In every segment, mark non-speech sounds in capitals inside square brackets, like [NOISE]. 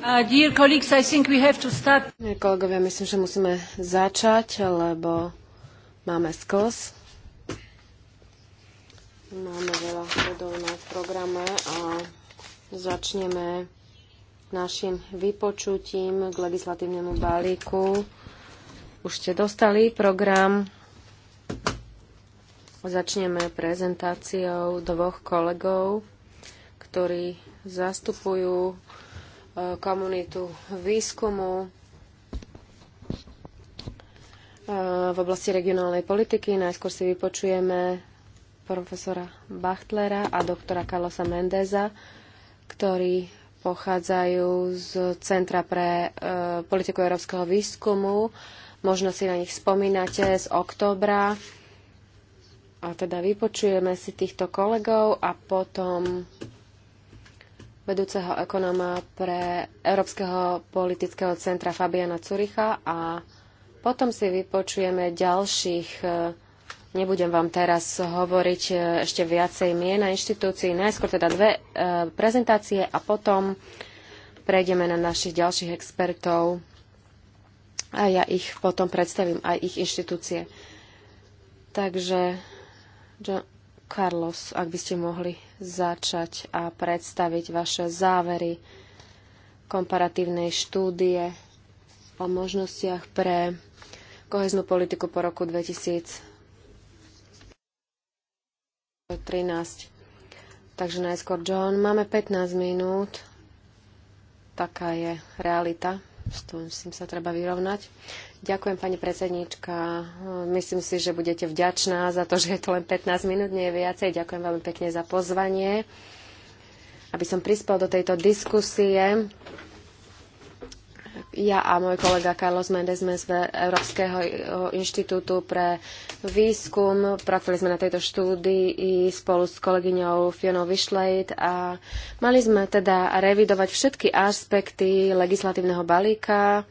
Uh, kolegovia, myslím, že musíme začať, lebo máme skos. Máme veľa bodov na programe a začneme našim vypočutím k legislatívnemu balíku. Už ste dostali program. Začneme prezentáciou dvoch kolegov, ktorí zastupujú komunitu výskumu e, v oblasti regionálnej politiky. Najskôr si vypočujeme profesora Bachtlera a doktora Carlosa Mendeza, ktorí pochádzajú z Centra pre e, politiku európskeho výskumu. Možno si na nich spomínate z októbra. A teda vypočujeme si týchto kolegov a potom vedúceho ekonóma pre Európskeho politického centra Fabiana Curicha a potom si vypočujeme ďalších, e, nebudem vám teraz hovoriť e, ešte viacej mien na inštitúcii, najskôr teda dve e, prezentácie a potom prejdeme na našich ďalších expertov a ja ich potom predstavím, aj ich inštitúcie. Takže, John Carlos, ak by ste mohli začať a predstaviť vaše závery komparatívnej štúdie o možnostiach pre koheznú politiku po roku 2013. Takže najskôr, John, máme 15 minút. Taká je realita. S tým sa treba vyrovnať. Ďakujem, pani predsedníčka. Myslím si, že budete vďačná za to, [LAUGHS] že je to len 15 minút, nie je viacej. Ďakujem veľmi pekne za pozvanie, aby som prispel do tejto diskusie. Ja a môj kolega Carlos Mendes sme z Európskeho inštitútu pre výskum. Pracovali sme na tejto štúdii spolu s kolegyňou Fionou Vyšlejt a mali sme teda revidovať všetky aspekty legislatívneho balíka,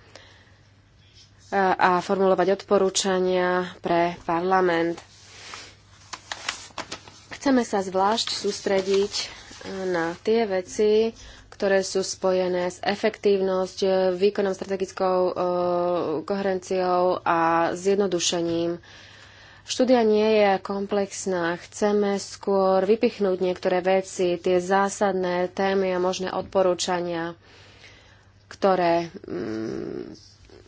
a formulovať odporúčania pre parlament. Chceme sa zvlášť sústrediť e, na tie veci, ktoré sú spojené s efektívnosť, výkonom strategickou e, koherenciou a zjednodušením. Štúdia nie je komplexná. Chceme skôr vypichnúť niektoré veci, tie zásadné témy a možné odporúčania, ktoré mm,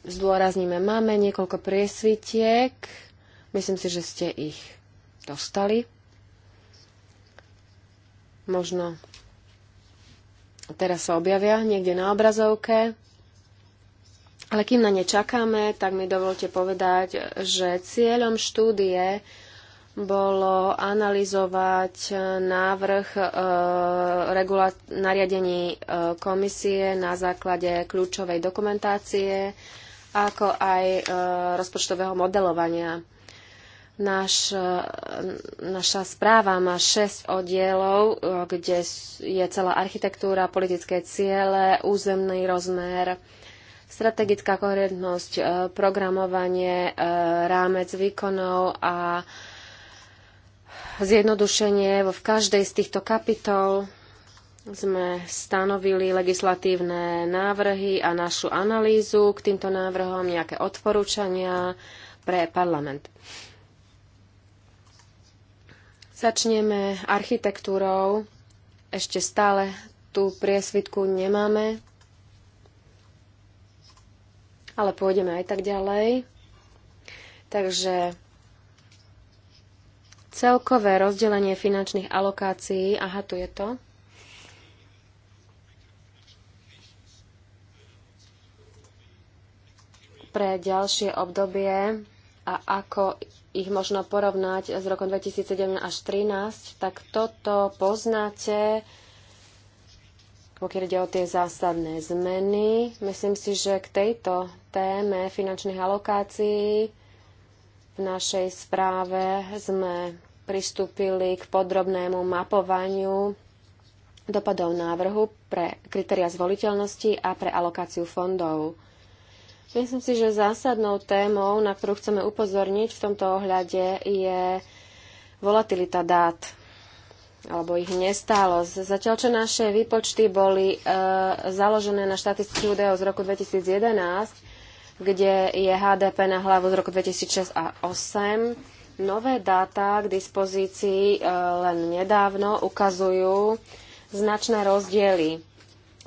zdôrazníme, máme niekoľko priesvitiek. Myslím si, že ste ich dostali. Možno teraz sa objavia niekde na obrazovke. Ale kým na ne čakáme, tak mi dovolte povedať, že cieľom štúdie bolo analyzovať návrh e, regula- nariadení e, komisie na základe kľúčovej dokumentácie, ako aj e, rozpočtového modelovania. Naš, e, naša správa má 6 oddielov, e, kde je celá architektúra, politické ciele, územný rozmer, strategická koherentnosť, programovanie, rámec výkonov a zjednodušenie v každej z týchto kapitol sme stanovili legislatívne návrhy a našu analýzu k týmto návrhom, nejaké odporúčania pre parlament. Začneme architektúrou. Ešte stále tú priesvitku nemáme, ale pôjdeme aj tak ďalej. Takže celkové rozdelenie finančných alokácií, aha, tu je to, pre ďalšie obdobie a ako ich možno porovnať s rokom 2007 až 2013, tak toto poznáte, pokiaľ ide o tie zásadné zmeny. Myslím si, že k tejto téme finančných alokácií v našej správe sme pristúpili k podrobnému mapovaniu dopadov návrhu pre kritéria zvoliteľnosti a pre alokáciu fondov. Myslím si, že zásadnou témou, na ktorú chceme upozorniť v tomto ohľade, je volatilita dát alebo ich nestálosť. Zatiaľ, čo naše výpočty boli e, založené na štatistických údajoch z roku 2011, kde je HDP na hlavu z roku 2006 a 2008, nové dáta k dispozícii e, len nedávno ukazujú značné rozdiely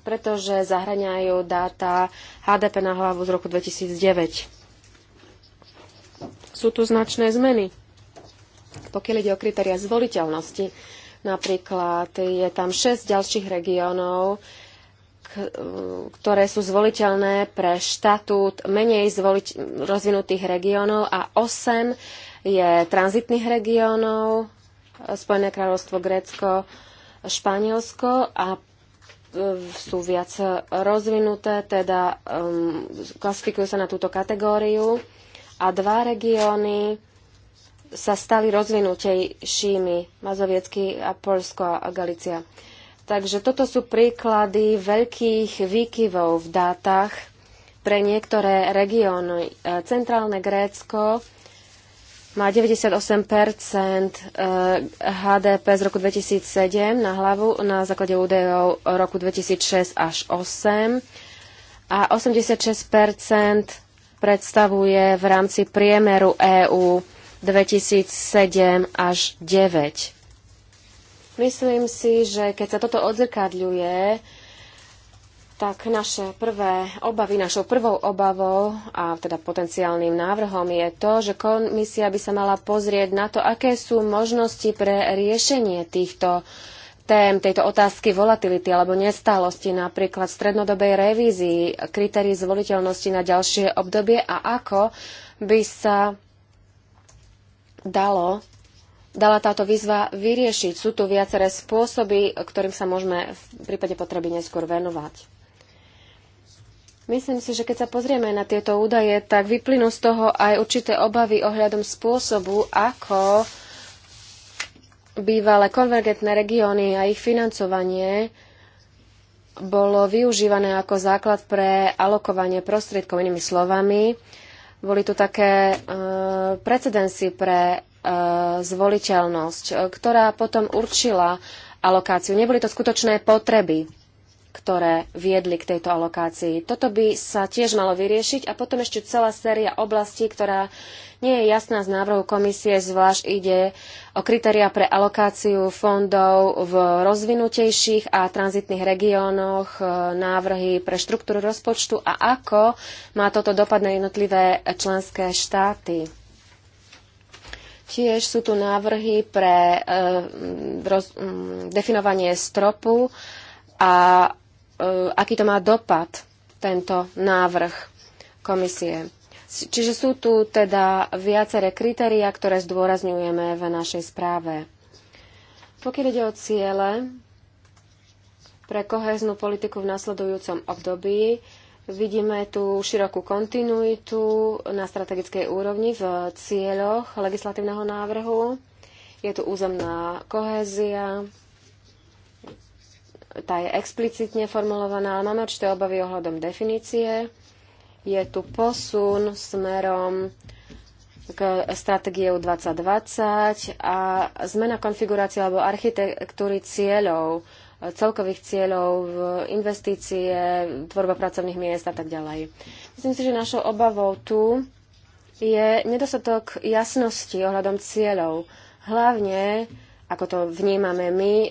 pretože zahraňajú dáta HDP na hlavu z roku 2009. Sú tu značné zmeny. Pokiaľ ide o kritéria zvoliteľnosti, napríklad je tam 6 ďalších regiónov, ktoré sú zvoliteľné pre štatút menej rozvinutých regiónov a 8 je tranzitných regiónov, Spojené kráľovstvo, Grécko, Španielsko a E, sú viac rozvinuté, teda um, klasifikujú sa na túto kategóriu a dva regióny sa stali rozvinutejšími, Mazoviecky a Polsko a Galicia. Takže toto sú príklady veľkých výkyvov v dátach pre niektoré regióny. E, Centrálne Grécko má 98 e, HDP z roku 2007 na hlavu na základe údajov roku 2006 až 2008 a 86 predstavuje v rámci priemeru EÚ 2007 až 9. Myslím si, že keď sa toto odzrkadľuje tak naše prvé obavy, našou prvou obavou a teda potenciálnym návrhom je to, že komisia by sa mala pozrieť na to, aké sú možnosti pre riešenie týchto tém, tejto otázky volatility alebo nestálosti, napríklad v strednodobej revízii, kritérií zvoliteľnosti na ďalšie obdobie a ako by sa dalo dala táto výzva vyriešiť. Sú tu viaceré spôsoby, ktorým sa môžeme v prípade potreby neskôr venovať. Myslím si, že keď sa pozrieme na tieto údaje, tak vyplynú z toho aj určité obavy ohľadom spôsobu, ako bývalé konvergentné regióny a ich financovanie bolo využívané ako základ pre alokovanie prostriedkov. Inými slovami, boli tu také e, precedensy pre e, zvoliteľnosť, e, ktorá potom určila alokáciu. Neboli to skutočné potreby ktoré viedli k tejto alokácii. Toto by sa tiež malo vyriešiť a potom ešte celá séria oblastí, ktorá nie je jasná z návrhu komisie, zvlášť ide o kritéria pre alokáciu fondov v rozvinutejších a tranzitných regiónoch, e, návrhy pre štruktúru rozpočtu a ako má toto dopad na jednotlivé členské štáty. Tiež sú tu návrhy pre e, roz, m, definovanie stropu a E, aký to má dopad, tento návrh komisie. Čiže sú tu teda viaceré kritéria, ktoré zdôrazňujeme v našej správe. Pokiaľ ide o ciele pre koheznú politiku v nasledujúcom období, vidíme tu širokú kontinuitu na strategickej úrovni v cieľoch legislatívneho návrhu. Je tu územná kohézia, tá je explicitne formulovaná, ale máme určité obavy ohľadom definície. Je tu posun smerom k stratégie 2020 a zmena konfigurácie alebo architektúry cieľov, celkových cieľov v investície, tvorba pracovných miest a tak ďalej. Myslím si, že našou obavou tu je nedostatok jasnosti ohľadom cieľov. Hlavne, ako to vnímame my, eh,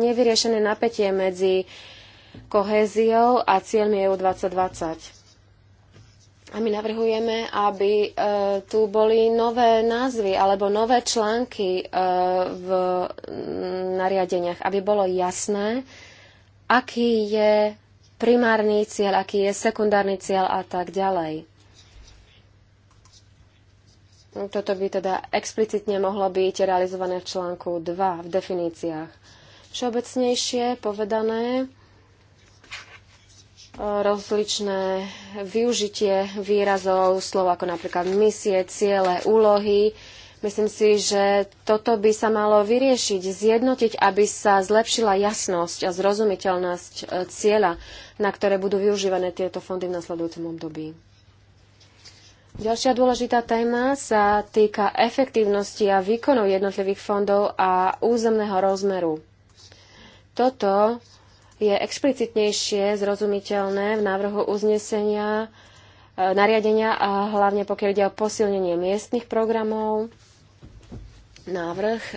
nevyriešené napätie medzi kohéziou a cieľmi EU 2020. A my navrhujeme, aby e, tu boli nové názvy alebo nové články e, v nariadeniach, aby bolo jasné, aký je primárny cieľ, aký je sekundárny cieľ a tak ďalej. Toto by teda explicitne mohlo byť realizované v článku 2 v definíciách všeobecnejšie povedané e, rozličné využitie výrazov, slov ako napríklad misie, ciele, úlohy. Myslím si, že toto by sa malo vyriešiť, zjednotiť, aby sa zlepšila jasnosť a zrozumiteľnosť e, cieľa, na ktoré budú využívané tieto fondy v nasledujúcom období. Ďalšia dôležitá téma sa týka efektívnosti a výkonov jednotlivých fondov a územného rozmeru. Toto je explicitnejšie zrozumiteľné v návrhu uznesenia, e, nariadenia a hlavne pokiaľ ide o posilnenie miestnych programov. Návrh e,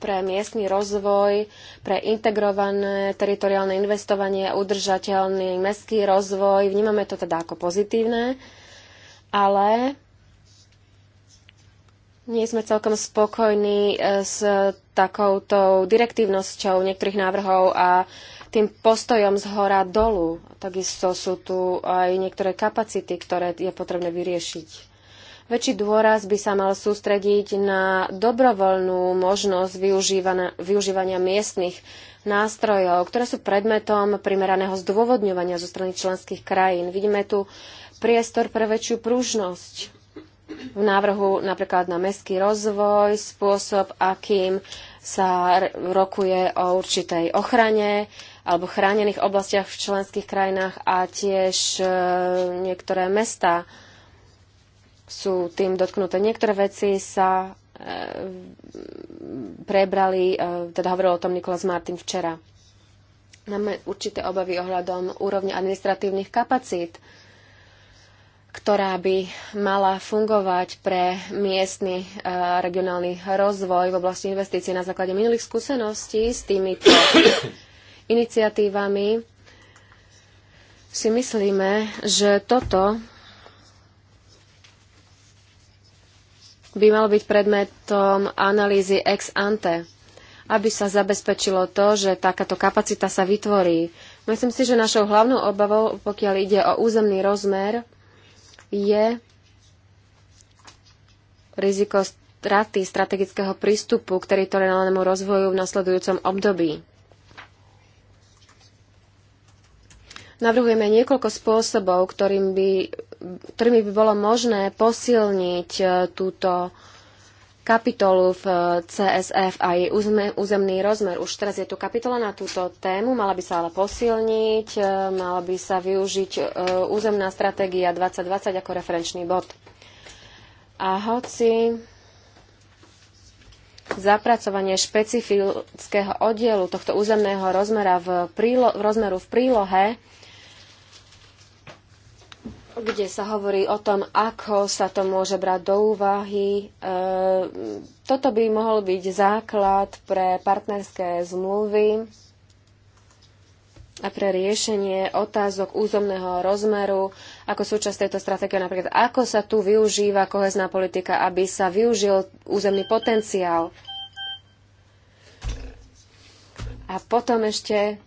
pre miestny rozvoj, pre integrované teritoriálne investovanie udržateľný mestský rozvoj. Vnímame to teda ako pozitívne, ale nie sme celkom spokojní e, s takouto direktívnosťou niektorých návrhov a tým postojom z hora dolu. Takisto sú tu aj niektoré kapacity, ktoré je potrebné vyriešiť. Väčší dôraz by sa mal sústrediť na dobrovoľnú možnosť využívania miestnych nástrojov, ktoré sú predmetom primeraného zdôvodňovania zo strany členských krajín. Vidíme tu priestor pre väčšiu pružnosť v návrhu napríklad na mestský rozvoj, spôsob, akým sa rokuje o určitej ochrane alebo chránených oblastiach v členských krajinách a tiež e, niektoré mesta sú tým dotknuté. Niektoré veci sa e, prebrali, e, teda hovoril o tom Nikolas Martin včera. Máme určité obavy ohľadom úrovne administratívnych kapacít ktorá by mala fungovať pre miestny a e, regionálny rozvoj v oblasti investícií na základe minulých skúseností s týmito [COUGHS] iniciatívami. Si myslíme, že toto by malo byť predmetom analýzy ex ante, aby sa zabezpečilo to, že takáto kapacita sa vytvorí. Myslím si, že našou hlavnou obavou, pokiaľ ide o územný rozmer, je riziko straty strategického prístupu k teritoriálnemu rozvoju v nasledujúcom období. Navrhujeme niekoľko spôsobov, ktorým by, ktorými by bolo možné posilniť eh, túto kapitolu v eh, CSF a jej územný rozmer. Už teraz je tu kapitola na túto tému, mala by sa ale posilniť, eh, mala by sa využiť eh, územná stratégia 2020 ako referenčný bod. A hoci zapracovanie špecifického oddielu tohto územného rozmera v, prílo- rozmeru v prílohe kde sa hovorí o tom, ako sa to môže brať do úvahy. E, toto by mohol byť základ pre partnerské zmluvy a pre riešenie otázok územného rozmeru, ako súčasť tejto stratégie napríklad, ako sa tu využíva kohezná politika, aby sa využil územný potenciál. A potom ešte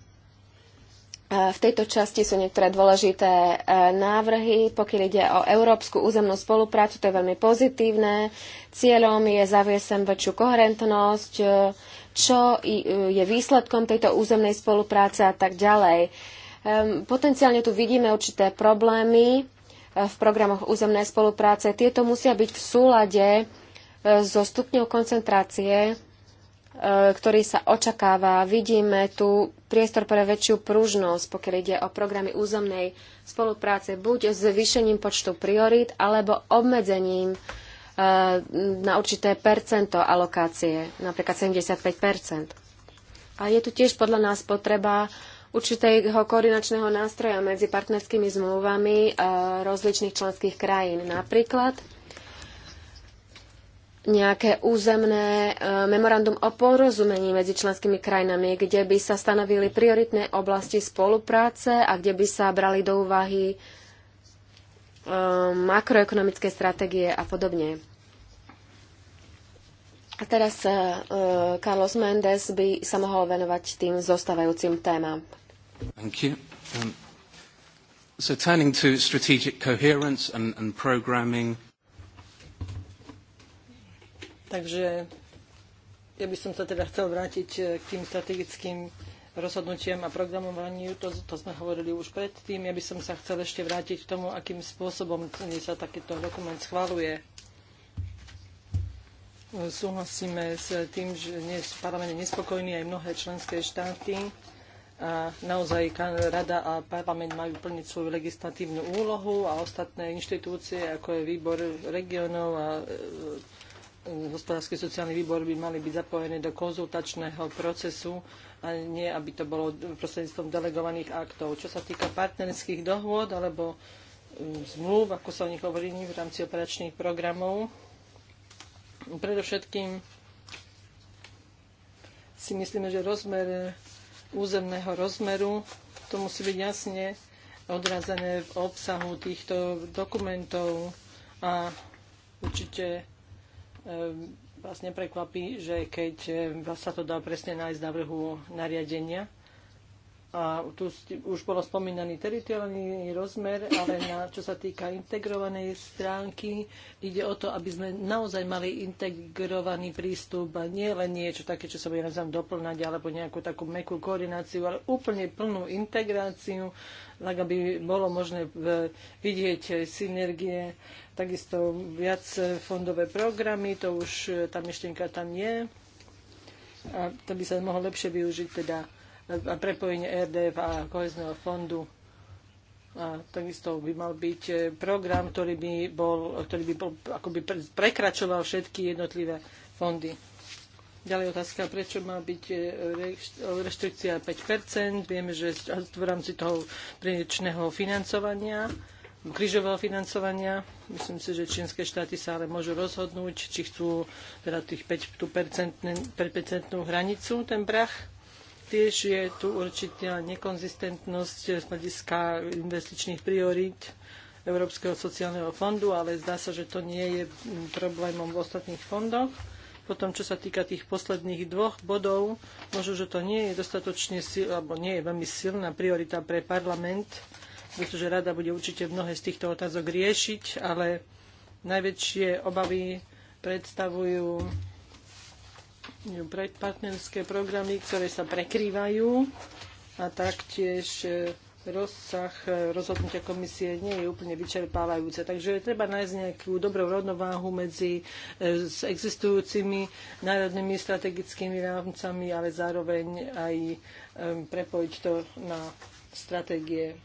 E, v tejto časti sú niektoré dôležité e, návrhy. Pokiaľ ide o európsku územnú spoluprácu, to je veľmi pozitívne. Cieľom je zaviesť sem väčšiu koherentnosť, e, čo je výsledkom tejto územnej spolupráce a tak ďalej. Potenciálne tu vidíme určité problémy v programoch územnej spolupráce. Tieto musia byť v súlade so stupňou koncentrácie, ktorý sa očakáva. Vidíme tu priestor pre väčšiu pružnosť, pokiaľ ide o programy územnej spolupráce, buď s zvýšením počtu priorít, alebo obmedzením e, na určité percento alokácie, napríklad 75 A je tu tiež podľa nás potreba určitého koordinačného nástroja medzi partnerskými zmluvami e, rozličných členských krajín. Napríklad nejaké územné e, memorandum o porozumení medzi členskými krajinami, kde by sa stanovili prioritné oblasti spolupráce a kde by sa brali do úvahy e, makroekonomické stratégie a podobne. A teraz e, Carlos Mendes by sa mohol venovať tým zostávajúcim témam. Thank you. Um, so turning to strategic coherence and, and programming. Takže ja by som sa teda chcel vrátiť e, k tým strategickým rozhodnutiam a programovaniu. To, to sme hovorili už predtým. Ja by som sa chcel ešte vrátiť k tomu, akým spôsobom sa takýto dokument schvaluje. Súhlasíme s tým, že dnes parlament je nespokojný aj mnohé členské štáty. A naozaj rada a parlament majú plniť svoju legislatívnu úlohu a ostatné inštitúcie, ako je výbor regionov a e, hospodársky sociálny výbor by mali byť zapojené do konzultačného procesu a nie, aby to bolo prostredníctvom delegovaných aktov. Čo sa týka partnerských dohôd alebo um, zmluv, ako sa o nich hovorí v rámci operačných programov, predovšetkým si myslíme, že rozmer územného rozmeru, to musí byť jasne odrazené v obsahu týchto dokumentov a určite Ehm, vlastne prekvapí, že keď ehm, sa to dá presne nájsť na vrhu nariadenia, a tu už bolo spomínaný teritoriálny rozmer, ale na, čo sa týka integrovanej stránky, ide o to, aby sme naozaj mali integrovaný prístup a nie len niečo také, čo sa bude nazvať doplňať, alebo nejakú takú mekú koordináciu, ale úplne plnú integráciu, tak aby bolo možné e, vidieť synergie, takisto viac fondové programy, to už e, tá myšlienka tam je, a to by sa mohlo lepšie využiť teda a prepojenie RDF a kohezného fondu. A takisto by mal byť e, program, ktorý by bol, ktorý by bol akoby prekračoval všetky jednotlivé fondy. Ďalej otázka, prečo má byť e, reštrikcia 5 Vieme, že v rámci toho priečného financovania, krížového financovania, myslím si, že čínske štáty sa ale môžu rozhodnúť, či chcú teda tých 5 percentnú hranicu, ten prach, Tiež je tu určitá nekonzistentnosť z hľadiska investičných priorít Európskeho sociálneho fondu, ale zdá sa, že to nie je problémom v ostatných fondoch. Potom, čo sa týka tých posledných dvoch bodov, možno, že to nie je dostatočne sil, alebo nie je veľmi silná priorita pre parlament, pretože rada bude určite mnohé z týchto otázok riešiť, ale najväčšie obavy predstavujú partnerské programy, ktoré sa prekrývajú a taktiež e, rozsah e, rozhodnutia komisie nie je úplne vyčerpávajúce. Takže treba nájsť nejakú dobrú rovnováhu medzi e, s existujúcimi národnými strategickými rámcami, ale zároveň aj prepojiť to na stratégie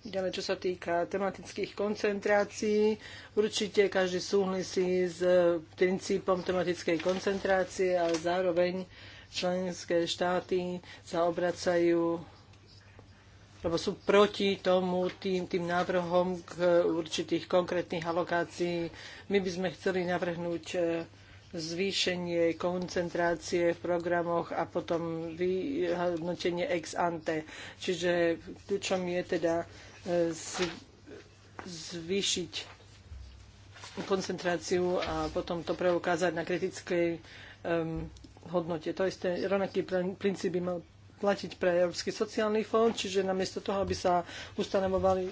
Ďalej, čo sa týka tematických koncentrácií, určite každý súhlasí s e, princípom tematickej koncentrácie, ale zároveň členské štáty sa obracajú lebo sú proti tomu tým, tým návrhom k určitých konkrétnych alokácií. My by sme chceli navrhnúť e, zvýšenie koncentrácie v programoch a potom vyhodnotenie ex ante. Čiže kľúčom je teda E, zvýšiť koncentráciu a potom to preukázať na kritickej um, hodnote. To isté, rovnaký princíp by mal platiť pre Európsky sociálny fond, čiže namiesto toho, aby sa ustanovovali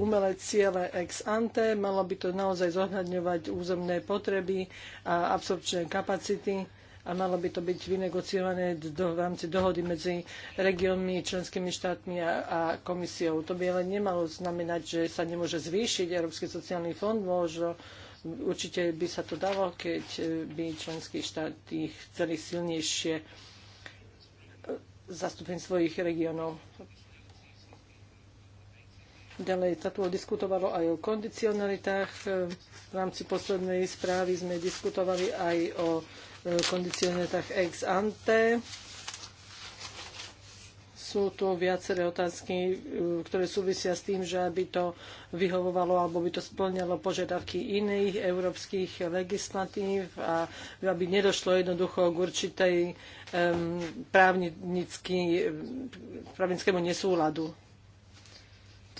umelé ciele ex ante, malo by to naozaj zohľadňovať územné potreby a absorpčné kapacity a malo by to byť vynegociované do, v rámci dohody medzi regiónmi, členskými štátmi a, a komisiou. To by ale nemalo znamenať, že sa nemôže zvýšiť Európsky sociálny fond, možno určite by sa to dalo, keď e, by členské štáty chceli silnejšie e, zastúpiť svojich regiónov. Ďalej sa tu diskutovalo aj o kondicionalitách. E, v rámci poslednej správy sme diskutovali aj o tak ex ante. Sú tu viaceré otázky, e, ktoré súvisia s tým, že aby to vyhovovalo alebo by to splňalo požiadavky iných európskych legislatív a aby nedošlo jednoducho k určitej um, právnický, e, právnickému nesúladu.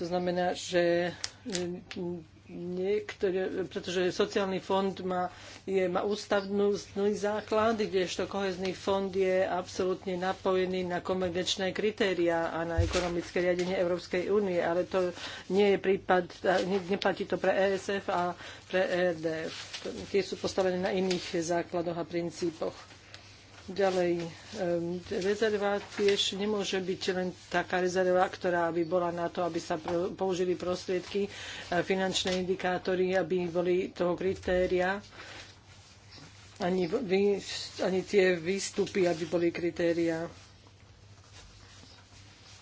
To znamená, že niektoré, pretože sociálny fond má, je, má ústavnú základ, kdežto kohezný fond je absolútne napojený na komerčné kritériá a na ekonomické riadenie Európskej únie, ale to nie je prípad, ne, neplatí to pre ESF a pre ERDF. Tie sú postavené na iných základoch a princípoch. Ďalej, rezerva tiež nemôže byť len taká rezerva, ktorá by bola na to, aby sa použili prostriedky, e, finančné indikátory, aby boli toho kritéria, ani, ani tie výstupy, aby boli kritéria.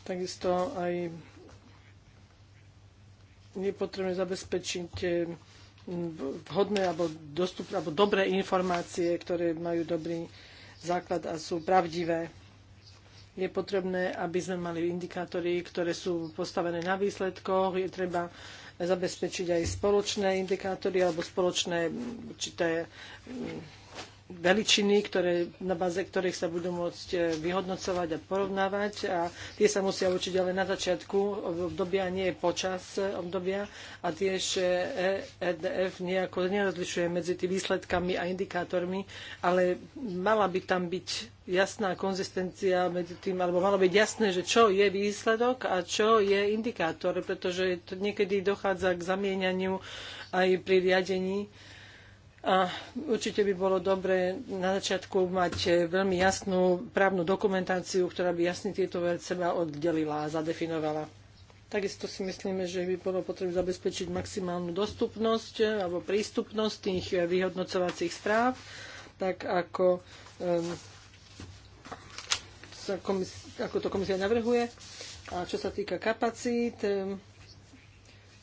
Takisto aj je potrebné zabezpečiť e, vhodné alebo dostupné alebo dobré informácie, ktoré majú dobrý základ a sú pravdivé. Je potrebné, aby sme mali indikátory, ktoré sú postavené na výsledkoch. Je treba zabezpečiť aj spoločné indikátory alebo spoločné určité mm, veličiny, ktoré, na báze ktorých sa budú môcť e, vyhodnocovať a porovnávať a tie sa musia učiť ale na začiatku obdobia, nie počas e, obdobia a tiež EDF e, nejako nerozlišuje medzi tými výsledkami a indikátormi, ale mala by tam byť jasná konzistencia medzi tým, alebo malo byť jasné, že čo je výsledok a čo je indikátor, pretože to niekedy dochádza k zamieňaniu aj pri riadení a určite by bolo dobre na začiatku mať e, veľmi jasnú právnu dokumentáciu, ktorá by jasne tieto od seba oddelila a zadefinovala. Takisto si myslíme, že by bolo potrebné zabezpečiť maximálnu dostupnosť e, alebo prístupnosť tých e, vyhodnocovacích správ, tak ako, um, ako to komisia navrhuje. A čo sa týka kapacít, um,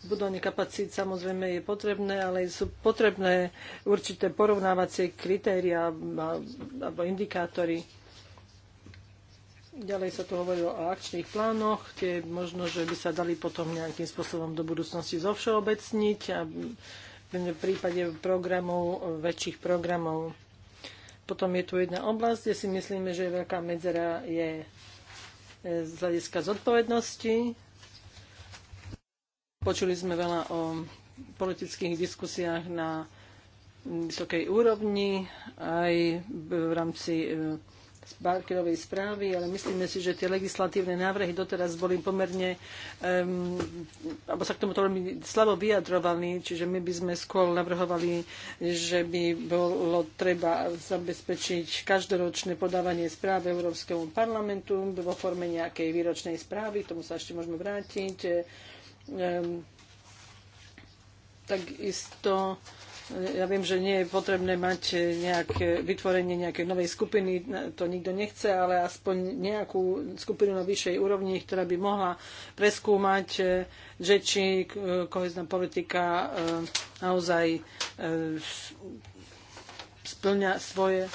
budovanie kapacít samozrejme je potrebné, ale sú potrebné určité porovnávacie kritéria alebo indikátory. Ďalej sa tu hovorilo o akčných plánoch, tie možno, že by sa dali potom nejakým spôsobom do budúcnosti zovšeobecniť a v prípade programov, väčších programov. Potom je tu jedna oblasť, kde si myslíme, že veľká medzera je z hľadiska zodpovednosti Počuli sme veľa o politických diskusiách na vysokej úrovni, aj v rámci e, Barkerovej správy, ale myslíme si, že tie legislatívne návrhy doteraz boli pomerne, um, alebo sa k tomuto veľmi slabo vyjadrovali, čiže my by sme skôr navrhovali, že by bolo treba zabezpečiť každoročné podávanie správ Európskemu parlamentu vo forme nejakej výročnej správy, k tomu sa ešte môžeme vrátiť takisto ja viem, že nie je potrebné mať nejaké vytvorenie nejakej novej skupiny, to nikto nechce, ale aspoň nejakú skupinu na vyššej úrovni, ktorá by mohla preskúmať, e, že či e, kohezná politika e, naozaj splňa svoje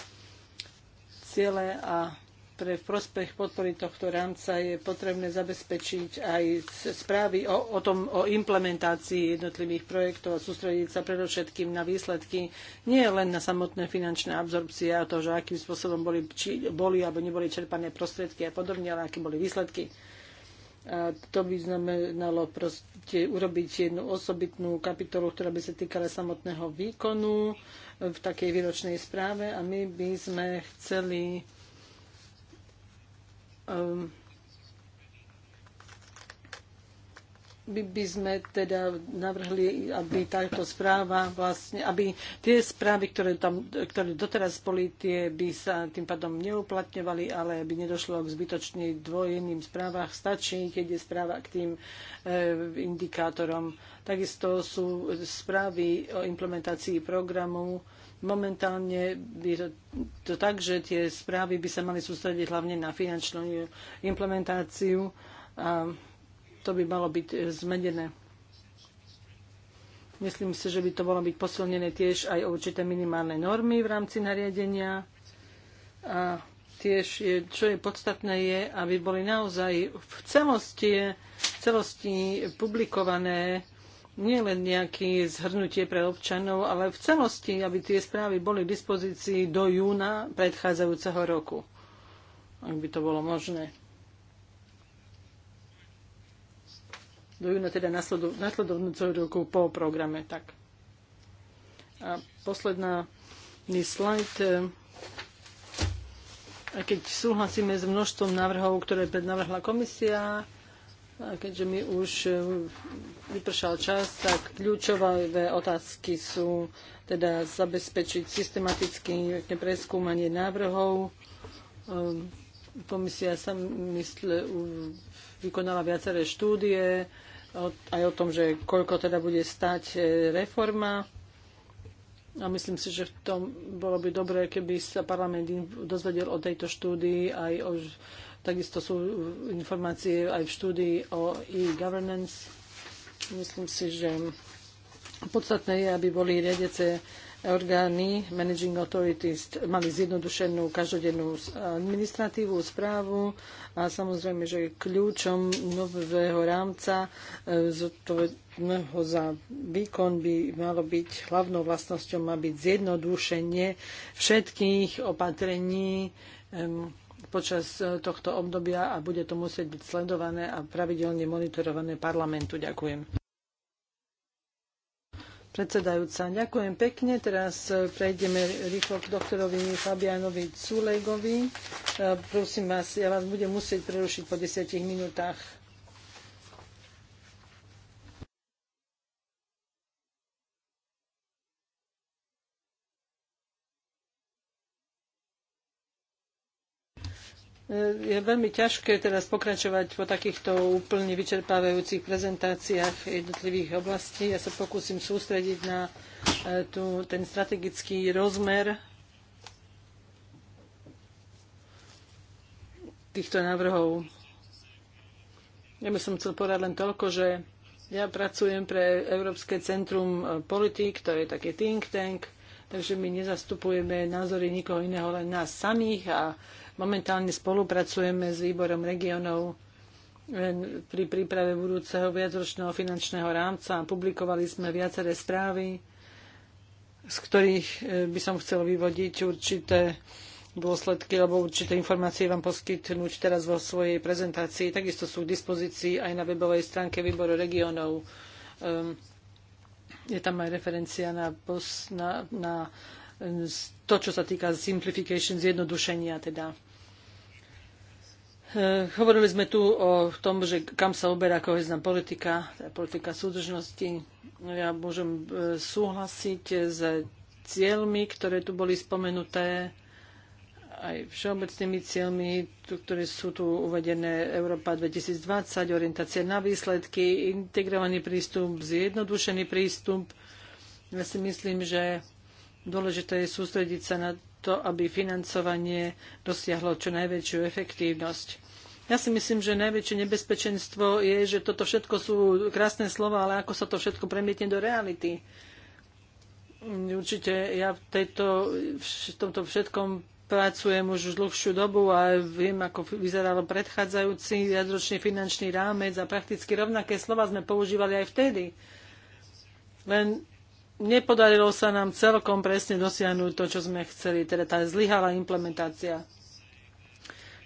ciele a pre prospech podpory tohto rámca je potrebné zabezpečiť aj správy o, o, tom, o implementácii jednotlivých projektov a sústrediť sa predovšetkým na výsledky, nie len na samotné finančné absorpcie a to, že akým spôsobom boli, či boli alebo neboli čerpané prostriedky a podobne, ale aké boli výsledky. A to by znamenalo proste urobiť jednu osobitnú kapitolu, ktorá by sa týkala samotného výkonu v takej výročnej správe a my by sme chceli um, ehm, by, by sme teda navrhli, aby táto správa vlastne, aby tie správy, ktoré, tam, ktoré doteraz boli, tie by sa tým pádom neuplatňovali, ale aby nedošlo k zbytočne dvojeným správach. Stačí, keď je správa k tým e, indikátorom. Takisto sú správy o implementácii programu, Momentálne je to, to tak, že tie správy by sa mali sústrediť hlavne na finančnú implementáciu a to by malo byť e, zmenené. Myslím si, že by to malo byť posilnené tiež aj o určité minimálne normy v rámci nariadenia. A tiež, je, čo je podstatné, je, aby boli naozaj v celosti, v celosti publikované nie len nejaké zhrnutie pre občanov, ale v celosti, aby tie správy boli k dispozícii do júna predchádzajúceho roku, ak by to bolo možné. Do júna teda nasledovnúceho roku po programe. Tak. A posledná slajd. A keď súhlasíme s množstvom návrhov, ktoré prednavrhla komisia, a keďže mi už e, vypršal čas, tak kľúčové otázky sú teda zabezpečiť systematické preskúmanie návrhov. Ehm, komisia sa mysle, vykonala viaceré štúdie aj o tom, že koľko teda bude stať e, reforma. A myslím si, že v tom bolo by dobré, keby sa parlament dozvedel o tejto štúdii aj o Takisto sú informácie aj v štúdii o e-governance. Myslím si, že podstatné je, aby boli riadece orgány Managing Authorities mali zjednodušenú každodennú administratívu, správu a samozrejme, že kľúčom nového rámca e, zodpovedného za výkon by malo byť hlavnou vlastnosťou má byť zjednodušenie všetkých opatrení počas e, tohto obdobia a bude to musieť byť sledované a pravidelne monitorované parlamentu. Ďakujem. Predsedajúca, ďakujem pekne. Teraz e, prejdeme rýchlo k doktorovi Fabianovi Culegovi. E, prosím vás, ja vás budem musieť prerušiť po desiatich minútach. Je veľmi ťažké teraz pokračovať po takýchto úplne vyčerpávajúcich prezentáciách jednotlivých oblastí. Ja sa pokúsim sústrediť na e, tú, ten strategický rozmer týchto návrhov. Ja by som chcel povedať len toľko, že ja pracujem pre Európske centrum politík, to je taký think tank, takže my nezastupujeme názory nikoho iného, len nás samých a Momentálne spolupracujeme s výborom regionov e, pri príprave budúceho viacročného finančného rámca. Publikovali sme viaceré správy, z ktorých e, by som chcel vyvodiť určité dôsledky alebo určité informácie vám poskytnúť teraz vo svojej prezentácii. Takisto sú k dispozícii aj na webovej stránke výboru regionov. Ehm, je tam aj referencia na, na, na e, to, čo sa týka simplification, zjednodušenia teda. Eh, hovorili sme tu o tom, že kam sa uberá kohezná politika, teda politika súdržnosti. Ja môžem eh, súhlasiť eh, s cieľmi, ktoré tu boli spomenuté, aj všeobecnými cieľmi, ktoré sú tu uvedené Európa 2020, orientácia na výsledky, integrovaný prístup, zjednodušený prístup. Ja si myslím, že dôležité je sústrediť sa na to, aby financovanie dosiahlo čo najväčšiu efektívnosť. Ja si myslím, že najväčšie nebezpečenstvo je, že toto všetko sú krásne slova, ale ako sa to všetko premietne do reality. Určite ja v, tejto, v tomto všetkom pracujem už dlhšiu dobu a viem, ako vyzeralo predchádzajúci viacročný finančný rámec a prakticky rovnaké slova sme používali aj vtedy. Len nepodarilo sa nám celkom presne dosiahnuť to, čo sme chceli, teda tá zlyhala implementácia.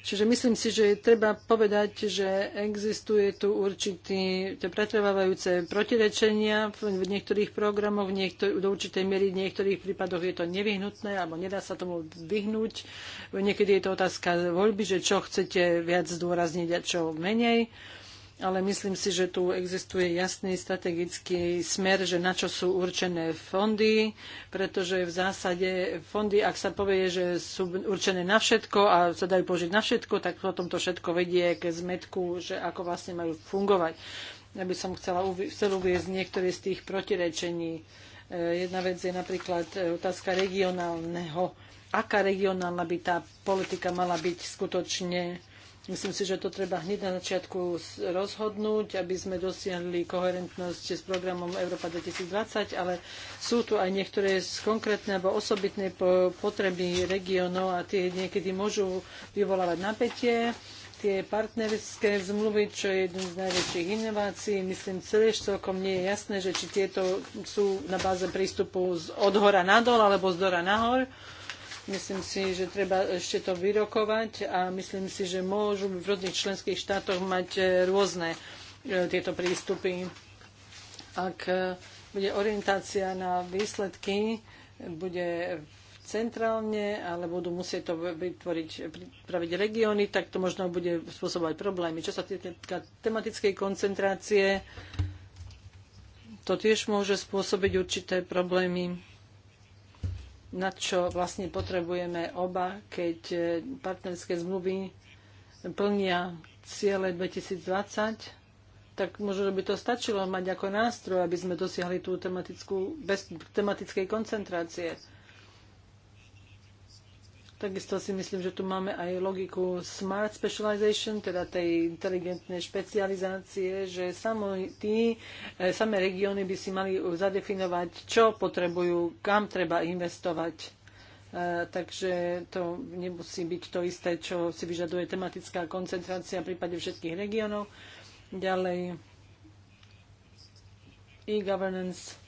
Čiže myslím si, že treba povedať, že existuje tu určité pretrvávajúce protirečenia v niektorých programoch, v niektor- do určitej miery v niektorých prípadoch je to nevyhnutné alebo nedá sa tomu vyhnúť. Niekedy je to otázka voľby, že čo chcete viac zdôrazniť a čo menej. Uh, ale myslím si, že tu existuje jasný strategický smer, že na čo sú určené fondy, pretože v zásade fondy, ak sa povie, že sú určené na všetko a sa dajú použiť na všetko, tak potom to všetko vedie k zmetku, že ako vlastne majú fungovať. Ja by som chcela chcel uviezť niektoré z tých protirečení. E, jedna vec je napríklad e, otázka regionálneho. Aká regionálna by tá politika mala byť skutočne Myslím si, že to treba hneď na začiatku rozhodnúť, aby sme dosiahli koherentnosť s programom Európa 2020, ale sú tu aj niektoré z konkrétne alebo osobitné potreby regiónov a tie niekedy môžu vyvolávať napätie tie partnerské zmluvy, čo je jednou z najväčších inovácií. Myslím, celé celkom nie je jasné, že či tieto sú na báze prístupu z odhora nadol alebo z dora nahor. Myslím si, že treba ešte to vyrokovať a myslím si, že môžu v rôznych členských štátoch mať e, rôzne e, tieto prístupy. Ak e, bude orientácia na výsledky, bude centrálne, ale budú musieť to vytvoriť, pripraviť regióny, tak to možno bude spôsobovať problémy. Čo sa týka tematickej koncentrácie, to tiež môže spôsobiť určité problémy na čo vlastne potrebujeme oba, keď e, partnerské zmluvy plnia ciele 2020, tak možno, by to stačilo mať ako nástroj, aby sme dosiahli tú tematickú, bez tematickej koncentrácie. Takisto si myslím, že tu máme aj logiku smart specialization, teda tej inteligentnej špecializácie, že samo tí, e, samé regióny by si mali zadefinovať, čo potrebujú, kam treba investovať e, takže to nemusí byť to isté, čo si vyžaduje tematická koncentrácia v prípade všetkých regiónov. Ďalej e-governance.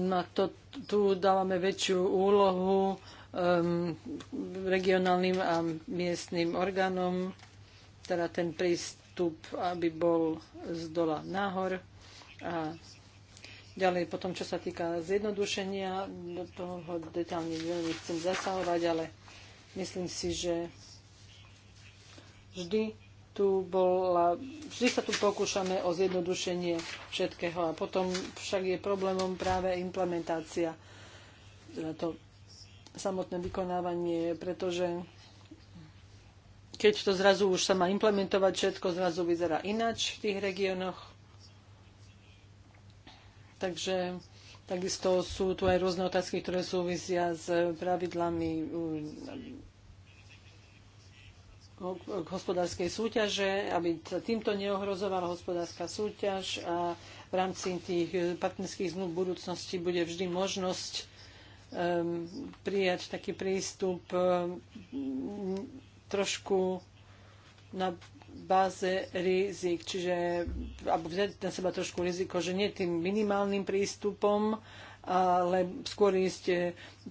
Na to, tu dávame väčšiu úlohu um, regionálnym a miestnym orgánom, teda ten prístup, aby bol z dola nahor. A ďalej potom, čo sa týka zjednodušenia, do toho detálne veľmi chcem zasahovať, ale myslím si, že vždy tu bola, vždy sa tu pokúšame o zjednodušenie všetkého a potom však je problémom práve implementácia. Teda to samotné vykonávanie, pretože keď to zrazu už sa má implementovať, všetko zrazu vyzerá inač v tých regiónoch. Takže takisto sú tu aj rôzne otázky, ktoré súvisia s pravidlami uh, k hospodárskej súťaže, aby sa týmto neohrozovala hospodárska súťaž a v rámci tých eh, partnerských zmluv v budúcnosti bude vždy možnosť Ehm, prijať taký prístup ehm, trošku na báze rizik, čiže alebo vziať na seba trošku riziko, že nie tým minimálnym prístupom, ale skôr ísť e,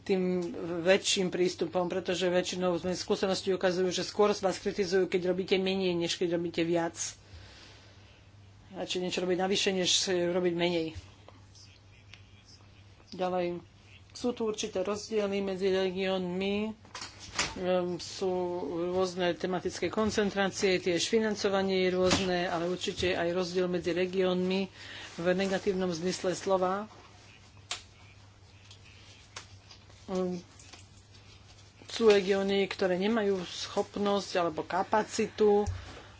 tým väčším prístupom, pretože väčšinou sme skúsenosti ukazujú, že skôr vás kritizujú, keď robíte menej, než keď robíte viac. Radšej niečo robiť navyše, než robiť menej. Ďalej sú tu určité rozdiely medzi regiónmi, sú rôzne tematické koncentrácie, tiež financovanie je rôzne, ale určite aj rozdiel medzi regiónmi v negatívnom zmysle slova. Sú regióny, ktoré nemajú schopnosť alebo kapacitu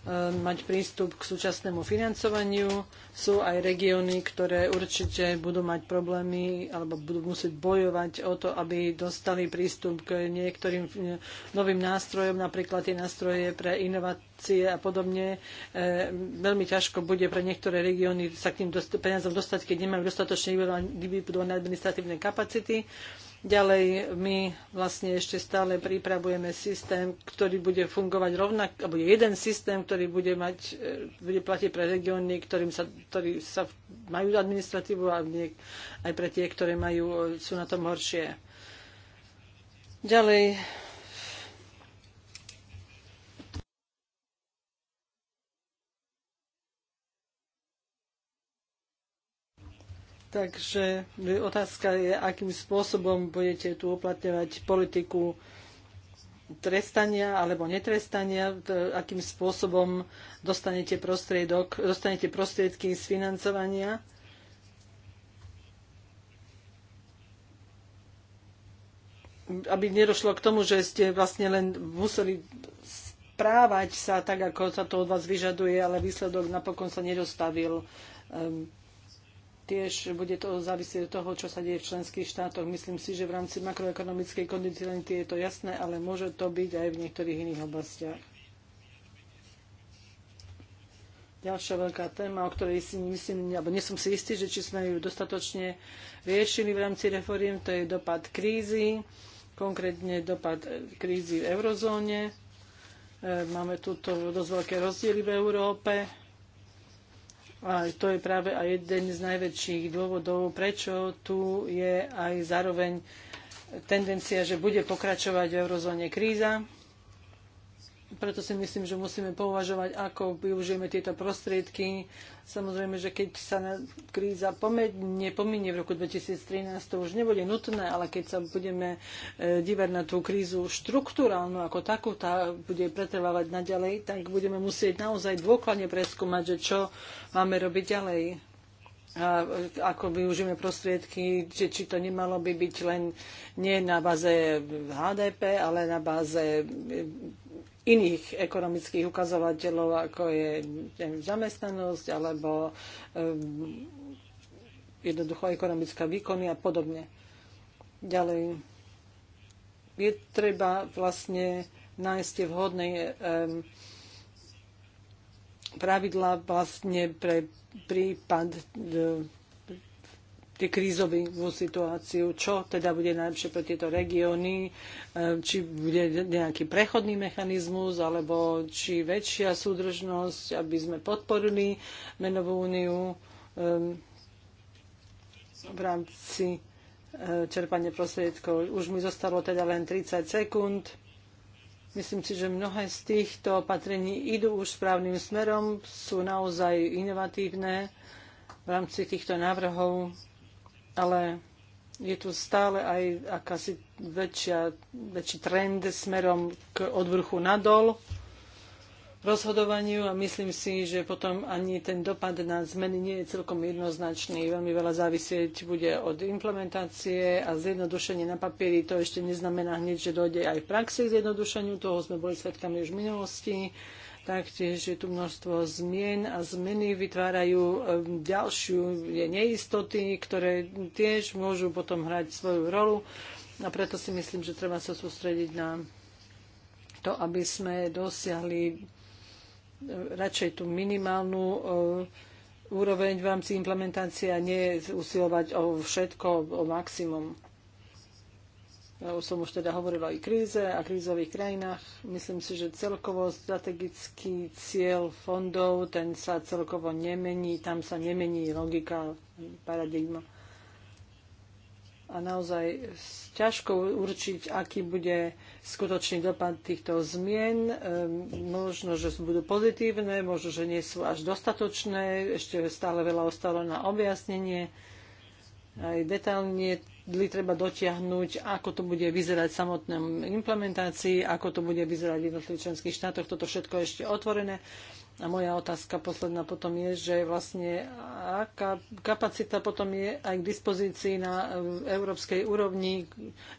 Ehm, mať prístup k súčasnému financovaniu. Sú aj regióny, ktoré určite budú mať problémy alebo budú musieť bojovať o to, aby dostali prístup k niektorým e, novým nástrojom, napríklad tie nástroje pre inovácie a podobne. Ehm, veľmi ťažko bude pre niektoré regióny sa k tým peniazom dostať, keď nemajú dostatočne vybudované administratívne kapacity. Ďalej my vlastne ešte stále pripravujeme systém, ktorý bude fungovať rovnak, alebo jeden systém, ktorý bude, mať, e, bude platiť pre regióny, ktorým sa, ktorí sa majú administratívu a niek, aj pre tie, ktoré majú, e, sú na tom horšie. Ďalej Takže otázka je, akým spôsobom budete tu uplatňovať politiku trestania alebo netrestania, akým spôsobom dostanete, prostriedok, dostanete prostriedky z financovania. aby nedošlo k tomu, že ste vlastne len museli správať sa tak, ako sa to od vás vyžaduje, ale výsledok napokon sa nedostavil. Ehm, tiež bude to závisieť od toho, čo sa deje v členských štátoch. Myslím si, že v rámci makroekonomickej kondicionality je to jasné, ale môže to byť aj v niektorých iných oblastiach. Ďalšia veľká téma, o ktorej si myslím, alebo nie som si istý, že či sme ju dostatočne riešili v rámci reforiem, to je dopad krízy, konkrétne dopad krízy v eurozóne. E, máme tu dosť veľké rozdiely v Európe a to je práve aj jeden z najväčších dôvodov, prečo tu je aj zároveň tendencia, že bude pokračovať v eurozóne kríza preto si myslím, že musíme pouvažovať, ako využijeme tieto prostriedky. Samozrejme, že keď sa kríza pomedne, pominie v roku 2013, to už nebude nutné, ale keď sa budeme e, dívať na tú krízu štruktúrálnu ako takú, tá bude pretrvávať naďalej, tak budeme musieť naozaj dôkladne preskúmať, že čo máme robiť ďalej. A e, ako využijeme prostriedky, že či to nemalo by byť len nie na báze HDP, ale na báze e, iných ekonomických ukazovateľov, ako je neviem, zamestnanosť alebo um, jednoducho ekonomická výkony a podobne. Ďalej je treba vlastne nájsť tie vhodné um, ehm, pravidla vlastne pre prípad um, krízové situáciu, čo teda bude najlepšie pre tieto regióny, e, či bude nejaký prechodný mechanizmus, alebo či väčšia súdržnosť, aby sme podporili menovú úniu e, v rámci e, čerpania prostriedkov. Už mi zostalo teda len 30 sekúnd. Myslím si, že mnohé z týchto opatrení idú už správnym smerom, sú naozaj inovatívne v rámci týchto návrhov ale je tu stále aj akási väčšia, väčší trend smerom k odvrchu nadol rozhodovaniu a myslím si, že potom ani ten dopad na zmeny nie je celkom jednoznačný. Veľmi veľa závisieť bude od implementácie a zjednodušenie na papieri. To ešte neznamená hneď, že dojde aj v praxi k zjednodušeniu. Toho sme boli svetkami už v minulosti. Taktiež je tu množstvo zmien a zmeny vytvárajú e, ďalšiu neistoty, ktoré tiež môžu potom hrať svoju rolu. A preto si myslím, že treba sa sústrediť na to, aby sme dosiahli e, radšej tú minimálnu e, úroveň v rámci implementácie a nie usilovať o všetko, o maximum ja už som už teda hovorila o kríze a krízových krajinách. Myslím si, že celkovo strategický cieľ fondov, ten sa celkovo nemení, tam sa nemení logika, paradigma. A naozaj ťažko určiť, aký bude skutočný dopad týchto zmien. Ehm, možno, že budú pozitívne, možno, že nie sú až dostatočné, ešte stále veľa ostalo na objasnenie aj detálne treba dotiahnuť, ako to bude vyzerať v samotnom implementácii, ako to bude vyzerať v jednotlivých členských štátoch. Toto všetko je ešte otvorené. A moja otázka posledná potom je, že vlastne aká kapacita potom je aj k dispozícii na eh, európskej úrovni,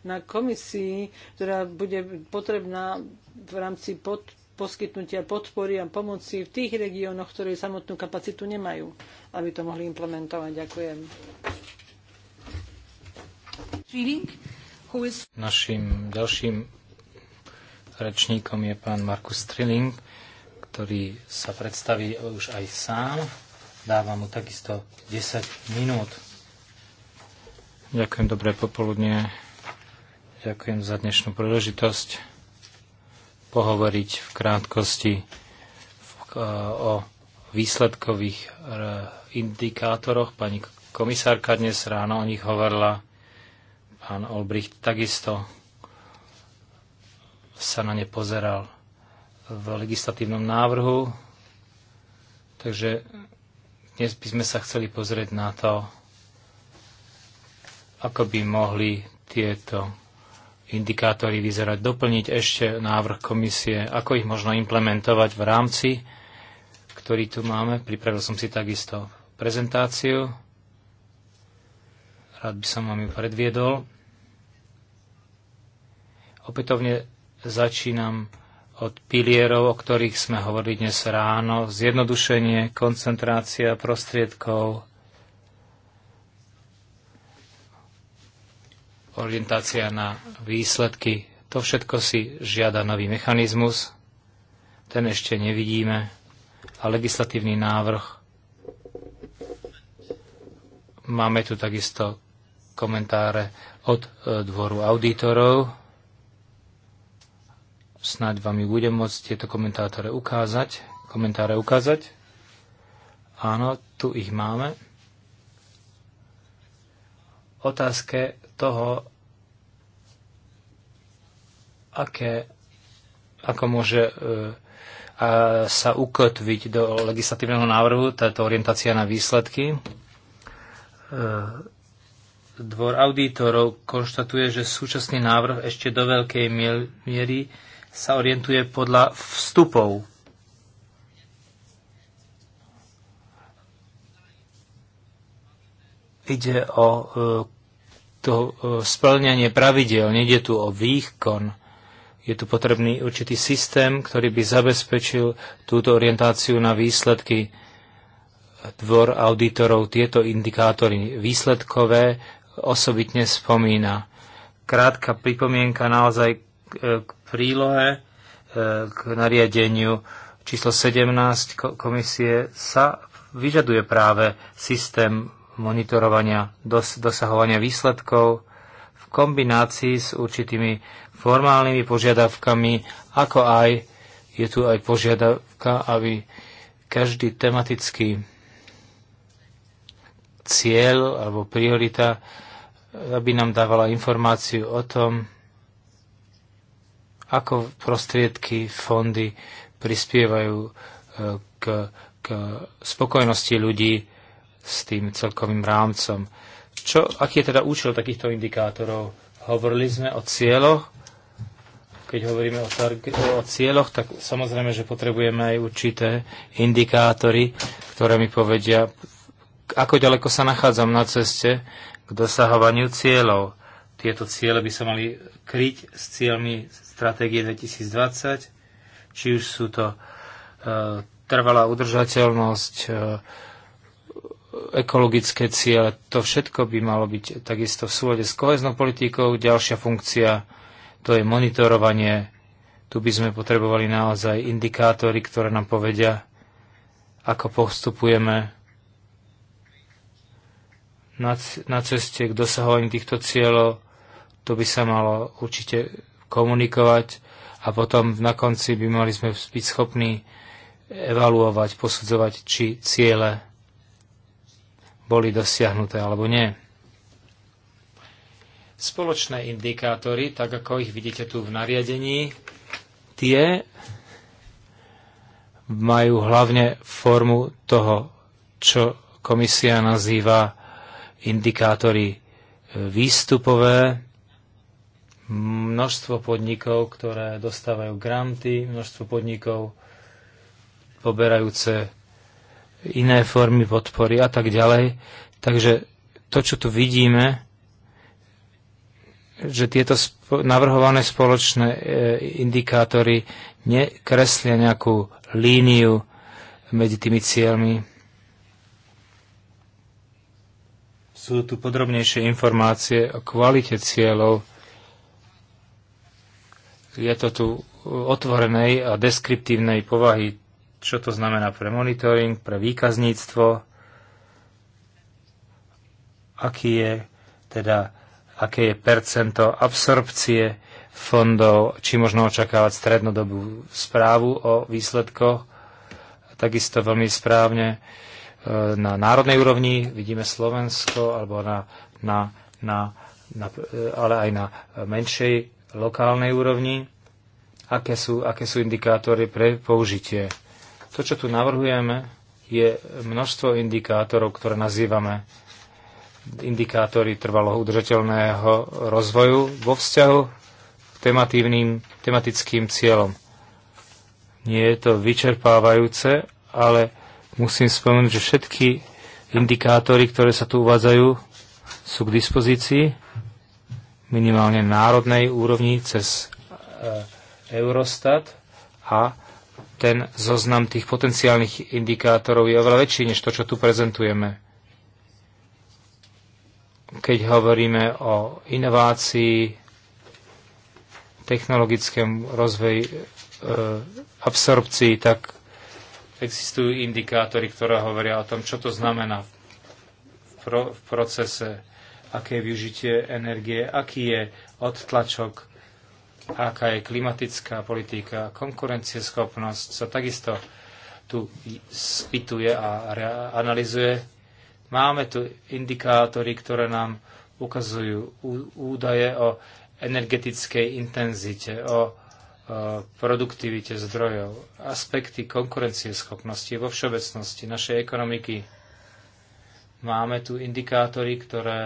na komisii, ktorá bude potrebná v rámci pod, poskytnutia podpory a pomoci v tých regiónoch, ktoré samotnú kapacitu nemajú, aby to mohli implementovať. Ďakujem. Našim ďalším rečníkom je pán Markus Trilling, ktorý sa predstaví už aj sám. Dávam mu takisto 10 minút. Ďakujem, dobré popoludne. Ďakujem za dnešnú príležitosť pohovoriť v krátkosti e, o výsledkových e, indikátoroch. Pani komisárka dnes ráno o nich hovorila. Pán Olbricht takisto sa na ne pozeral v legislatívnom návrhu. Takže dnes by sme sa chceli pozrieť na to, ako by mohli tieto indikátory vyzerať, doplniť ešte návrh komisie, ako ich možno implementovať v rámci, ktorý tu máme. Pripravil som si takisto prezentáciu. Rád by som vám ju predviedol. Opätovne začínam od pilierov, o ktorých sme hovorili dnes ráno. Zjednodušenie, koncentrácia prostriedkov, orientácia na výsledky. To všetko si žiada nový mechanizmus. Ten ešte nevidíme. A legislatívny návrh. Máme tu takisto komentáre od e, dvoru auditorov snáď vám ju budem môcť tieto komentátore ukázať. Komentáre ukázať. Áno, tu ich máme. Otázke toho, aké, ako môže e, a sa ukotviť do legislatívneho návrhu táto orientácia na výsledky. E, dvor auditorov konštatuje, že súčasný návrh ešte do veľkej miery sa orientuje podľa vstupov. Ide o e, to e, splňanie pravidel, nejde tu o výkon. Je tu potrebný určitý systém, ktorý by zabezpečil túto orientáciu na výsledky dvor auditorov tieto indikátory výsledkové osobitne spomína. Krátka pripomienka naozaj E, k prílohe e, k nariadeniu číslo 17 komisie sa vyžaduje práve systém monitorovania dos- dosahovania výsledkov v kombinácii s určitými formálnymi požiadavkami, ako aj je tu aj požiadavka, aby každý tematický cieľ alebo priorita, aby nám dávala informáciu o tom, ako prostriedky, fondy prispievajú e, k, k spokojnosti ľudí s tým celkovým rámcom. Čo, aký je teda účel takýchto indikátorov? Hovorili sme o cieľoch. Keď hovoríme o, o cieľoch, tak samozrejme, že potrebujeme aj určité indikátory, ktoré mi povedia, ako ďaleko sa nachádzam na ceste k dosahovaniu cieľov. Tieto ciele by sa mali kryť s cieľmi stratégie 2020, či už sú to e, trvalá udržateľnosť, e, ekologické ciele, to všetko by malo byť takisto v súlade s koheznou politikou. Ďalšia funkcia to je monitorovanie. Tu by sme potrebovali naozaj indikátory, ktoré nám povedia, ako postupujeme na, na ceste k dosahovaní týchto cieľov. To by sa malo určite komunikovať a potom na konci by mali sme byť schopní evaluovať, posudzovať, či ciele boli dosiahnuté alebo nie. Spoločné indikátory, tak ako ich vidíte tu v nariadení, tie majú hlavne formu toho, čo komisia nazýva indikátory výstupové, množstvo podnikov, ktoré dostávajú granty, množstvo podnikov poberajúce iné formy podpory a tak ďalej. Takže to, čo tu vidíme, že tieto spo- navrhované spoločné e, indikátory nekreslia nejakú líniu medzi tými cieľmi. Sú tu podrobnejšie informácie o kvalite cieľov, je to tu otvorenej a deskriptívnej povahy, čo to znamená pre monitoring, pre výkazníctvo, aký je teda, aké je percento absorpcie fondov, či možno očakávať strednodobú správu o výsledkoch. Takisto veľmi správne e, na národnej úrovni vidíme Slovensko, alebo na, na, na, na, e, ale aj na menšej lokálnej úrovni, aké sú, aké sú indikátory pre použitie. To, čo tu navrhujeme, je množstvo indikátorov, ktoré nazývame indikátory trvaloho udržateľného rozvoju vo vzťahu k tematívnym, tematickým cieľom. Nie je to vyčerpávajúce, ale musím spomenúť, že všetky indikátory, ktoré sa tu uvádzajú, sú k dispozícii minimálne národnej úrovni cez e, Eurostat a ten zoznam tých potenciálnych indikátorov je oveľa väčší než to, čo tu prezentujeme. Keď hovoríme o inovácii, technologickom rozvoji, e, absorpcii, tak existujú indikátory, ktoré hovoria o tom, čo to znamená v, procese aké je využitie energie, aký je odtlačok, aká je klimatická politika, konkurencieschopnosť sa takisto tu spituje a analizuje. Máme tu indikátory, ktoré nám ukazujú údaje o energetickej intenzite, o produktivite zdrojov, aspekty konkurencieschopnosti vo všeobecnosti našej ekonomiky. Máme tu indikátory, ktoré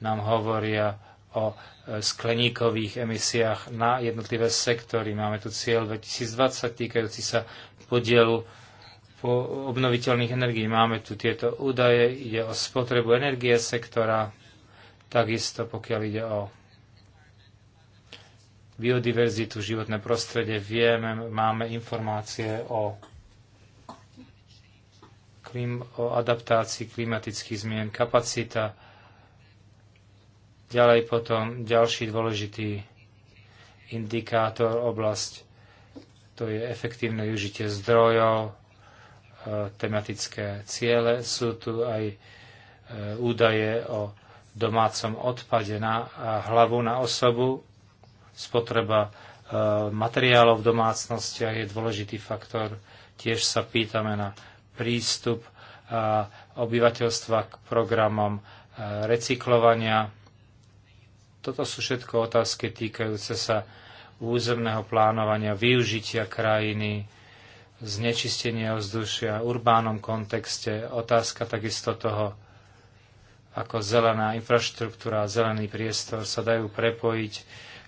nám hovoria o e, skleníkových emisiách na jednotlivé sektory. Máme tu cieľ 2020 týkajúci sa podielu po obnoviteľných energií. Máme tu tieto údaje, ide o spotrebu energie sektora, takisto pokiaľ ide o biodiverzitu, životné prostredie, vieme, máme informácie o, klim, o adaptácii klimatických zmien, kapacita Ďalej potom ďalší dôležitý indikátor, oblasť, to je efektívne využitie zdrojov, e, tematické ciele. Sú tu aj e, údaje o domácom odpade na hlavu, na osobu. Spotreba e, materiálov v domácnostiach je dôležitý faktor. Tiež sa pýtame na prístup obyvateľstva k programom recyklovania toto sú všetko otázky týkajúce sa územného plánovania, využitia krajiny, znečistenie ovzdušia, urbánom kontexte, otázka takisto toho, ako zelená infraštruktúra a zelený priestor sa dajú prepojiť,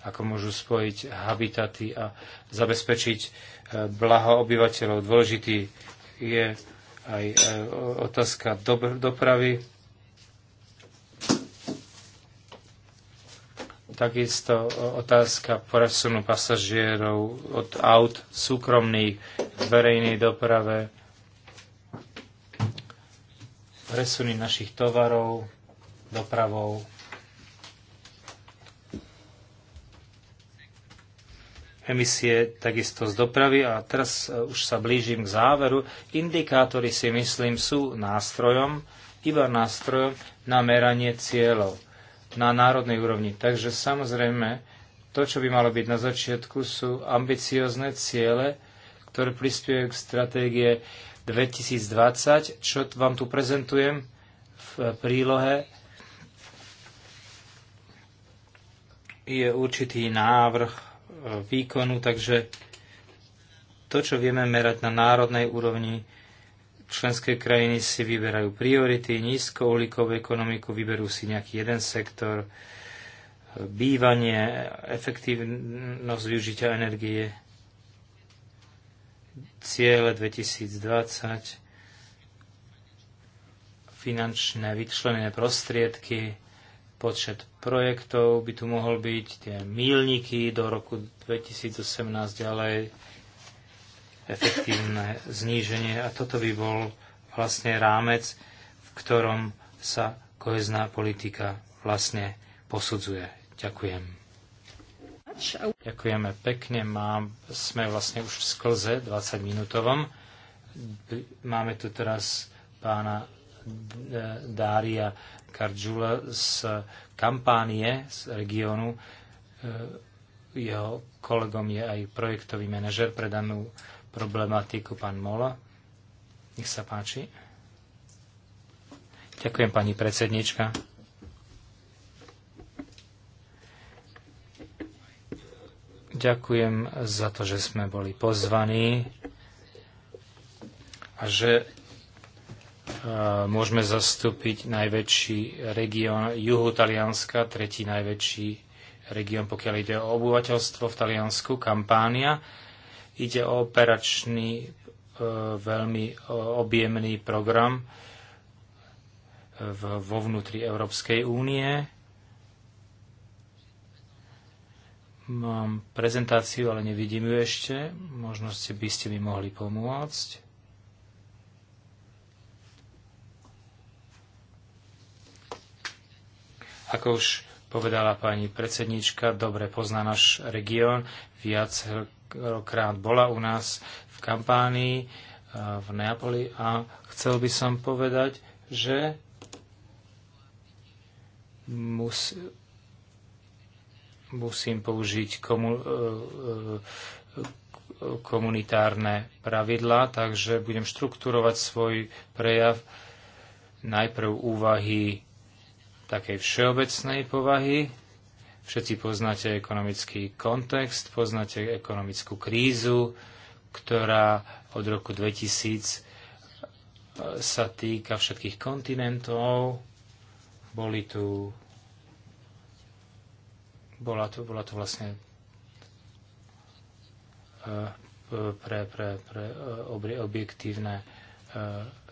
ako môžu spojiť habitaty a zabezpečiť e, blaho obyvateľov. Dôležitý je aj e, otázka dopravy Takisto otázka presunu pasažierov od aut súkromných k verejnej doprave, presuny našich tovarov dopravou. Emisie takisto z dopravy a teraz eh, už sa blížim k záveru. Indikátory si myslím sú nástrojom, iba nástrojom na meranie cieľov na národnej úrovni. Takže samozrejme, to, čo by malo byť na začiatku, sú ambiciozne ciele, ktoré prispievajú k stratégie 2020, čo vám tu prezentujem v e, prílohe. Je určitý návrh e, výkonu, takže to, čo vieme merať na národnej úrovni, Členské krajiny si vyberajú priority, nízkouhlíkovú ekonomiku, vyberú si nejaký jeden sektor, bývanie, efektívnosť využitia energie, ciele 2020, finančné vyčlenené prostriedky, počet projektov by tu mohol byť, tie mílniky do roku 2018 ďalej, efektívne zníženie a toto by bol vlastne rámec, v ktorom sa kohezná politika vlastne posudzuje. Ďakujem. Ďakujeme pekne. Mám, sme vlastne už v sklze 20 minútovom. Máme tu teraz pána e, Dária Kardžula z Kampánie, z regiónu. E, jeho kolegom je aj projektový manažer pre danú problematiku pán Mola. Nech sa páči. Ďakujem, pani predsednička. Ďakujem za to, že sme boli pozvaní a že e, môžeme zastúpiť najväčší región juhu Talianska, tretí najväčší región, pokiaľ ide o obyvateľstvo v Taliansku, Kampánia. Ide o operačný, e, veľmi e, objemný program e, vo vnútri Európskej únie. Mám prezentáciu, ale nevidím ju ešte. Možno ste by ste mi mohli pomôcť. Ako už povedala pani predsednička, dobre pozná náš región. Viac niekoľkokrát bola u nás v kampánii e, v Neapoli a chcel by som povedať, že mus, musím použiť komu, e, e, komunitárne pravidlá, takže budem štrukturovať svoj prejav najprv úvahy takej všeobecnej povahy, Všetci poznáte ekonomický kontext, poznáte ekonomickú krízu, ktorá od roku 2000 e, sa týka všetkých kontinentov. Boli tu, bola, tu, bola tu vlastne e, pre, pre, pre e, objektívne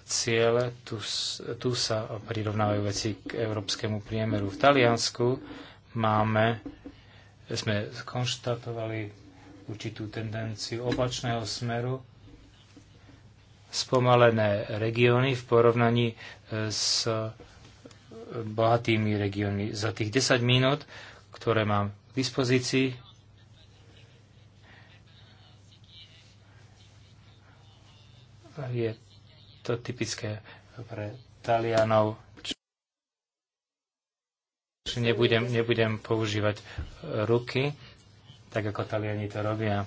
ciele. Tu, tu sa prirovnávajú veci k európskemu priemeru v Taliansku máme, sme skonštatovali určitú tendenciu opačného smeru, spomalené regióny v porovnaní e, s e, bohatými regiónmi. Za tých 10 minút, ktoré mám k dispozícii, je to typické pre Talianov nebudem, nebudem používať e, ruky, tak ako Taliani to robia.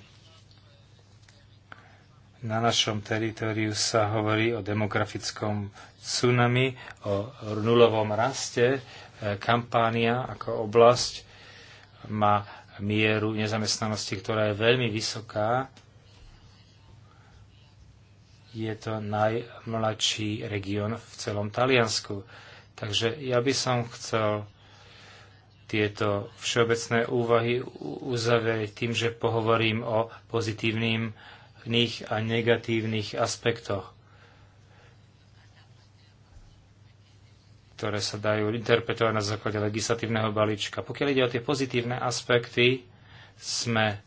Na našom teritoriu sa hovorí o demografickom tsunami, o nulovom raste. E, Kampánia ako oblasť má mieru nezamestnanosti, ktorá je veľmi vysoká. Je to najmladší región v celom Taliansku. Takže ja by som chcel tieto všeobecné úvahy uzavrieť tým, že pohovorím o pozitívnych a negatívnych aspektoch, ktoré sa dajú interpretovať na základe legislatívneho balíčka. Pokiaľ ide o tie pozitívne aspekty, sme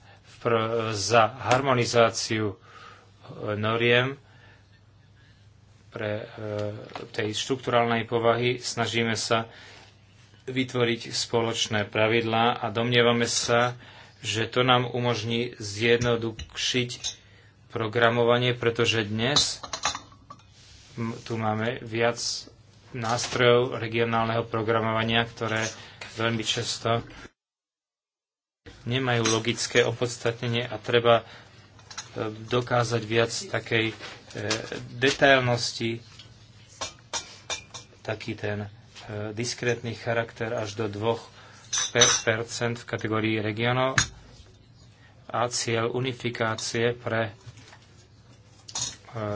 za harmonizáciu e, noriem pre e, tej štruktúralnej povahy. Snažíme sa vytvoriť spoločné pravidlá a domnievame sa, že to nám umožní zjednodušiť programovanie, pretože dnes tu máme viac nástrojov regionálneho programovania, ktoré veľmi často nemajú logické opodstatnenie a treba e, dokázať viac takej e, detailnosti, taký ten Eh, diskrétny charakter až do 2% v kategórii regionov a cieľ unifikácie pre eh,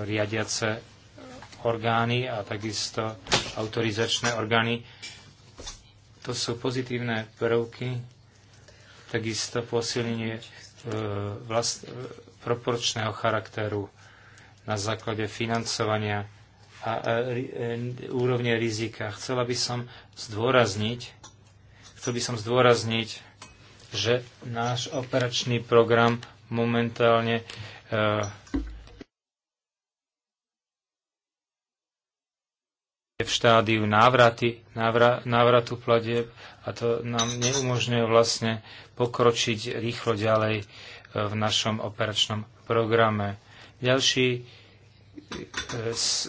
riadiace orgány a takisto autorizačné orgány. To sú pozitívne prvky, takisto posilnenie eh, vlast, proporčného charakteru na základe financovania a e, úrovne rizika. Chcela by som zdôrazniť, chcel by som zdôrazniť, že náš operačný program momentálne e, v štádiu návraty, návra, návratu pladeb a to nám neumožňuje vlastne pokročiť rýchlo ďalej e, v našom operačnom programe. Ďalší E,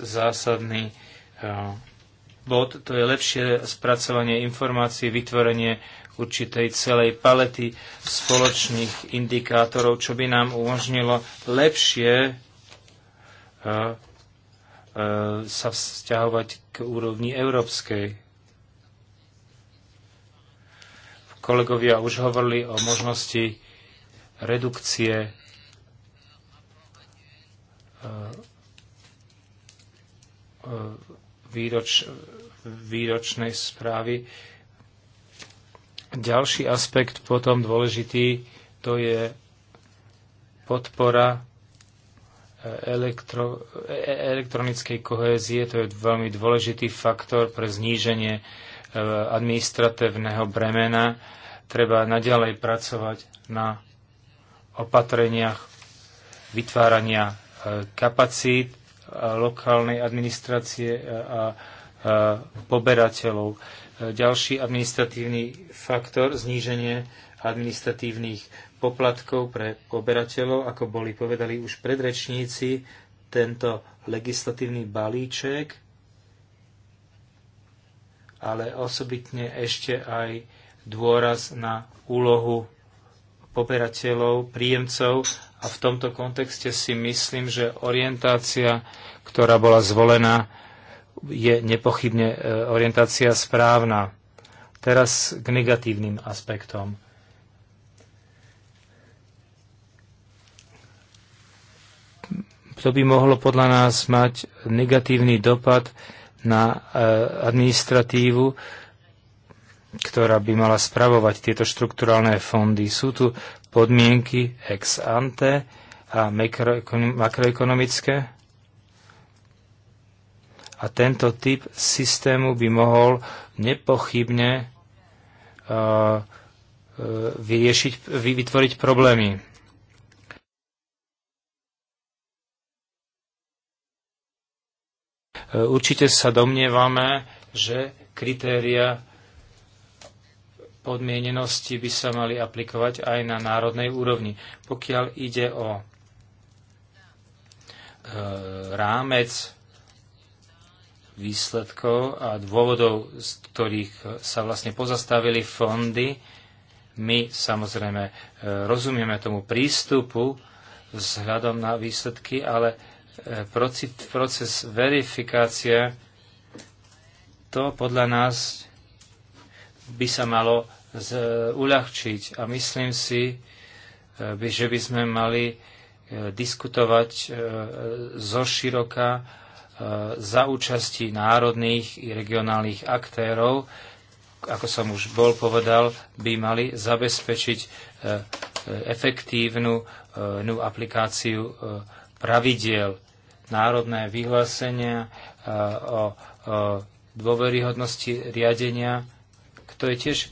zásadný e, bod, to je lepšie spracovanie informácií, vytvorenie určitej celej palety spoločných indikátorov, čo by nám umožnilo lepšie e, sa vzťahovať k úrovni európskej. Kolegovia už hovorili o možnosti redukcie výroč, výročnej správy. Ďalší aspekt potom dôležitý, to je podpora e, elektro, e, e, elektronickej kohézie, to je veľmi dôležitý faktor pre zníženie administratívneho bremena. Treba naďalej pracovať na opatreniach vytvárania kapacít lokálnej administrácie a poberateľov. Ďalší administratívny faktor zníženie administratívnych poplatkov pre poberateľov, ako boli povedali už predrečníci, tento legislatívny balíček, ale osobitne ešte aj dôraz na úlohu poberateľov, príjemcov a v tomto kontexte si myslím, že orientácia, ktorá bola zvolená, je nepochybne e, orientácia správna. Teraz k negatívnym aspektom. To by mohlo podľa nás mať negatívny dopad na e, administratívu, ktorá by mala spravovať tieto štrukturálne fondy. Sú tu podmienky ex ante a makroekonomické. A tento typ systému by mohol nepochybne uh, uh, vyriešiť, vytvoriť problémy. Určite sa domnievame, že kritéria podmienenosti by sa mali aplikovať aj na národnej úrovni. Pokiaľ ide o e, rámec výsledkov a dôvodov, z ktorých sa vlastne pozastavili fondy, my samozrejme e, rozumieme tomu prístupu vzhľadom na výsledky, ale e, proces, proces verifikácie to podľa nás by sa malo z, uľahčiť. A myslím si, e, by, že by sme mali e, diskutovať e, zo široka za účasti národných i regionálnych aktérov, ako som už bol povedal, by mali zabezpečiť efektívnu aplikáciu pravidiel. Národné vyhlásenia o dôveryhodnosti riadenia to je tiež e,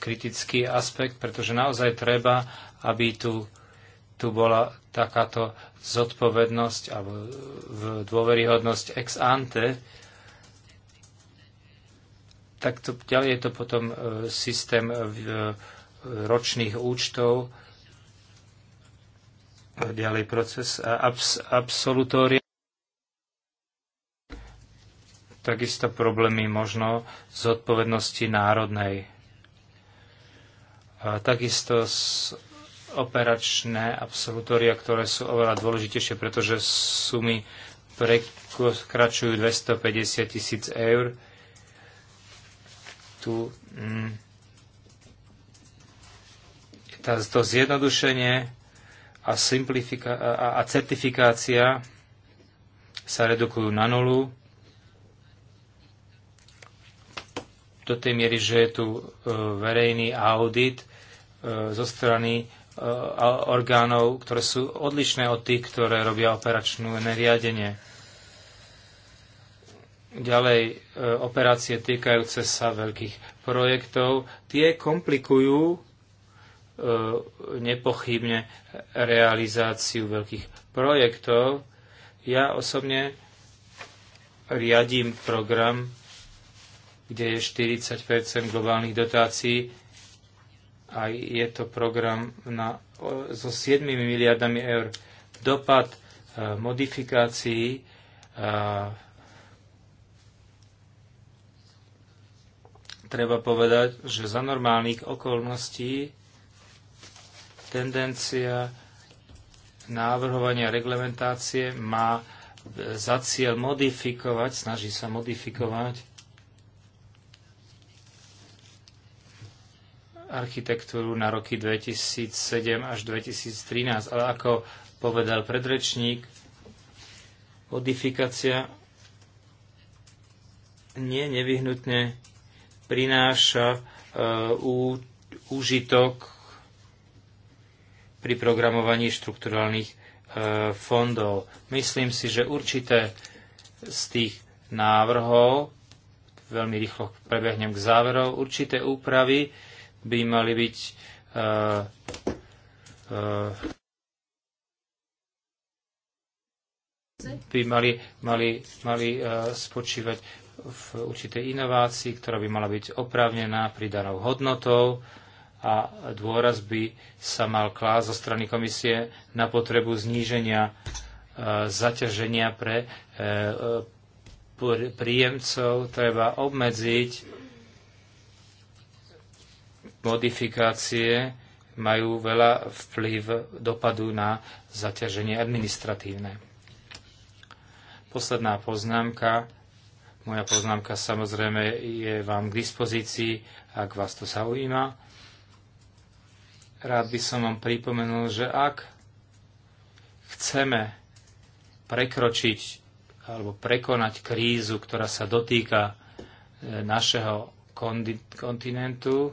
kritický aspekt, pretože naozaj treba, aby tu, tu bola takáto zodpovednosť alebo dôveryhodnosť ex ante, tak to, ďalej je to potom e, systém e, ročných účtov, ďalej proces abs, absolutória, takisto problémy možno zodpovednosti národnej. A takisto z operačné absolutória, ktoré sú oveľa dôležitejšie, pretože sumy prekračujú 250 tisíc eur. Tu mm, tá, to zjednodušenie a, a, a certifikácia sa redukujú na nulu. do tej miery, že je tu e, verejný audit e, zo strany e, orgánov, ktoré sú odlišné od tých, ktoré robia operačnú neriadenie. Ďalej, operácie týkajúce sa veľkých projektov, tie komplikujú nepochybne realizáciu veľkých projektov. Ja osobne riadím program kde je 40 globálnych dotácií a je to program na, so 7 miliardami eur. Dopad e, modifikácií e, treba povedať, že za normálnych okolností tendencia návrhovania reglementácie má za cieľ modifikovať, snaží sa modifikovať architektúru na roky 2007 až 2013, ale ako povedal predrečník, modifikácia nie nevyhnutne prináša e, úžitok pri programovaní štrukturálnych e, fondov. Myslím si, že určité z tých návrhov, veľmi rýchlo prebehnem k záverov, určité úpravy by mali byť uh, uh, by mali, mali, mali uh, spočívať v určitej inovácii, ktorá by mala byť oprávnená pridanou hodnotou a dôraz by sa mal klásť zo strany komisie na potrebu zníženia uh, zaťaženia pre uh, príjemcov. Treba obmedziť modifikácie majú veľa vplyv dopadu na zaťaženie administratívne. Posledná poznámka. Moja poznámka samozrejme je vám k dispozícii, ak vás to zaujíma. Rád by som vám pripomenul, že ak chceme prekročiť alebo prekonať krízu, ktorá sa dotýka e, našeho kontinentu,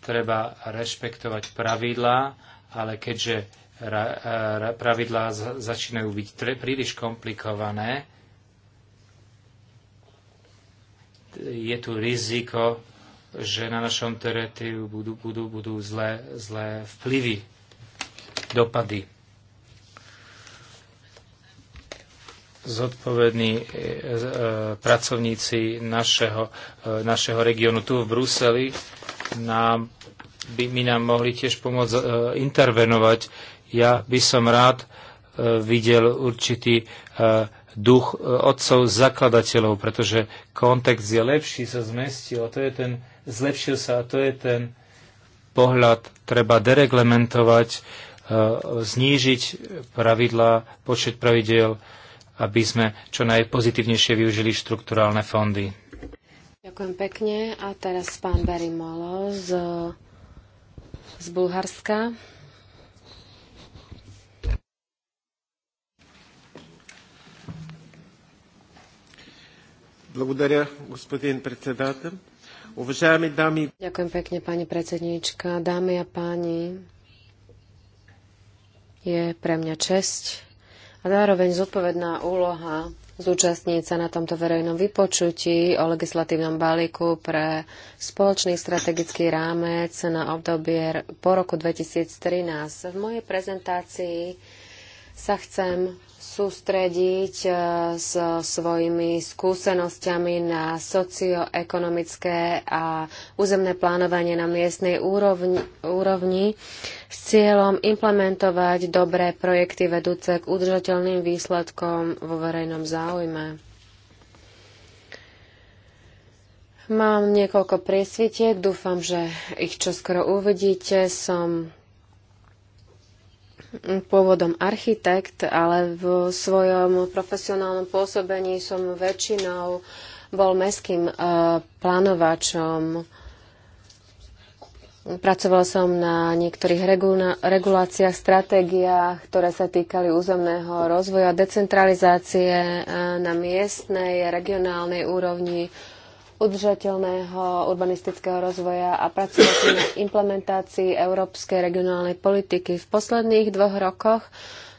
treba rešpektovať pravidlá, ale keďže pravidlá začínajú byť príliš komplikované, je tu riziko, že na našom terétiu budú, budú, budú zlé, zlé vplyvy, dopady. Zodpovední e, e, pracovníci našeho, e, našeho regiónu tu v Bruseli nám, by mi nám mohli tiež pomôcť e, intervenovať. Ja by som rád e, videl určitý e, duch e, otcov zakladateľov, pretože kontext je lepší, sa zmestil, a to je ten, zlepšil sa a to je ten pohľad, treba dereglementovať, e, znížiť pravidla, počet pravidel, aby sme čo najpozitívnejšie využili štrukturálne fondy. Ďakujem pekne. A teraz pán Berimolo z, z Bulharska. Ďakujem pekne, pani predsedníčka. Dámy a páni, je pre mňa česť a zároveň zodpovedná úloha zúčastniť sa na tomto verejnom vypočutí o legislatívnom balíku pre spoločný strategický rámec na obdobie po roku 2013. V mojej prezentácii sa chcem sústrediť eh, so svojimi skúsenosťami na socioekonomické a územné plánovanie na miestnej úrovni, úrovni s cieľom implementovať dobré projekty vedúce k udržateľným výsledkom vo verejnom záujme. Mám niekoľko priesvitiek, dúfam, že ich čoskoro uvidíte. Som pôvodom architekt, ale v svojom profesionálnom pôsobení som väčšinou bol mestským e, plánovačom. Pracoval som na niektorých reguláciách, stratégiách, ktoré sa týkali územného rozvoja, decentralizácie e, na miestnej, regionálnej úrovni udržateľného urbanistického rozvoja a pracovať na implementácii európskej regionálnej politiky. V posledných dvoch rokoch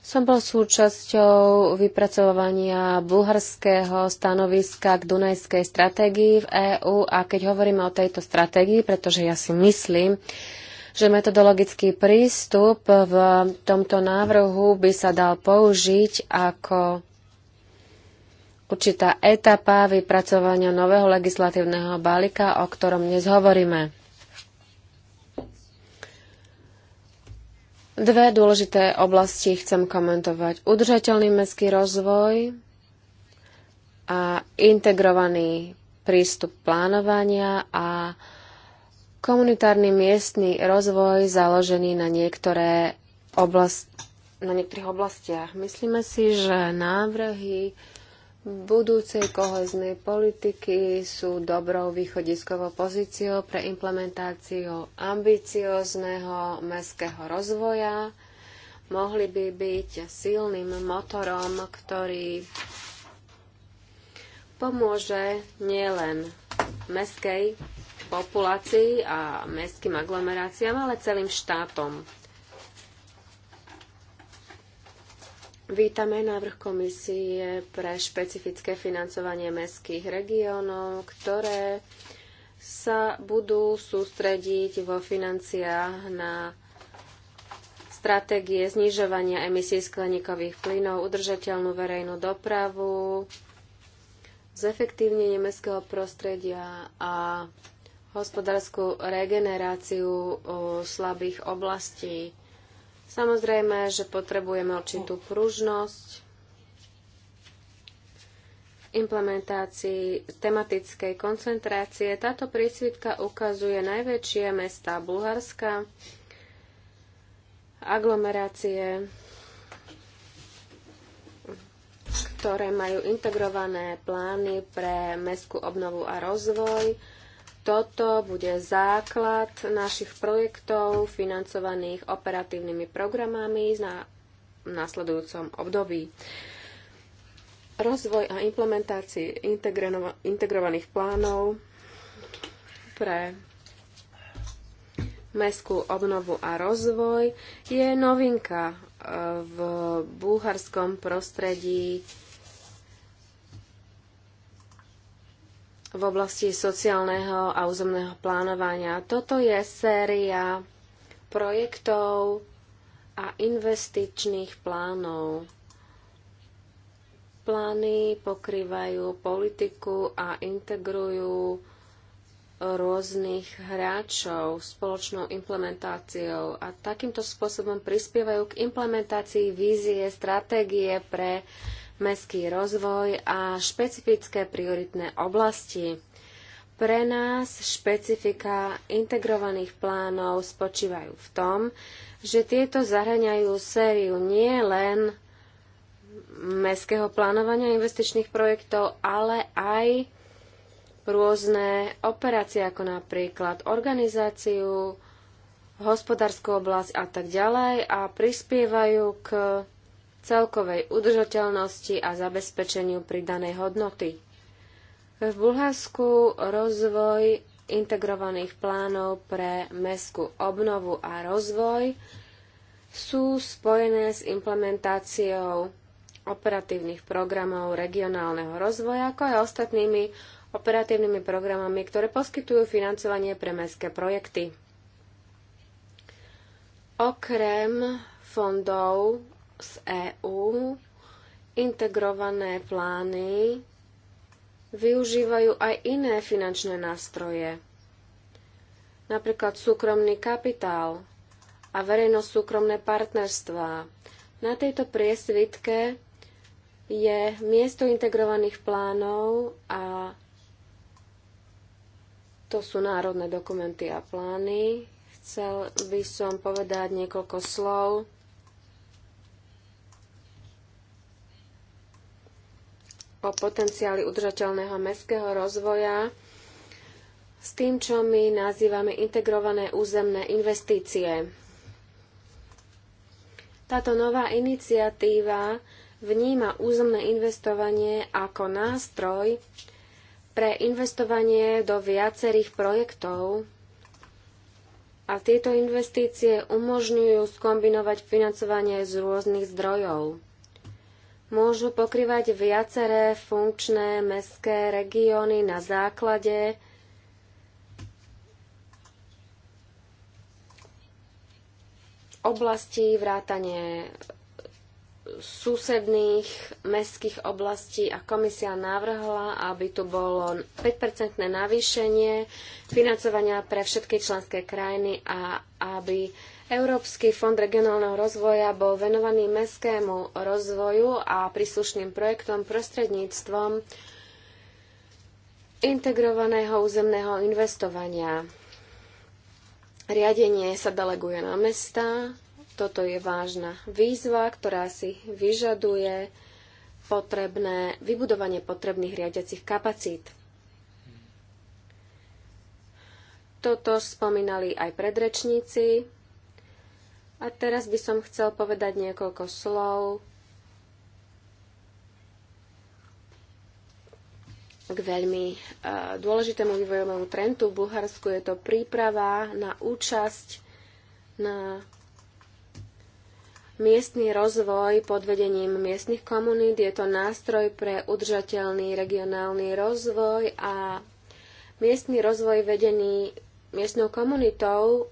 som bol súčasťou vypracovania bulharského stanoviska k Dunajskej stratégii v EÚ a keď hovoríme o tejto stratégii, pretože ja si myslím, že metodologický prístup v tomto návrhu by sa dal použiť ako určitá etapa vypracovania nového legislatívneho balíka, o ktorom dnes hovoríme. Dve dôležité oblasti chcem komentovať. Udržateľný mestský rozvoj a integrovaný prístup plánovania a komunitárny miestny rozvoj založený na, niektoré oblast- na niektorých oblastiach. Myslíme si, že návrhy budúcej koheznej politiky sú dobrou východiskovou pozíciou pre implementáciu ambiciozného mestského rozvoja. Mohli by byť silným motorom, ktorý pomôže nielen mestskej populácii a mestským aglomeráciám, ale celým štátom Vítame návrh komisie pre špecifické financovanie mestských regiónov, ktoré sa budú sústrediť vo financiách na stratégie znižovania emisí skleníkových plynov, udržateľnú verejnú dopravu, zefektívnenie mestského prostredia a hospodárskú regeneráciu slabých oblastí. Samozrejme, že potrebujeme určitú pružnosť v implementácii tematickej koncentrácie. Táto prísvitka ukazuje najväčšie mestá Bulharska, aglomerácie, ktoré majú integrované plány pre mestskú obnovu a rozvoj toto bude základ našich projektov financovaných operatívnymi programami na nasledujúcom období. Rozvoj a implementácii integrovaných plánov pre mestskú obnovu a rozvoj je novinka e, v búharskom prostredí v oblasti sociálneho a územného plánovania. Toto je séria projektov a investičných plánov. Plány pokrývajú politiku a integrujú rôznych hráčov spoločnou implementáciou a takýmto spôsobom prispievajú k implementácii vízie, stratégie pre uh, mestský rozvoj a špecifické prioritné oblasti. Pre nás špecifika integrovaných plánov spočívajú v tom, že tieto zahraňajú sériu nie len mestského plánovania investičných projektov, ale aj rôzne operácie, ako napríklad organizáciu, hospodárskú oblasť a tak ďalej a prispievajú k celkovej udržateľnosti a zabezpečeniu pridanej hodnoty. V Bulharsku rozvoj integrovaných plánov pre mestskú obnovu a rozvoj sú spojené s implementáciou operatívnych programov regionálneho rozvoja, ako aj ostatnými operatívnymi programami, ktoré poskytujú financovanie pre mestské projekty. Okrem fondov z EÚ integrované plány využívajú aj iné finančné nástroje, napríklad súkromný kapitál a verejno-súkromné partnerstvá. Na tejto priesvitke je miesto integrovaných plánov a to sú národné dokumenty a plány. Chcel by som povedať niekoľko slov o potenciáli udržateľného mestského rozvoja s tým, čo my nazývame integrované územné investície. Táto nová iniciatíva vníma územné investovanie ako nástroj pre investovanie do viacerých projektov a tieto investície umožňujú skombinovať financovanie z rôznych zdrojov môžu pokrývať viaceré funkčné mestské regióny na základe oblastí, vrátane susedných mestských oblastí a komisia navrhla, aby tu bolo 5-percentné navýšenie financovania pre všetky členské krajiny a aby Európsky fond regionálneho rozvoja bol venovaný mestskému rozvoju a príslušným projektom prostredníctvom integrovaného územného investovania. Riadenie sa deleguje na mesta. Toto je vážna výzva, ktorá si vyžaduje potrebné, vybudovanie potrebných riadiacich kapacít. Toto spomínali aj predrečníci. A teraz by som chcel povedať niekoľko slov k veľmi e, dôležitému vývojovému trendu. V Bulharsku je to príprava na účasť na miestny rozvoj pod vedením miestnych komunít. Je to nástroj pre udržateľný regionálny rozvoj a miestny rozvoj vedený miestnou komunitou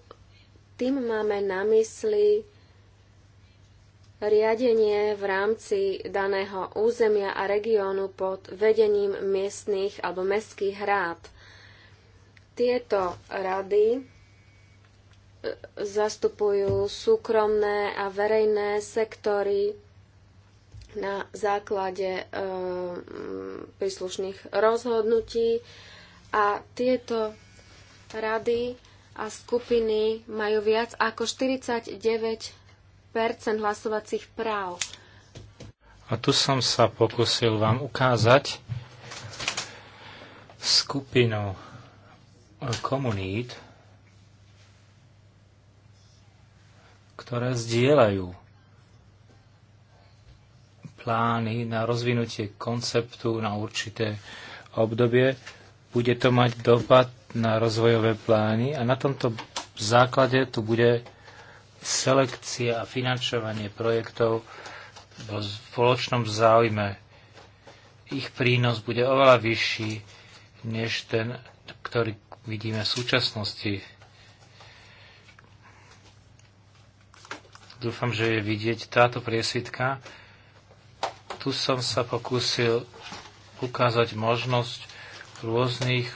tým máme na mysli riadenie v rámci daného územia a regiónu pod vedením miestných alebo mestských rád. Tieto rady e, zastupujú súkromné a verejné sektory na základe e, príslušných rozhodnutí a tieto rady a skupiny majú viac ako 49 hlasovacích práv. A tu som sa pokusil vám ukázať skupinu komunít, ktoré zdieľajú plány na rozvinutie konceptu na určité obdobie. Bude to mať dopad na rozvojové plány a na tomto základe tu bude selekcia a financovanie projektov v spoločnom záujme. Ich prínos bude oveľa vyšší než ten, ktorý vidíme v súčasnosti. Dúfam, že je vidieť táto priesvitka. Tu som sa pokúsil ukázať možnosť rôznych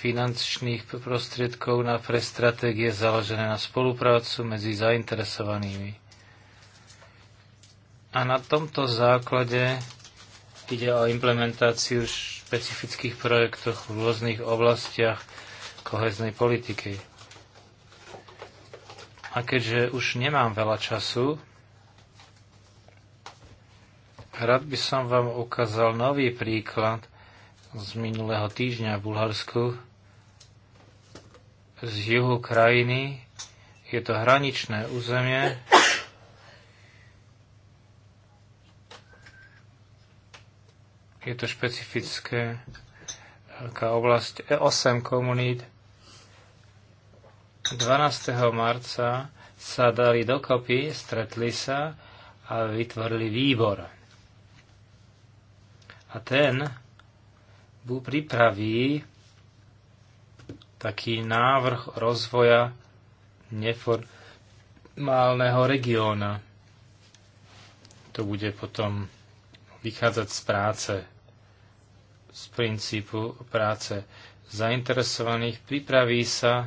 finančných prostriedkov na pre stratégie založené na spoluprácu medzi zainteresovanými. A na tomto základe ide o implementáciu špecifických projektov v rôznych oblastiach koheznej politiky. A keďže už nemám veľa času, rád by som vám ukázal nový príklad z minulého týždňa v Bulharsku, z juhu krajiny. Je to hraničné územie. Je to špecifické oblasť 8 e komunít. 12. marca sa dali dokopy, stretli sa a vytvorili výbor. A ten pripraví taký návrh rozvoja neformálneho regióna. To bude potom vychádzať z práce, z princípu práce zainteresovaných. Pripraví sa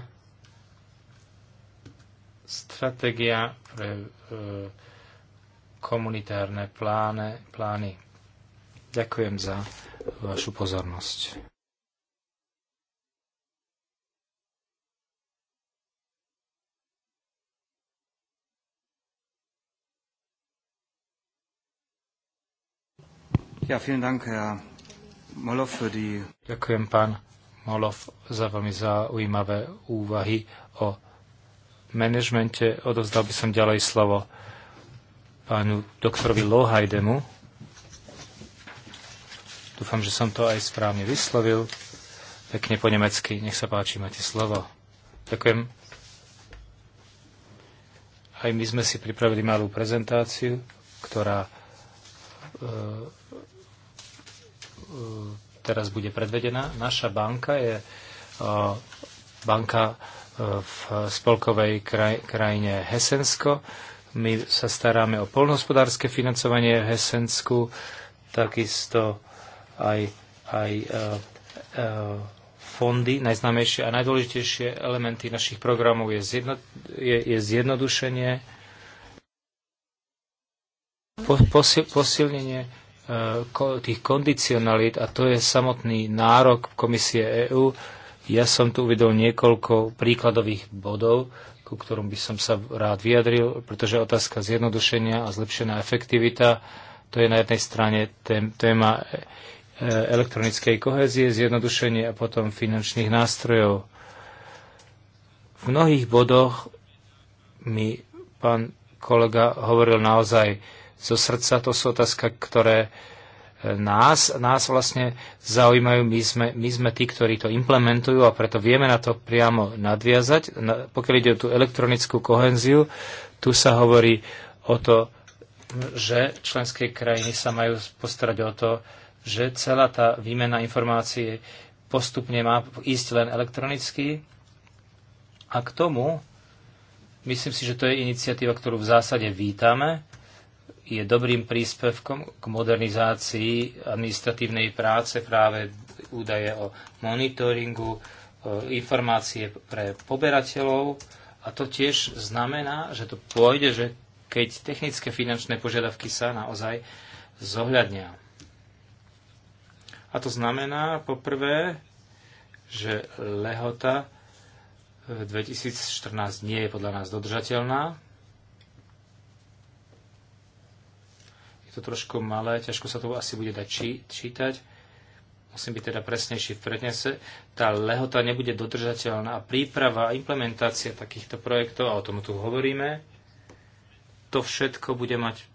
stratégia pre e, komunitárne plány. Ďakujem za vašu pozornosť. Ja, vielen Dank, Herr Molov, für die... Ďakujem, pán Molov, za veľmi zaujímavé úvahy o manažmente. Odovzdal by som ďalej slovo pánu doktorovi Lohajdemu. Dúfam, že som to aj správne vyslovil. Pekne po nemecky. Nech sa páči, máte slovo. Ďakujem. Aj my sme si pripravili malú prezentáciu, ktorá e, E, teraz bude predvedená. Naša banka je e, banka e, v spolkovej krajine Hesensko. My sa staráme o polnohospodárske financovanie v Hesensku, takisto aj, aj e, e, fondy. Najznámejšie a najdôležitejšie elementy našich programov je, zjedno, je, je zjednodušenie, posil, posilnenie Eh, tých kondicionalít a to je samotný nárok Komisie EÚ. Ja som tu uvedol niekoľko príkladových bodov, ku ktorom by som sa rád vyjadril, pretože otázka zjednodušenia a zlepšená efektivita, to je na jednej strane téma eh, elektronickej kohézie, zjednodušenie a potom finančných nástrojov. V mnohých bodoch mi pán kolega hovoril naozaj zo srdca. To sú otázka, ktoré e, nás, nás vlastne zaujímajú. My sme, my sme tí, ktorí to implementujú a preto vieme na to priamo nadviazať. Na, pokiaľ ide o tú elektronickú kohenziu, tu sa hovorí o to, že členské krajiny sa majú postarať o to, že celá tá výmena informácií postupne má ísť len elektronicky. A k tomu, myslím si, že to je iniciatíva, ktorú v zásade vítame je dobrým príspevkom k modernizácii administratívnej práce práve údaje o monitoringu, e, informácie pre poberateľov a to tiež znamená, že to pôjde, že keď technické finančné požiadavky sa naozaj zohľadnia. A to znamená poprvé, že lehota 2014 nie je podľa nás dodržateľná, Je to trošku malé, ťažko sa to asi bude dať či, čítať. Musím byť teda presnejší v prednese. Tá lehota nebude dodržateľná a príprava a implementácia takýchto projektov, a o tom tu hovoríme, to všetko bude mať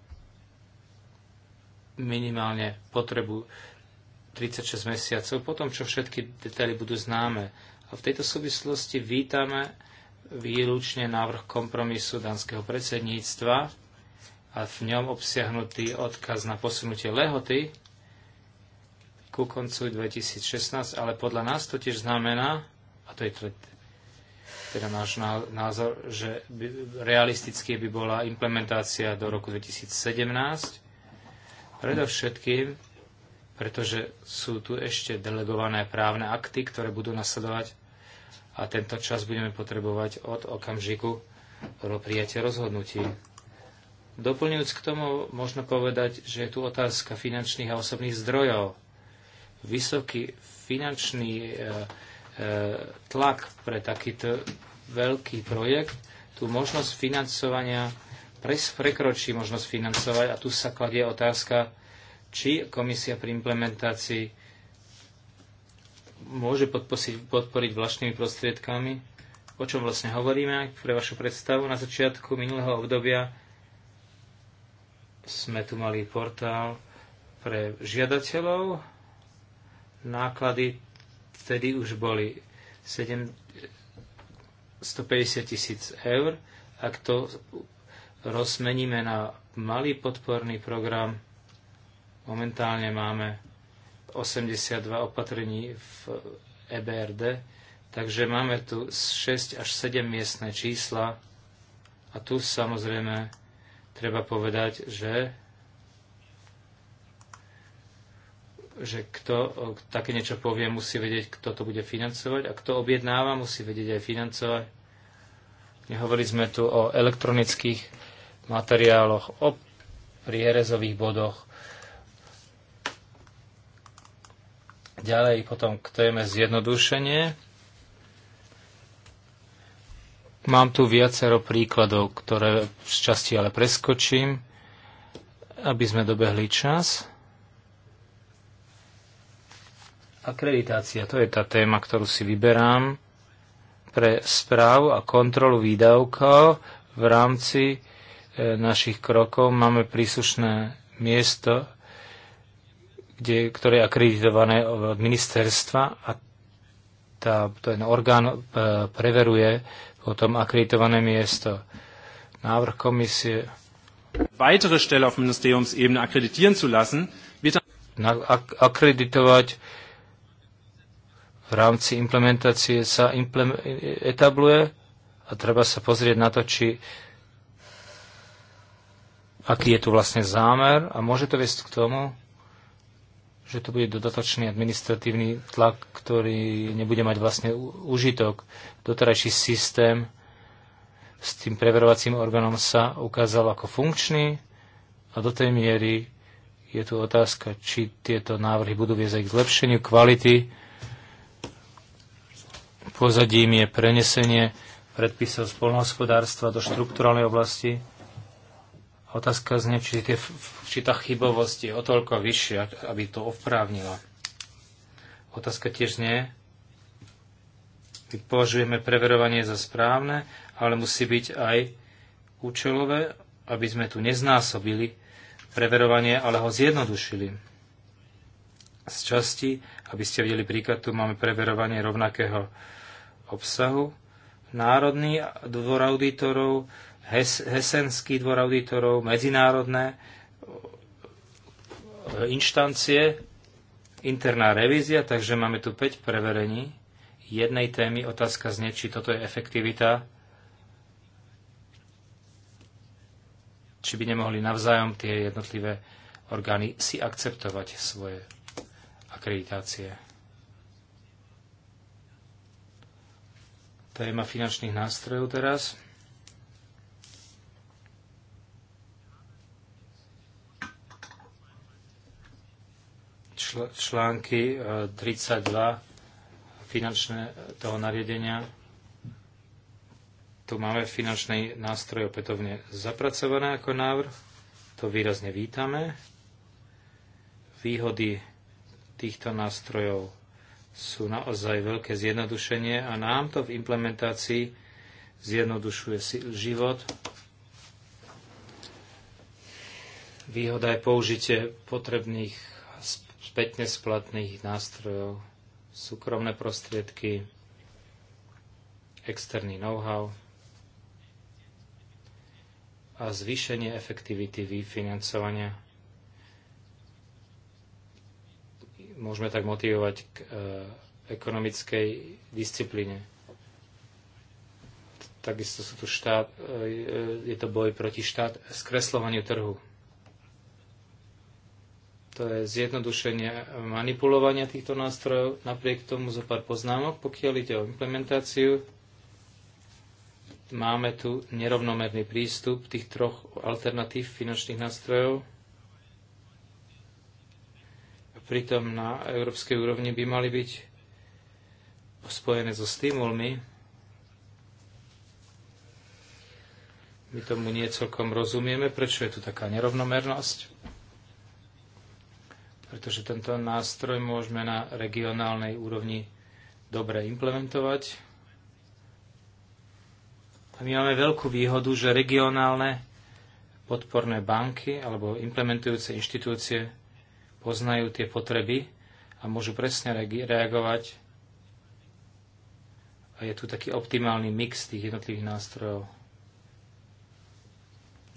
minimálne potrebu 36 mesiacov, potom čo všetky detaily budú známe. A v tejto súvislosti vítame výlučne návrh kompromisu danského predsedníctva, a v ňom obsiahnutý odkaz na posunutie lehoty ku koncu 2016, ale podľa nás to tiež znamená, a to je teda náš názor, že by, realisticky by bola implementácia do roku 2017. Predovšetkým, pretože sú tu ešte delegované právne akty, ktoré budú nasledovať a tento čas budeme potrebovať od okamžiku prijatia rozhodnutí. Doplňujúc k tomu, možno povedať, že je tu otázka finančných a osobných zdrojov. Vysoký finančný e, e, tlak pre takýto veľký projekt, tú možnosť financovania pres prekročí možnosť financovať a tu sa kladie otázka, či komisia pri implementácii môže podposiť, podporiť vlastnými prostriedkami, o čom vlastne hovoríme pre vašu predstavu. Na začiatku minulého obdobia sme tu mali portál pre žiadateľov. Náklady vtedy už boli 7, 150 tisíc eur. Ak to rozmeníme na malý podporný program, momentálne máme 82 opatrení v EBRD, takže máme tu 6 až 7 miestne čísla a tu samozrejme treba povedať, že že kto také niečo povie, musí vedieť, kto to bude financovať a kto objednáva, musí vedieť aj financovať. Nehovorili sme tu o elektronických materiáloch, o prierezových bodoch. Ďalej potom, kto je zjednodušenie Mám tu viacero príkladov, ktoré v časti ale preskočím, aby sme dobehli čas. Akreditácia, to je tá téma, ktorú si vyberám pre správu a kontrolu výdavkov v rámci e, našich krokov. Máme príslušné miesto, kde, ktoré je akreditované od ministerstva a tá, ten orgán e, preveruje potom akreditované miesto. Návrh komisie weitere Stelle auf Ministeriumsebene akreditieren zu lassen, wird ak akreditovať v rámci implementácie sa etabluje a treba sa pozrieť na to, či aký je tu vlastne zámer a môže to viesť k tomu, že to bude dodatočný administratívny tlak, ktorý nebude mať vlastne užitok. Doterajší systém s tým preverovacím orgánom sa ukázal ako funkčný a do tej miery je tu otázka, či tieto návrhy budú viesť aj k zlepšeniu kvality. Pozadím je prenesenie predpisov spolnohospodárstva do štruktúralnej oblasti otázka zne, či, tie, či tá chybovosť je o toľko vyššia, aby to oprávnila. Otázka tiež nie. My považujeme preverovanie za správne, ale musí byť aj účelové, aby sme tu neznásobili preverovanie, ale ho zjednodušili. Z časti, aby ste videli príklad, tu máme preverovanie rovnakého obsahu. Národný dvor auditorov Hes, Hesenský dvor auditorov, medzinárodné e, inštancie, interná revízia, takže máme tu 5 preverení jednej témy. Otázka znie, či toto je efektivita, či by nemohli navzájom tie jednotlivé orgány si akceptovať svoje akreditácie. Téma finančných nástrojov teraz. čl- články 32 e, finančné toho nariadenia. Tu máme finančný nástroj opätovne zapracované ako návrh. To výrazne vítame. Výhody týchto nástrojov sú naozaj veľké zjednodušenie a nám to v implementácii zjednodušuje život. Výhoda je použitie potrebných spätne splatných nástrojov, súkromné prostriedky, externý know-how a zvýšenie efektivity vyfinancovania. Môžeme tak motivovať k e, ekonomickej disciplíne. Takisto sú tu štát, e, e, je to boj proti štát skreslovaniu trhu to je zjednodušenie manipulovania týchto nástrojov. Napriek tomu zo pár poznámok, pokiaľ ide o implementáciu, máme tu nerovnomerný prístup tých troch alternatív finančných nástrojov. A pritom na európskej úrovni by mali byť spojené so stimulmi. My tomu nie celkom rozumieme, prečo je tu taká nerovnomernosť pretože tento nástroj môžeme na regionálnej úrovni dobre implementovať. A my máme veľkú výhodu, že regionálne podporné banky alebo implementujúce inštitúcie poznajú tie potreby a môžu presne reagovať. A je tu taký optimálny mix tých jednotlivých nástrojov.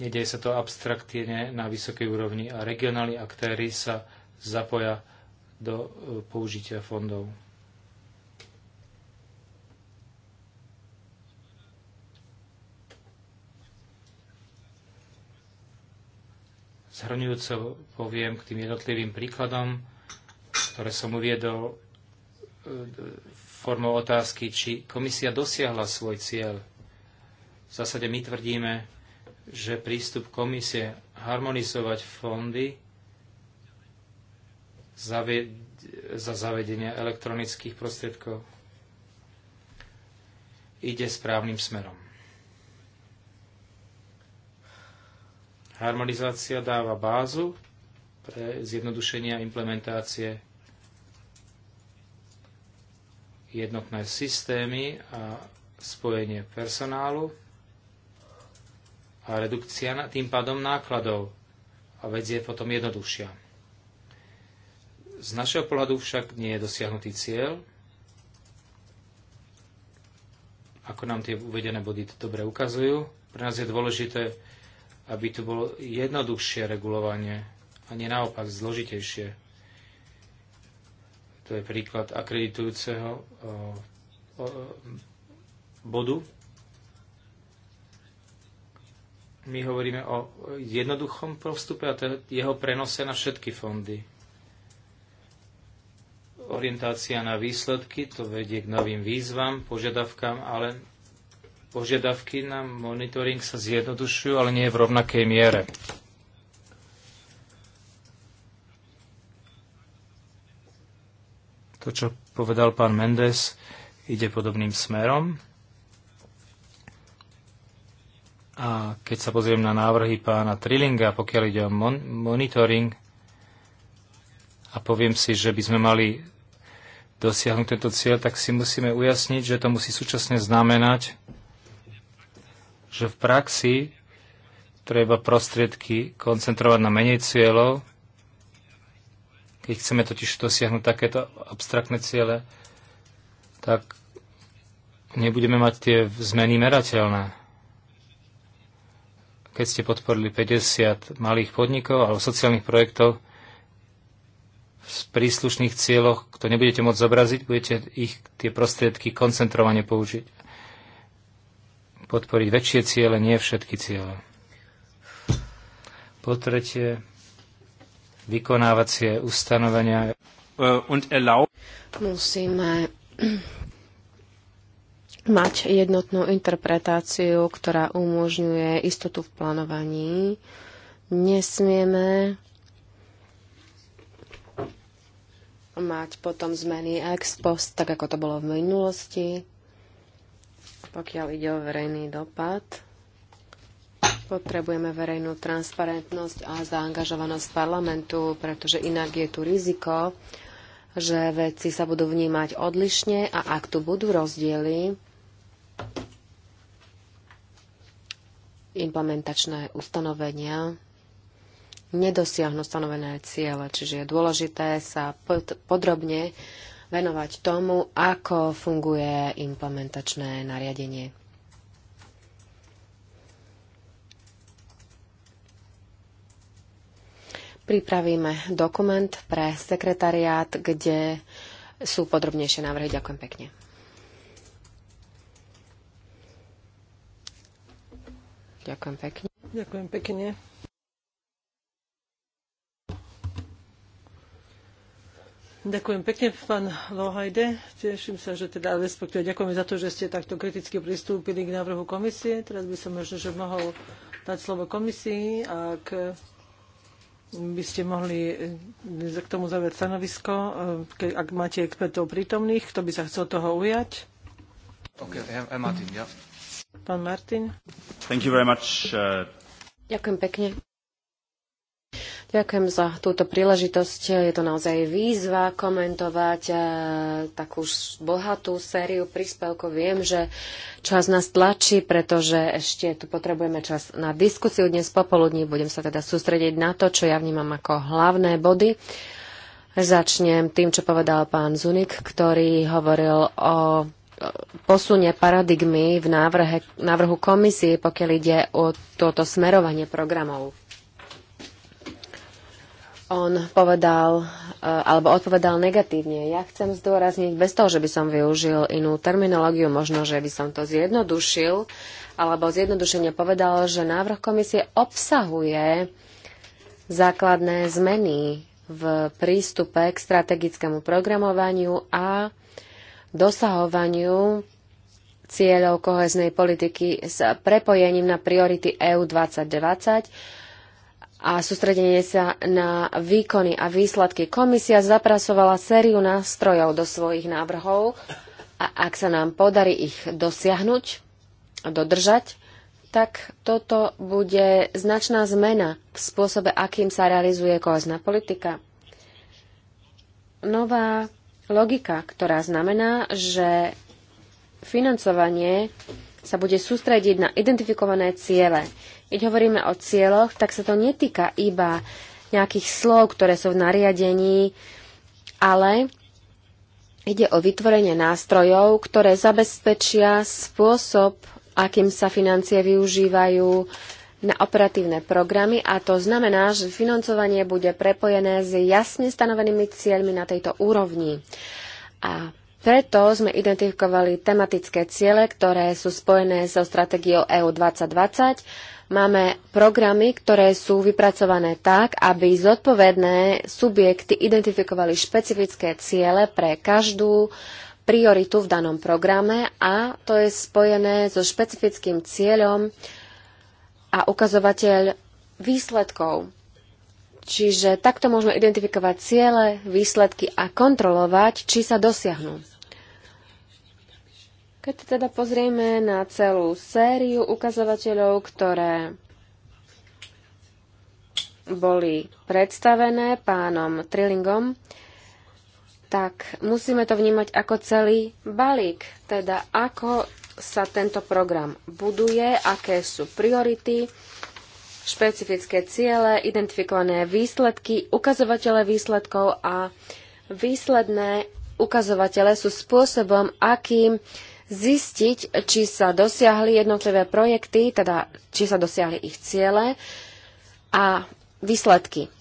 Nedej sa to abstraktne na vysokej úrovni a regionálni aktéry sa zapoja do e, použitia fondov. Zhrňujúco poviem k tým jednotlivým príkladom, ktoré som uviedol e, formou otázky, či komisia dosiahla svoj cieľ. V zásade my tvrdíme, že prístup komisie harmonizovať fondy za zavedenie elektronických prostriedkov ide správnym smerom. Harmonizácia dáva bázu pre zjednodušenie a implementácie jednotné systémy a spojenie personálu a redukcia tým pádom nákladov a vec je potom jednoduchšia. Z našeho pohľadu však nie je dosiahnutý cieľ, ako nám tie uvedené body dobre ukazujú. Pre nás je dôležité, aby tu bolo jednoduchšie regulovanie a nie naopak zložitejšie. To je príklad akreditujúceho bodu. My hovoríme o jednoduchom postupe a jeho prenose na všetky fondy orientácia na výsledky, to vedie k novým výzvam, požiadavkám, ale požiadavky na monitoring sa zjednodušujú, ale nie v rovnakej miere. To, čo povedal pán Mendes, ide podobným smerom. A keď sa pozriem na návrhy pána Trillinga, pokiaľ ide o mon- monitoring, a poviem si, že by sme mali dosiahnuť tento cieľ, tak si musíme ujasniť, že to musí súčasne znamenať, že v praxi treba prostriedky koncentrovať na menej cieľov, keď chceme totiž dosiahnuť takéto abstraktné ciele, tak nebudeme mať tie zmeny merateľné. Keď ste podporili 50 malých podnikov alebo sociálnych projektov, v príslušných cieľoch, to nebudete môcť zobraziť, budete ich tie prostriedky koncentrovane použiť. Podporiť väčšie ciele, nie všetky ciele. Po tretie, vykonávacie ustanovenia. Musíme mať jednotnú interpretáciu, ktorá umožňuje istotu v plánovaní. Nesmieme mať potom zmeny ex post, tak ako to bolo v minulosti, pokiaľ ide o verejný dopad. Potrebujeme verejnú transparentnosť a zaangažovanosť parlamentu, pretože inak je tu riziko, že veci sa budú vnímať odlišne a ak tu budú rozdiely, implementačné ustanovenia nedosiahnu stanovené ciele. Čiže je dôležité sa pod, podrobne venovať tomu, ako funguje implementačné nariadenie. Pripravíme dokument pre sekretariát, kde sú podrobnejšie návrhy. Ďakujem pekne. Ďakujem pekne. Ďakujem pekne. Ďakujem pekne, pán Lohajde. Teším sa, že teda, respektíve ďakujem za to, že ste takto kriticky pristúpili k návrhu komisie. Teraz by som možno, že mohol dať slovo komisii, ak by ste mohli eh, k tomu zaujať stanovisko, eh, ak máte expertov prítomných, kto by sa chcel toho ujať. Okay, eh, Martin, ja. Pán Martin. Much, Ďakujem pekne. Ďakujem za túto príležitosť. Je to naozaj výzva komentovať e, takú bohatú sériu príspevkov. Viem, že čas nás tlačí, pretože ešte tu potrebujeme čas na diskusiu dnes popoludní. Budem sa teda sústrediť na to, čo ja vnímam ako hlavné body. Začnem tým, čo povedal pán Zunik, ktorý hovoril o e, posunie paradigmy v návrhe, návrhu komisie, pokiaľ ide o toto smerovanie programov on povedal eh, alebo odpovedal negatívne. Ja chcem zdôrazniť, bez toho, že by som využil inú terminológiu, možno, že by som to zjednodušil, alebo zjednodušenie povedal, že návrh komisie obsahuje základné zmeny v prístupe k strategickému programovaniu a dosahovaniu cieľov koheznej politiky s prepojením na priority EU 2020 a sústredenie sa na výkony a výsledky. Komisia zapracovala sériu nástrojov do svojich návrhov a ak sa nám podarí ich dosiahnuť a dodržať, tak toto bude značná zmena v spôsobe, akým sa realizuje kohezná politika. Nová logika, ktorá znamená, že financovanie sa bude sústrediť na identifikované ciele. Keď hovoríme o cieľoch, tak sa to netýka iba nejakých slov, ktoré sú v nariadení, ale ide o vytvorenie nástrojov, ktoré zabezpečia spôsob, akým sa financie využívajú na operatívne programy a to znamená, že financovanie bude prepojené s jasne stanovenými cieľmi na tejto úrovni. A preto sme identifikovali tematické ciele, ktoré sú spojené so stratégiou EU 2020 Máme programy, ktoré sú vypracované tak, aby zodpovedné subjekty identifikovali špecifické ciele pre každú prioritu v danom programe a to je spojené so špecifickým cieľom a ukazovateľ výsledkov. Čiže takto môžeme identifikovať ciele, výsledky a kontrolovať, či sa dosiahnu. Keď sa teda pozrieme na celú sériu ukazovateľov, ktoré boli predstavené pánom Trillingom, tak musíme to vnímať ako celý balík, teda ako sa tento program buduje, aké sú priority, špecifické ciele, identifikované výsledky, ukazovatele výsledkov a výsledné ukazovatele sú spôsobom, akým zistiť, či sa dosiahli jednotlivé projekty, teda či sa dosiahli ich ciele a výsledky.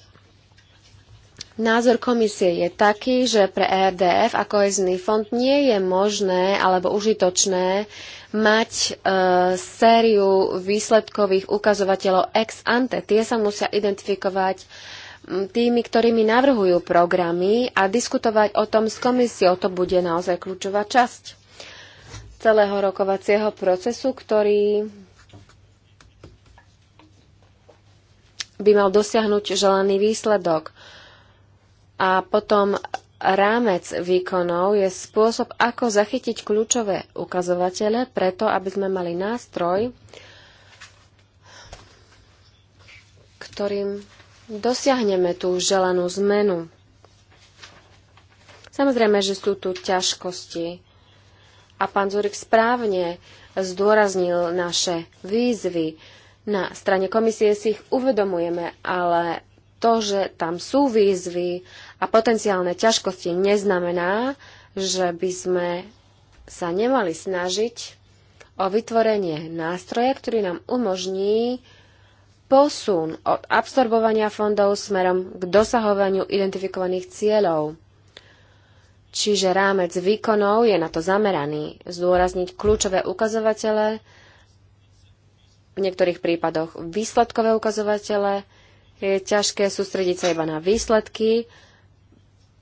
Názor komisie je taký, že pre ERDF a kohezný fond nie je možné alebo užitočné mať e, sériu výsledkových ukazovateľov ex ante. Tie sa musia identifikovať tými, ktorými navrhujú programy a diskutovať o tom s komisiou. To bude naozaj kľúčová časť celého rokovacieho procesu, ktorý by mal dosiahnuť želaný výsledok. A potom rámec výkonov je spôsob, ako zachytiť kľúčové ukazovatele, preto aby sme mali nástroj, ktorým dosiahneme tú želanú zmenu. Samozrejme, že sú tu ťažkosti a pán Zurik správne zdôraznil naše výzvy. Na strane komisie si ich uvedomujeme, ale to, že tam sú výzvy a potenciálne ťažkosti, neznamená, že by sme sa nemali snažiť o vytvorenie nástroja, ktorý nám umožní posun od absorbovania fondov smerom k dosahovaniu identifikovaných cieľov. Čiže rámec výkonov je na to zameraný zdôrazniť kľúčové ukazovatele, v niektorých prípadoch výsledkové ukazovatele. Je ťažké sústrediť sa iba na výsledky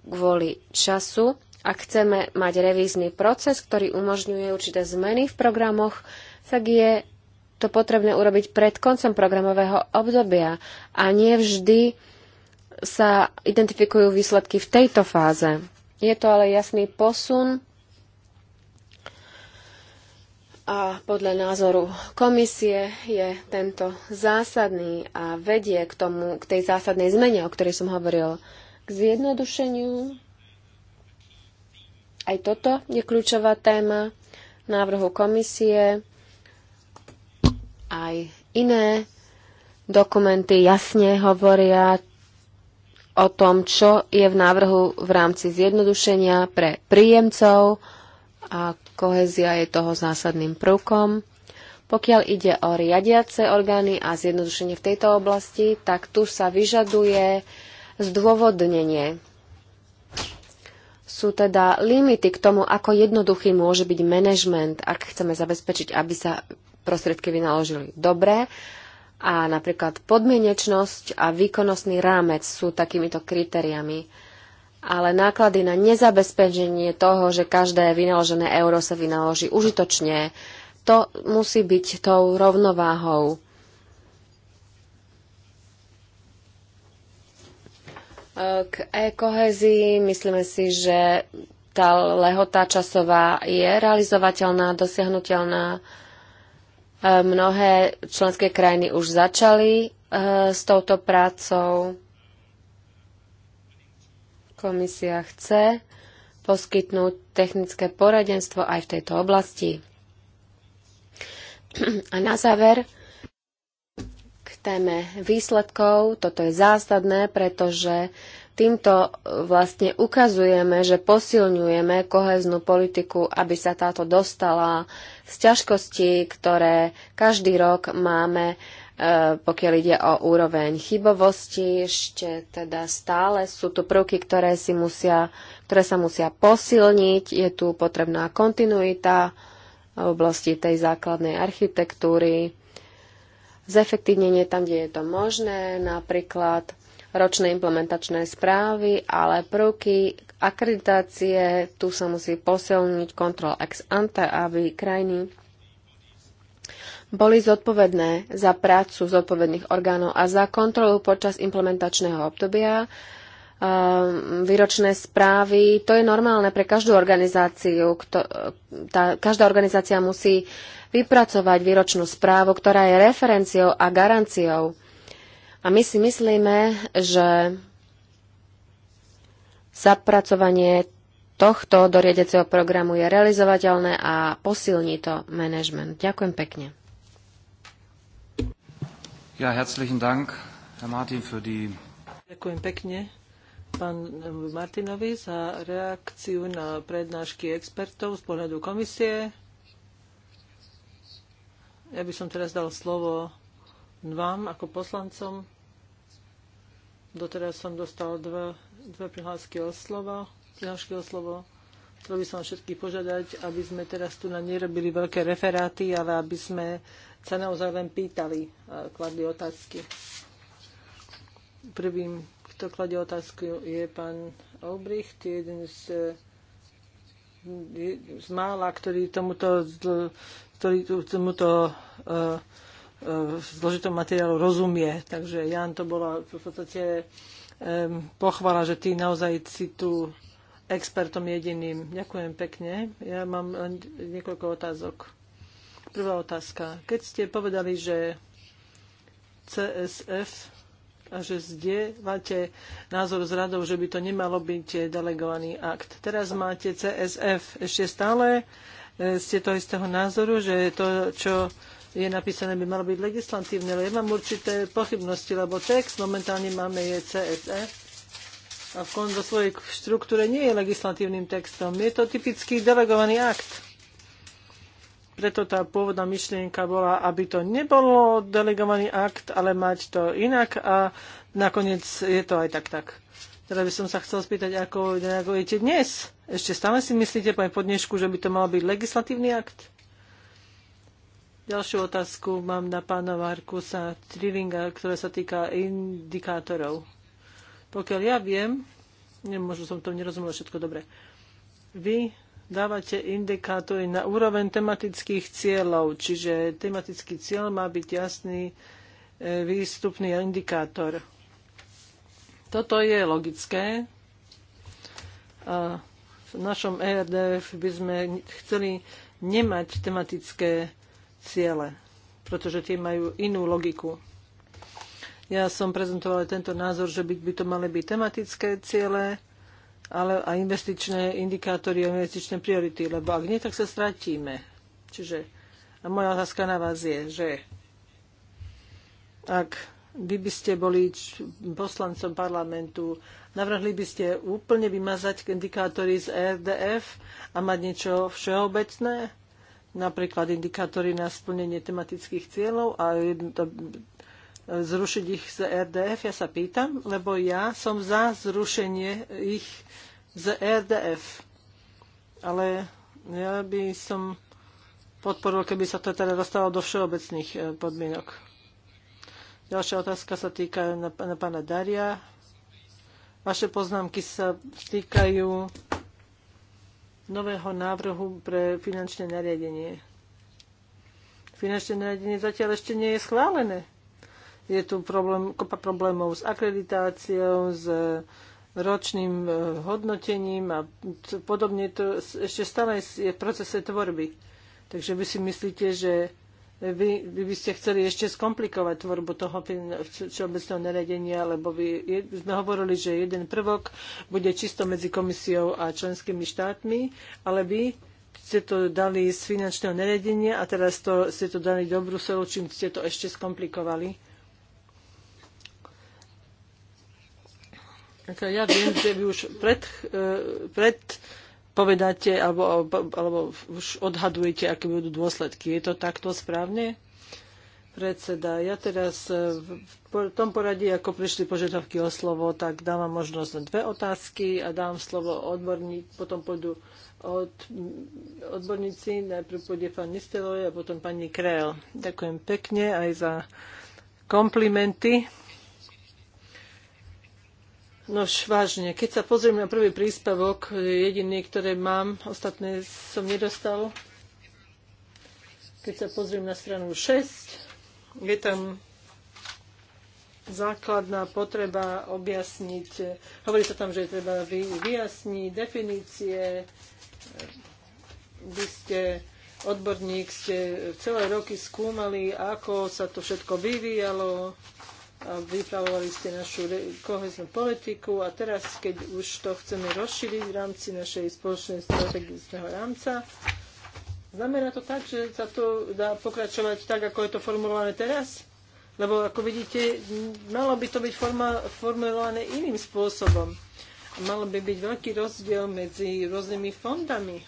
kvôli času. Ak chceme mať revízny proces, ktorý umožňuje určité zmeny v programoch, tak je to potrebné urobiť pred koncom programového obdobia a nie vždy sa identifikujú výsledky v tejto fáze. Je to ale jasný posun a podľa názoru komisie je tento zásadný a vedie k tomu, k tej zásadnej zmene, o ktorej som hovoril, k zjednodušeniu. Aj toto je kľúčová téma návrhu komisie. Aj iné dokumenty jasne hovoria o tom, čo je v návrhu v rámci zjednodušenia pre príjemcov a kohezia je toho zásadným prvkom. Pokiaľ ide o riadiace orgány a zjednodušenie v tejto oblasti, tak tu sa vyžaduje zdôvodnenie. Sú teda limity k tomu, ako jednoduchý môže byť manažment, ak chceme zabezpečiť, aby sa prostriedky vynaložili dobre a napríklad podmienečnosť a výkonnostný rámec sú takýmito kritériami. Ale náklady na nezabezpečenie toho, že každé vynaložené euro sa vynaloží užitočne, to musí byť tou rovnováhou. K e-kohezii myslíme si, že tá lehota časová je realizovateľná, dosiahnutelná Eh, mnohé členské krajiny už začali eh, s touto prácou. Komisia chce poskytnúť technické poradenstvo aj v tejto oblasti. [CLEARS THROAT] A na záver k téme výsledkov. Toto je zásadné, pretože týmto vlastne ukazujeme, že posilňujeme koheznú politiku, aby sa táto dostala z ťažkostí, ktoré každý rok máme, e, pokiaľ ide o úroveň chybovosti. Ešte teda stále sú tu prvky, ktoré, si musia, ktoré sa musia posilniť. Je tu potrebná kontinuita v oblasti tej základnej architektúry, zefektívnenie tam, kde je to možné, napríklad ročné implementačné správy, ale prvky akreditácie, tu sa musí posilniť kontrol ex ante, aby krajiny boli zodpovedné za prácu zodpovedných orgánov a za kontrolu počas implementačného obdobia, ehm, výročné správy. To je normálne pre každú organizáciu. Kto, tá, každá organizácia musí vypracovať výročnú správu, ktorá je referenciou a garanciou a my si myslíme, že zapracovanie tohto do programu je realizovateľné a posilní to manažment. Ďakujem pekne. Ja, herzlichen Dank, Herr Martin, für die... Ďakujem pekne pán eh, Martinovi za reakciu na prednášky expertov z pohľadu komisie. Ja by som teraz dal slovo vám ako poslancom. Doteraz som dostal dve, dve prihlášky o slovo. Prihlášky o slovo. Chcel by som všetkých požiadať, aby sme teraz tu na nerobili veľké referáty, ale aby sme sa naozaj len pýtali, e, kladli otázky. Prvým, kto kladie otázku, je pán Obricht, jeden z, e, z mála, ktorý tomuto, ktorý tomuto uh, zložitom materiálu rozumie. Takže Jan, to bola v podstate pochvala, že ty naozaj si tu expertom jediným. Ďakujem pekne. Ja mám len niekoľko otázok. Prvá otázka. Keď ste povedali, že CSF a že zdieľate názor s radou, že by to nemalo byť delegovaný akt. Teraz máte CSF. Ešte stále eh, ste toho istého názoru, že to, čo je napísané, by malo byť legislatívne, ale ja mám určité pochybnosti, lebo text momentálne máme je CSE a v vo svojej štruktúre nie je legislatívnym textom. Je to typický delegovaný akt. Preto tá pôvodná myšlienka bola, aby to nebolo delegovaný akt, ale mať to inak a nakoniec je to aj tak tak. Teda by som sa chcel spýtať, ako reagujete dnes? Ešte stále si myslíte, pani Podnešku, že by to mal byť legislatívny akt? Ďalšiu otázku mám na pána Markusa Trilinga, ktorá sa týka indikátorov. Pokiaľ ja viem, možno som to nerozumela všetko dobre, vy dávate indikátory na úroveň tematických cieľov, čiže tematický cieľ má byť jasný e, výstupný indikátor. Toto je logické. A v našom ERDF by sme chceli nemať tematické ciele, pretože tie majú inú logiku. Ja som prezentovala tento názor, že by, by to mali byť tematické ciele, ale a investičné indikátory a investičné priority, lebo ak nie, tak sa stratíme. Čiže a moja otázka na vás je, že ak vy by ste boli poslancom parlamentu, navrhli by ste úplne vymazať indikátory z RDF e a mať niečo všeobecné? napríklad indikátory na splnenie tematických cieľov a zrušiť ich z RDF. Ja sa pýtam, lebo ja som za zrušenie ich z RDF. Ale ja by som podporil, keby sa to teda dostalo do všeobecných e, podmienok. Ďalšia otázka sa týka na, na pána Daria. Vaše poznámky sa týkajú nového návrhu pre finančné nariadenie. Finančné nariadenie zatiaľ ešte nie je schválené. Je tu problém, kopa problémov s akreditáciou, s e, ročným e, hodnotením a podobne. To ešte stále je v procese tvorby. Takže vy si myslíte, že vy, vy by ste chceli ešte skomplikovať tvorbu toho všeobecného naredenia, lebo vy, je, sme hovorili, že jeden prvok bude čisto medzi komisiou a členskými štátmi, ale vy ste to dali z finančného naredenia a teraz to, ste to dali do Bruselu, čím ste to ešte skomplikovali. Ja viem, že vy už pred, eh, pred povedáte alebo, alebo už odhadujete, aké budú dôsledky. Je to takto správne? Predseda, ja teraz e, v tom poradí, ako prišli požiadavky o slovo, tak dávam možnosť na dve otázky a dám slovo odborník, potom pôjdu od, odborníci, najprv pôjde pán Nistelovej a potom pani Krel. Ďakujem pekne aj za komplimenty. Nož vážne, keď sa pozriem na prvý príspevok, jediný, ktoré mám, ostatné som nedostal. Keď sa pozriem na stranu 6, je tam základná potreba objasniť, hovorí sa tam, že je treba vyjasniť definície, vy ste odborník, ste celé roky skúmali, ako sa to všetko vyvíjalo, vypravovali ste našu koheznú politiku a teraz, keď už to chceme rozšíriť v rámci našej spoločnej strategického rámca, znamená to tak, že sa to dá pokračovať tak, ako je to formulované teraz? Lebo, ako vidíte, malo by to byť forma, formulované iným spôsobom. Malo by byť veľký rozdiel medzi rôznymi fondami.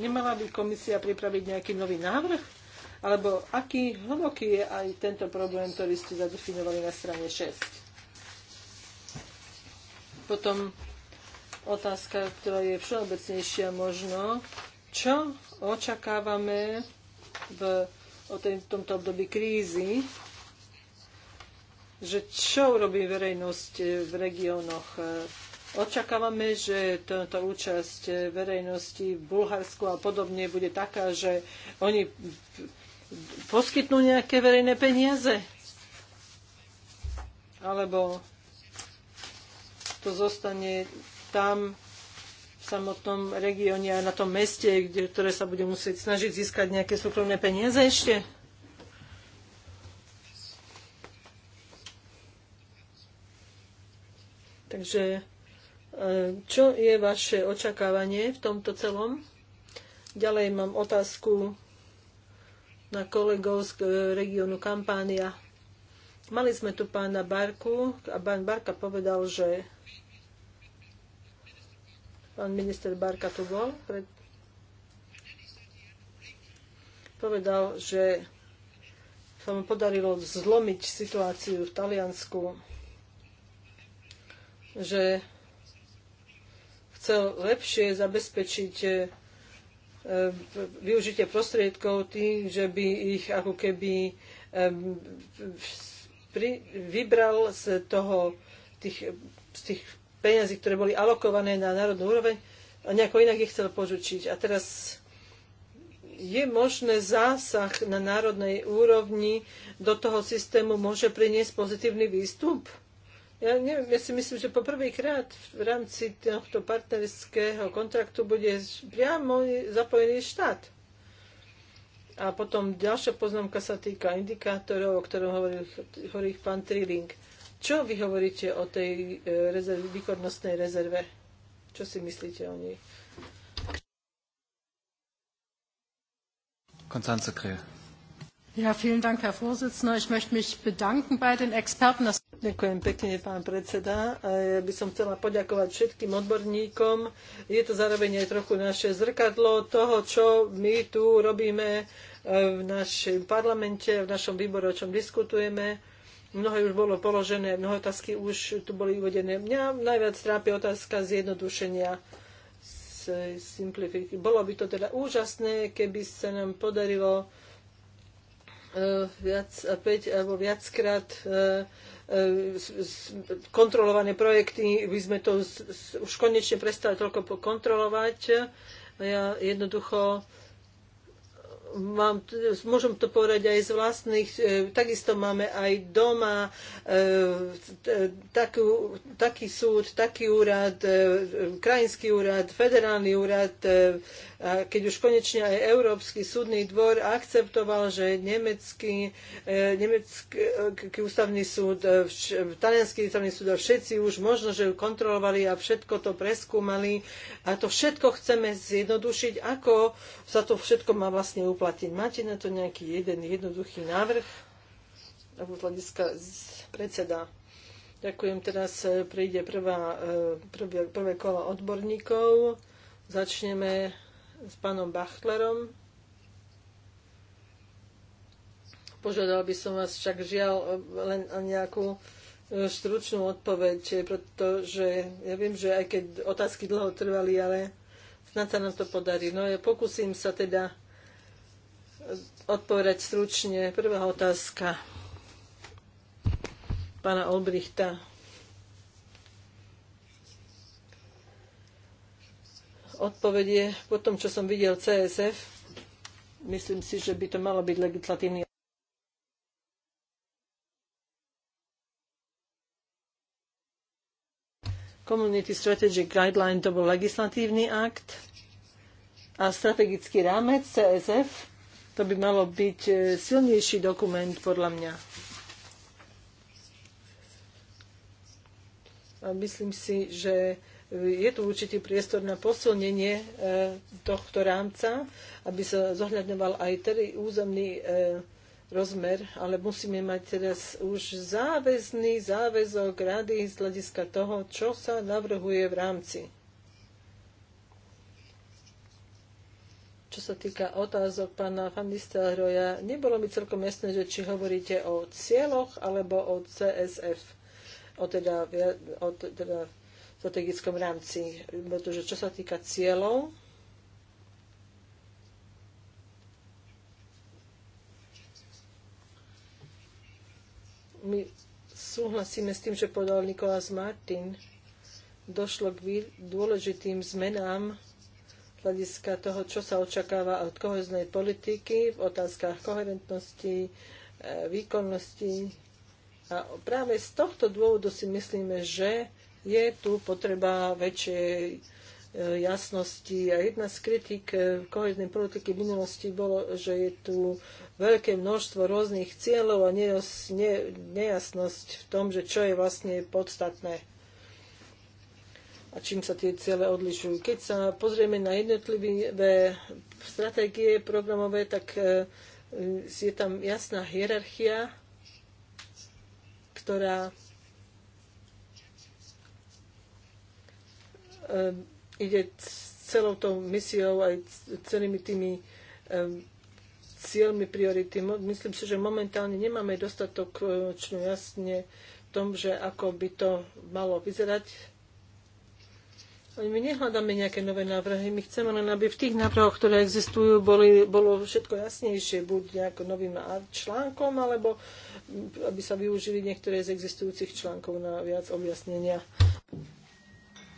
Nemala by komisia pripraviť nejaký nový návrh? alebo aký hlboký je aj tento problém, ktorý ste zadefinovali na strane 6. Potom otázka, ktorá je všeobecnejšia možno, čo očakávame v o tomto období krízy, že čo urobí verejnosť v regiónoch. Očakávame, že táto účasť verejnosti v Bulharsku a podobne bude taká, že oni poskytnú nejaké verejné peniaze? Alebo to zostane tam v samotnom regióne a na tom meste, kde, ktoré sa bude musieť snažiť získať nejaké súkromné peniaze ešte? Takže e, čo je vaše očakávanie v tomto celom? Ďalej mám otázku na kolegov z e, regiónu Kampánia. Mali sme tu pána Barku a pán Barka povedal, že pán minister Barka tu bol, pred... povedal, že sa mu podarilo zlomiť situáciu v Taliansku, že chcel lepšie zabezpečiť e, E, využitie prostriedkov tým, že by ich ako keby e, vybral z toho, tých, z tých peniazí, ktoré boli alokované na národnú úroveň a nejako inak ich chcel požičiť. A teraz je možné zásah na národnej úrovni do toho systému môže priniesť pozitívny výstup? Ja neviem, ja si myslím, že poprvýkrát v rámci tohto partnerského kontraktu bude priamo zapojený štát. A potom ďalšia poznámka sa týka indikátorov, o ktorom hovoril, hovoril pán Trilling. Čo vy hovoríte o tej e, rezerve, výkonnostnej rezerve? Čo si myslíte o nej? Konstanze Krehl. Ja, vielen Dank, Herr Vorsitzender. Ich möchte mich bedanken bei den Experten. Das Ďakujem pekne, pán predseda. Ja by som chcela poďakovať všetkým odborníkom. Je to zároveň aj trochu naše zrkadlo toho, čo my tu robíme e, v našom parlamente, v našom výbore, o čom diskutujeme. Mnohé už bolo položené, mnohé otázky už tu boli uvedené. Mňa najviac trápi otázka zjednodušenia. Bolo by to teda úžasné, keby sa nám podarilo e, viac a päť alebo viackrát e, E, kontrolované projekty, by sme to už konečne prestali toľko kontrolovať. Ja jednoducho mám, môžem to povedať aj z vlastných, e, takisto máme aj doma e, takú, taký súd, taký úrad, krajinský úrad, federálny úrad, keď už konečne aj Európsky súdny dvor akceptoval, že nemecký, e, nemecký e, ústavný súd, e, talianský ústavný súd a všetci už možno, že kontrolovali a všetko to preskúmali a to všetko chceme zjednodušiť, ako sa to všetko má vlastne uplatiť. Máte na to nejaký jeden jednoduchý návrh? z hľadiska predseda. Ďakujem. Teraz príde prvá, prvé, prvé kolo odborníkov. Začneme s pánom Bachtlerom. Požiadal by som vás však žiaľ len nejakú e, stručnú odpoveď, pretože ja viem, že aj keď otázky dlho trvali, ale snad sa nám to podarí. No ja pokúsim sa teda odpovedať stručne. Prvá otázka pána Olbrichta. odpovedie po tom, čo som videl CSF. Myslím si, že by to malo byť legislatívny Community Strategic Guideline to bol legislatívny akt a strategický rámec CSF to by malo byť e, silnejší dokument podľa mňa. A myslím si, že je tu určitý priestor na posilnenie e, tohto rámca, aby sa zohľadňoval aj tedy územný e, rozmer, ale musíme mať teraz už záväzný záväzok rady z hľadiska toho, čo sa navrhuje v rámci. Čo sa týka otázok pána Fanista nebolo mi celkom jasné, že či hovoríte o cieľoch alebo o CSF, o teda, o teda strategickom rámci. Pretože čo sa týka cieľov, my súhlasíme s tým, že podal Nikolás Martin. Došlo k dôležitým zmenám hľadiska toho, čo sa očakáva od koheznej politiky v otázkach koherentnosti, e, výkonnosti. A práve z tohto dôvodu si myslíme, že je tu potreba väčšej e, jasnosti. A jedna z kritik e, koheznej politiky v minulosti bolo, že je tu veľké množstvo rôznych cieľov a nejasnosť v tom, že čo je vlastne podstatné a čím sa tie ciele odlišujú. Keď sa pozrieme na jednotlivé stratégie programové, tak e, je tam jasná hierarchia, ktorá Ehm, ide celou tou misiou aj celými tými ehm, cieľmi, priority. Myslím si, že momentálne nemáme dostatok čo jasne v tom, že ako by to malo vyzerať. my nehľadáme nejaké nové návrhy, my chceme len, aby v tých návrhoch, ktoré existujú, boli, bolo všetko jasnejšie, buď nejakým novým článkom, alebo mm, aby sa využili niektoré z existujúcich článkov na viac objasnenia.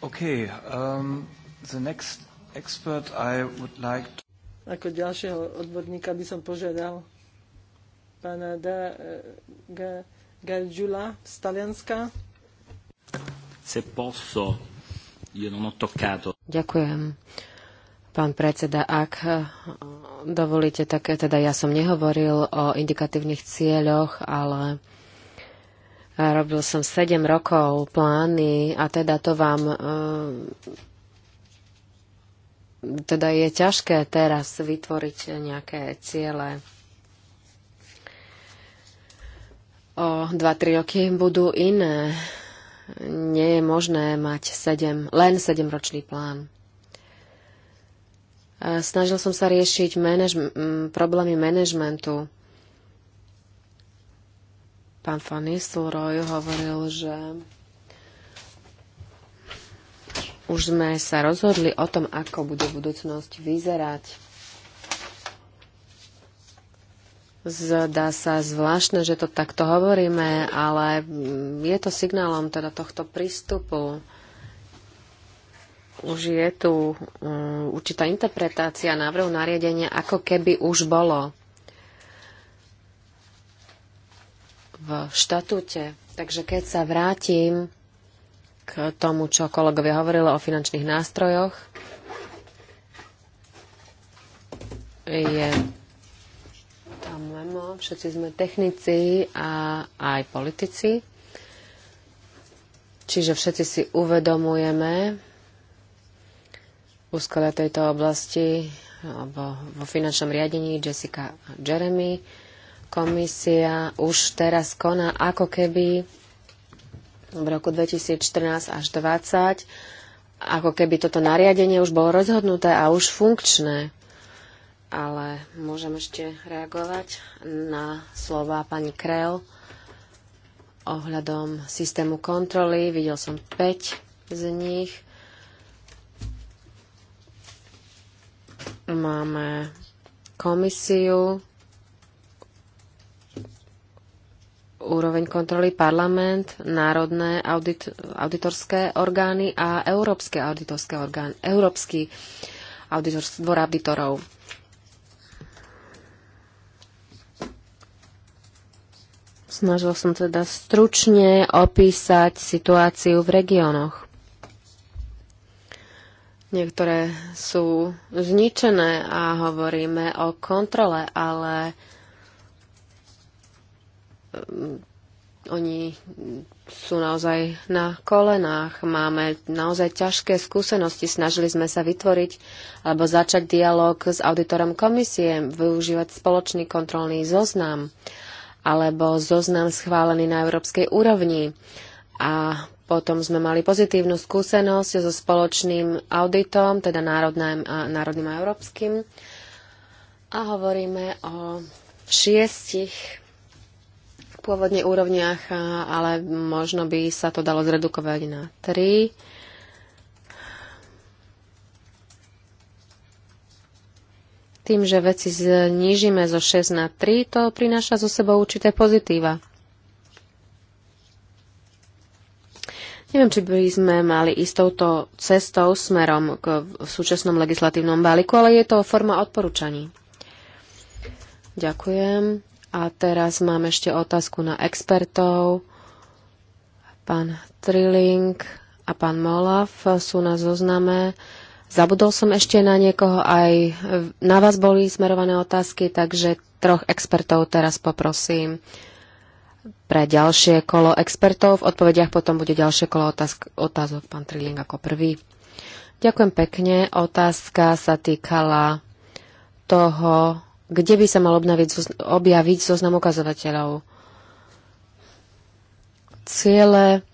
Okay, um, the next expert I would like to... Ako ďalšieho odborníka by som požiadal pána da, eh, ga, Gargiula z Talianska. Se posso, io non ho toccato. Ďakujem. Pán predseda, ak eh, dovolíte, tak eh, teda ja som nehovoril o indikatívnych cieľoch, ale Robil som 7 rokov plány a teda to vám e, teda je ťažké teraz vytvoriť nejaké ciele. O 2-3 roky budú iné. Nie je možné mať 7, len 7-ročný plán. Snažil som sa riešiť manaž, problémy manažmentu Pán Van Nistelrooy hovoril, že už sme sa rozhodli o tom, ako bude budúcnosť vyzerať. Zdá sa zvláštne, že to takto hovoríme, ale je to signálom teda tohto prístupu. Už je tu um, určitá interpretácia návrhu nariadenia, ako keby už bolo. v štatúte. Takže keď sa vrátim k tomu, čo kolegovia hovorili o finančných nástrojoch, je tam memo, všetci sme technici a aj politici, čiže všetci si uvedomujeme úskole tejto oblasti alebo vo finančnom riadení Jessica a Jeremy Komisia už teraz koná ako keby v roku 2014 až 2020, ako keby toto nariadenie už bolo rozhodnuté a už funkčné. Ale môžem ešte reagovať na slova pani Krell ohľadom systému kontroly. Videl som 5 z nich. Máme komisiu, úroveň kontroly parlament, národné audit, auditorské orgány a európske auditorské orgány, európsky auditor, dvor auditorov. Snažil som teda stručne opísať situáciu v regiónoch. Niektoré sú zničené a hovoríme o kontrole, ale Ehm, oni sú naozaj na kolenách. Máme naozaj ťažké skúsenosti. Snažili sme sa vytvoriť alebo začať dialog s auditorom komisie, využívať spoločný kontrolný zoznam alebo zoznam schválený na európskej úrovni. A potom sme mali pozitívnu skúsenosť so spoločným auditom, teda národným a, národným a európskym. A hovoríme o šiestich pôvodne úrovniach, ale možno by sa to dalo zredukovať na 3. Tým, že veci znížime zo 6 na 3, to prináša zo sebou určité pozitíva. Neviem, či by sme mali ísť touto cestou smerom k súčasnom legislatívnom balíku, ale je to forma odporúčaní. Ďakujem. A teraz mám ešte otázku na expertov. Pán Trilling a pán Molav sú na zozname. Zabudol som ešte na niekoho, aj na vás boli smerované otázky, takže troch expertov teraz poprosím pre ďalšie kolo expertov. V odpovediach potom bude ďalšie kolo otázk, otázok, pán Trilling ako prvý. Ďakujem pekne. Otázka sa týkala toho, kde by sa mal obnaviť, objaviť zoznam ukazovateľov. Ciele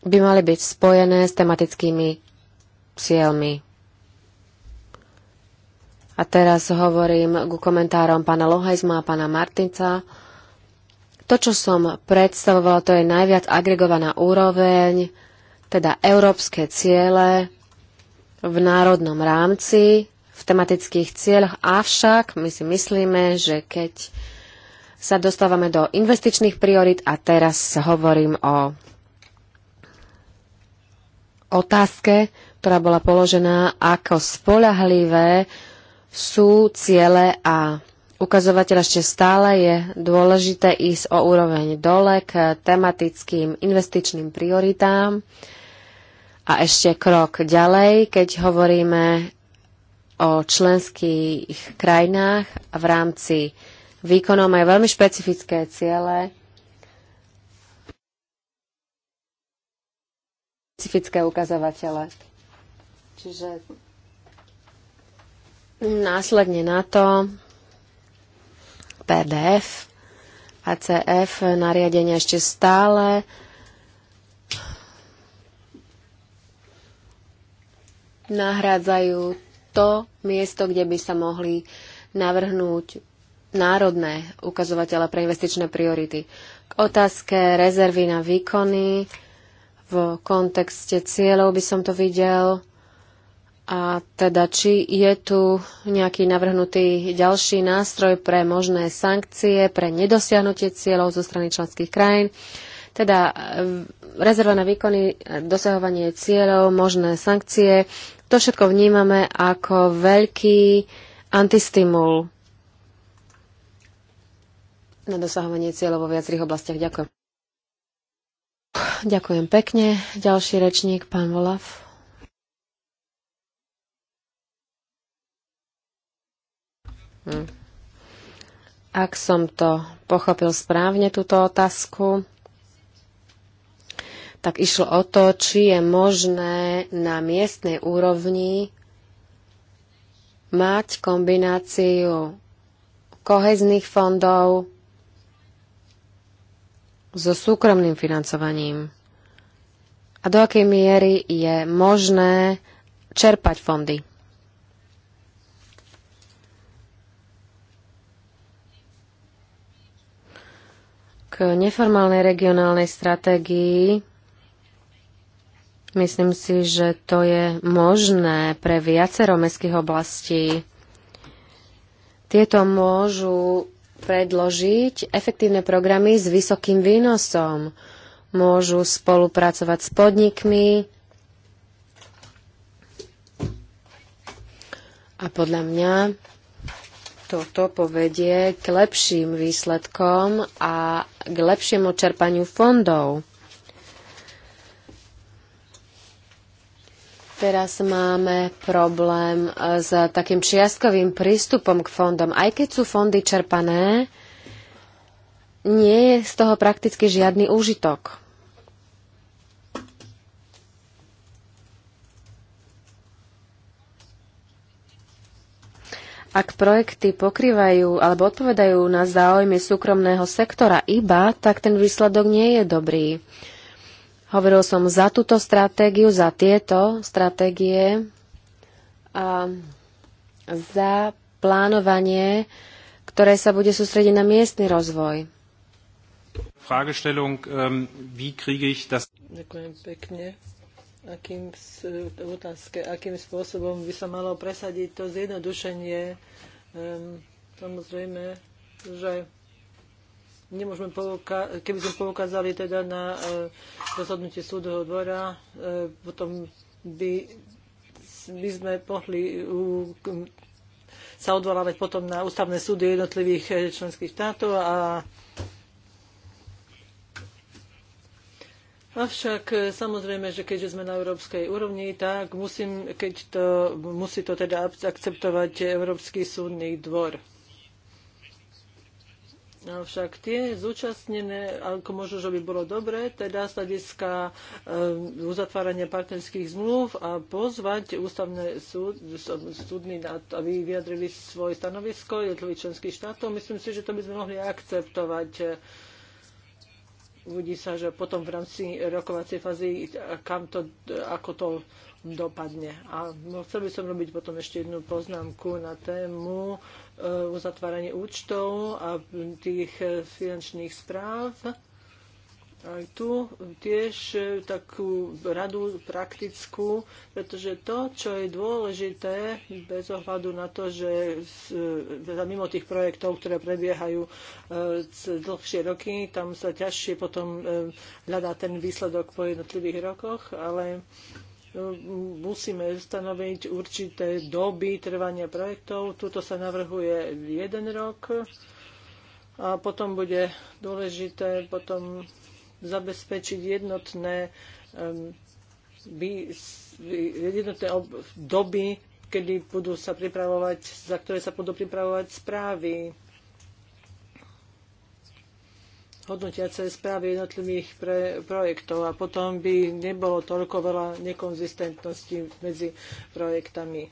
by mali byť spojené s tematickými cieľmi. A teraz hovorím ku komentárom pána Lohajzma a pána Martinca. To, čo som predstavovala, to je najviac agregovaná úroveň, teda európske ciele v národnom rámci, v tematických cieľoch, avšak my si myslíme, že keď sa dostávame do investičných priorit a teraz hovorím o otázke, ktorá bola položená, ako spolahlivé sú ciele a ukazovateľ ešte stále je dôležité ísť o úroveň dole k tematickým investičným prioritám. A ešte krok ďalej, keď hovoríme o členských krajinách a v rámci výkonov majú veľmi špecifické ciele, špecifické ukazovatele. Čiže následne na to PDF a CF nariadenia ešte stále nahrádzajú to miesto, kde by sa mohli navrhnúť národné ukazovatele pre investičné priority. K otázke rezervy na výkony v kontexte cieľov by som to videl. A teda, či je tu nejaký navrhnutý ďalší nástroj pre možné sankcie, pre nedosiahnutie cieľov zo strany členských krajín. Teda rezerva na výkony, dosahovanie cieľov, možné sankcie, to všetko vnímame ako veľký antistimul na dosahovanie cieľov vo viacerých oblastiach. Ďakujem. Ďakujem pekne. Ďalší rečník, pán Volav. Hm. Ak som to pochopil správne, túto otázku, tak išlo o to, či je možné na miestnej úrovni mať kombináciu kohezných fondov so súkromným financovaním. A do akej miery je možné čerpať fondy. K neformálnej regionálnej stratégii Myslím si, že to je možné pre viacero mestských oblastí. Tieto môžu predložiť efektívne programy s vysokým výnosom. Môžu spolupracovať s podnikmi a podľa mňa toto povedie k lepším výsledkom a k lepšiemu čerpaniu fondov. Teraz máme problém e, s takým čiastkovým prístupom k fondom. Aj keď sú fondy čerpané, nie je z toho prakticky žiadny úžitok. Ak projekty pokrývajú alebo odpovedajú na záujmy súkromného sektora iba, tak ten výsledok nie je dobrý. Hovoril som za túto stratégiu, za tieto stratégie a za plánovanie, ktoré sa bude sústrediť na miestny rozvoj. Fragestellung, ähm, wie kriege ich das? Ďakujem pekne akým, otázke, akým spôsobom by sa malo presadiť to zjednodušenie. Um, samozrejme, že nemôžeme keby sme poukázali teda na e, rozhodnutie súdneho dvora, e, potom by, by sme mohli u, sa odvolávať potom na ústavné súdy jednotlivých e, členských štátov a Avšak samozrejme, že keďže sme na európskej úrovni, tak musím, keď to, musí to teda akceptovať Európsky súdny dvor. Avšak tie zúčastnené, ako možno, že by bolo dobre, teda z hľadiska eh, uzatvárania partnerských zmluv a pozvať ústavné súd, súdny, aby vyjadrili svoje stanovisko jednotlivých členských štátov. Myslím si, že to by sme mohli akceptovať. Uvidí sa, že potom v rámci rokovacej fazy, kam to, ako to dopadne. A chcel by som robiť potom ešte jednu poznámku na tému e, uzatváranie účtov a tých e, finančných správ. A tu tiež e, takú radu praktickú, pretože to, čo je dôležité, bez ohľadu na to, že mimo tých projektov, ktoré prebiehajú dlhšie roky, tam sa ťažšie potom hľadá ten výsledok po jednotlivých rokoch, ale musíme ustanoviť určité doby trvania projektov. Tuto sa navrhuje jeden rok a potom bude dôležité potom zabezpečiť jednotné, jednotné doby, kedy budú sa pripravovať, za ktoré sa budú pripravovať správy hodnotiace správy jednotlivých pre, projektov a potom by nebolo toľko veľa nekonzistentnosti medzi projektami.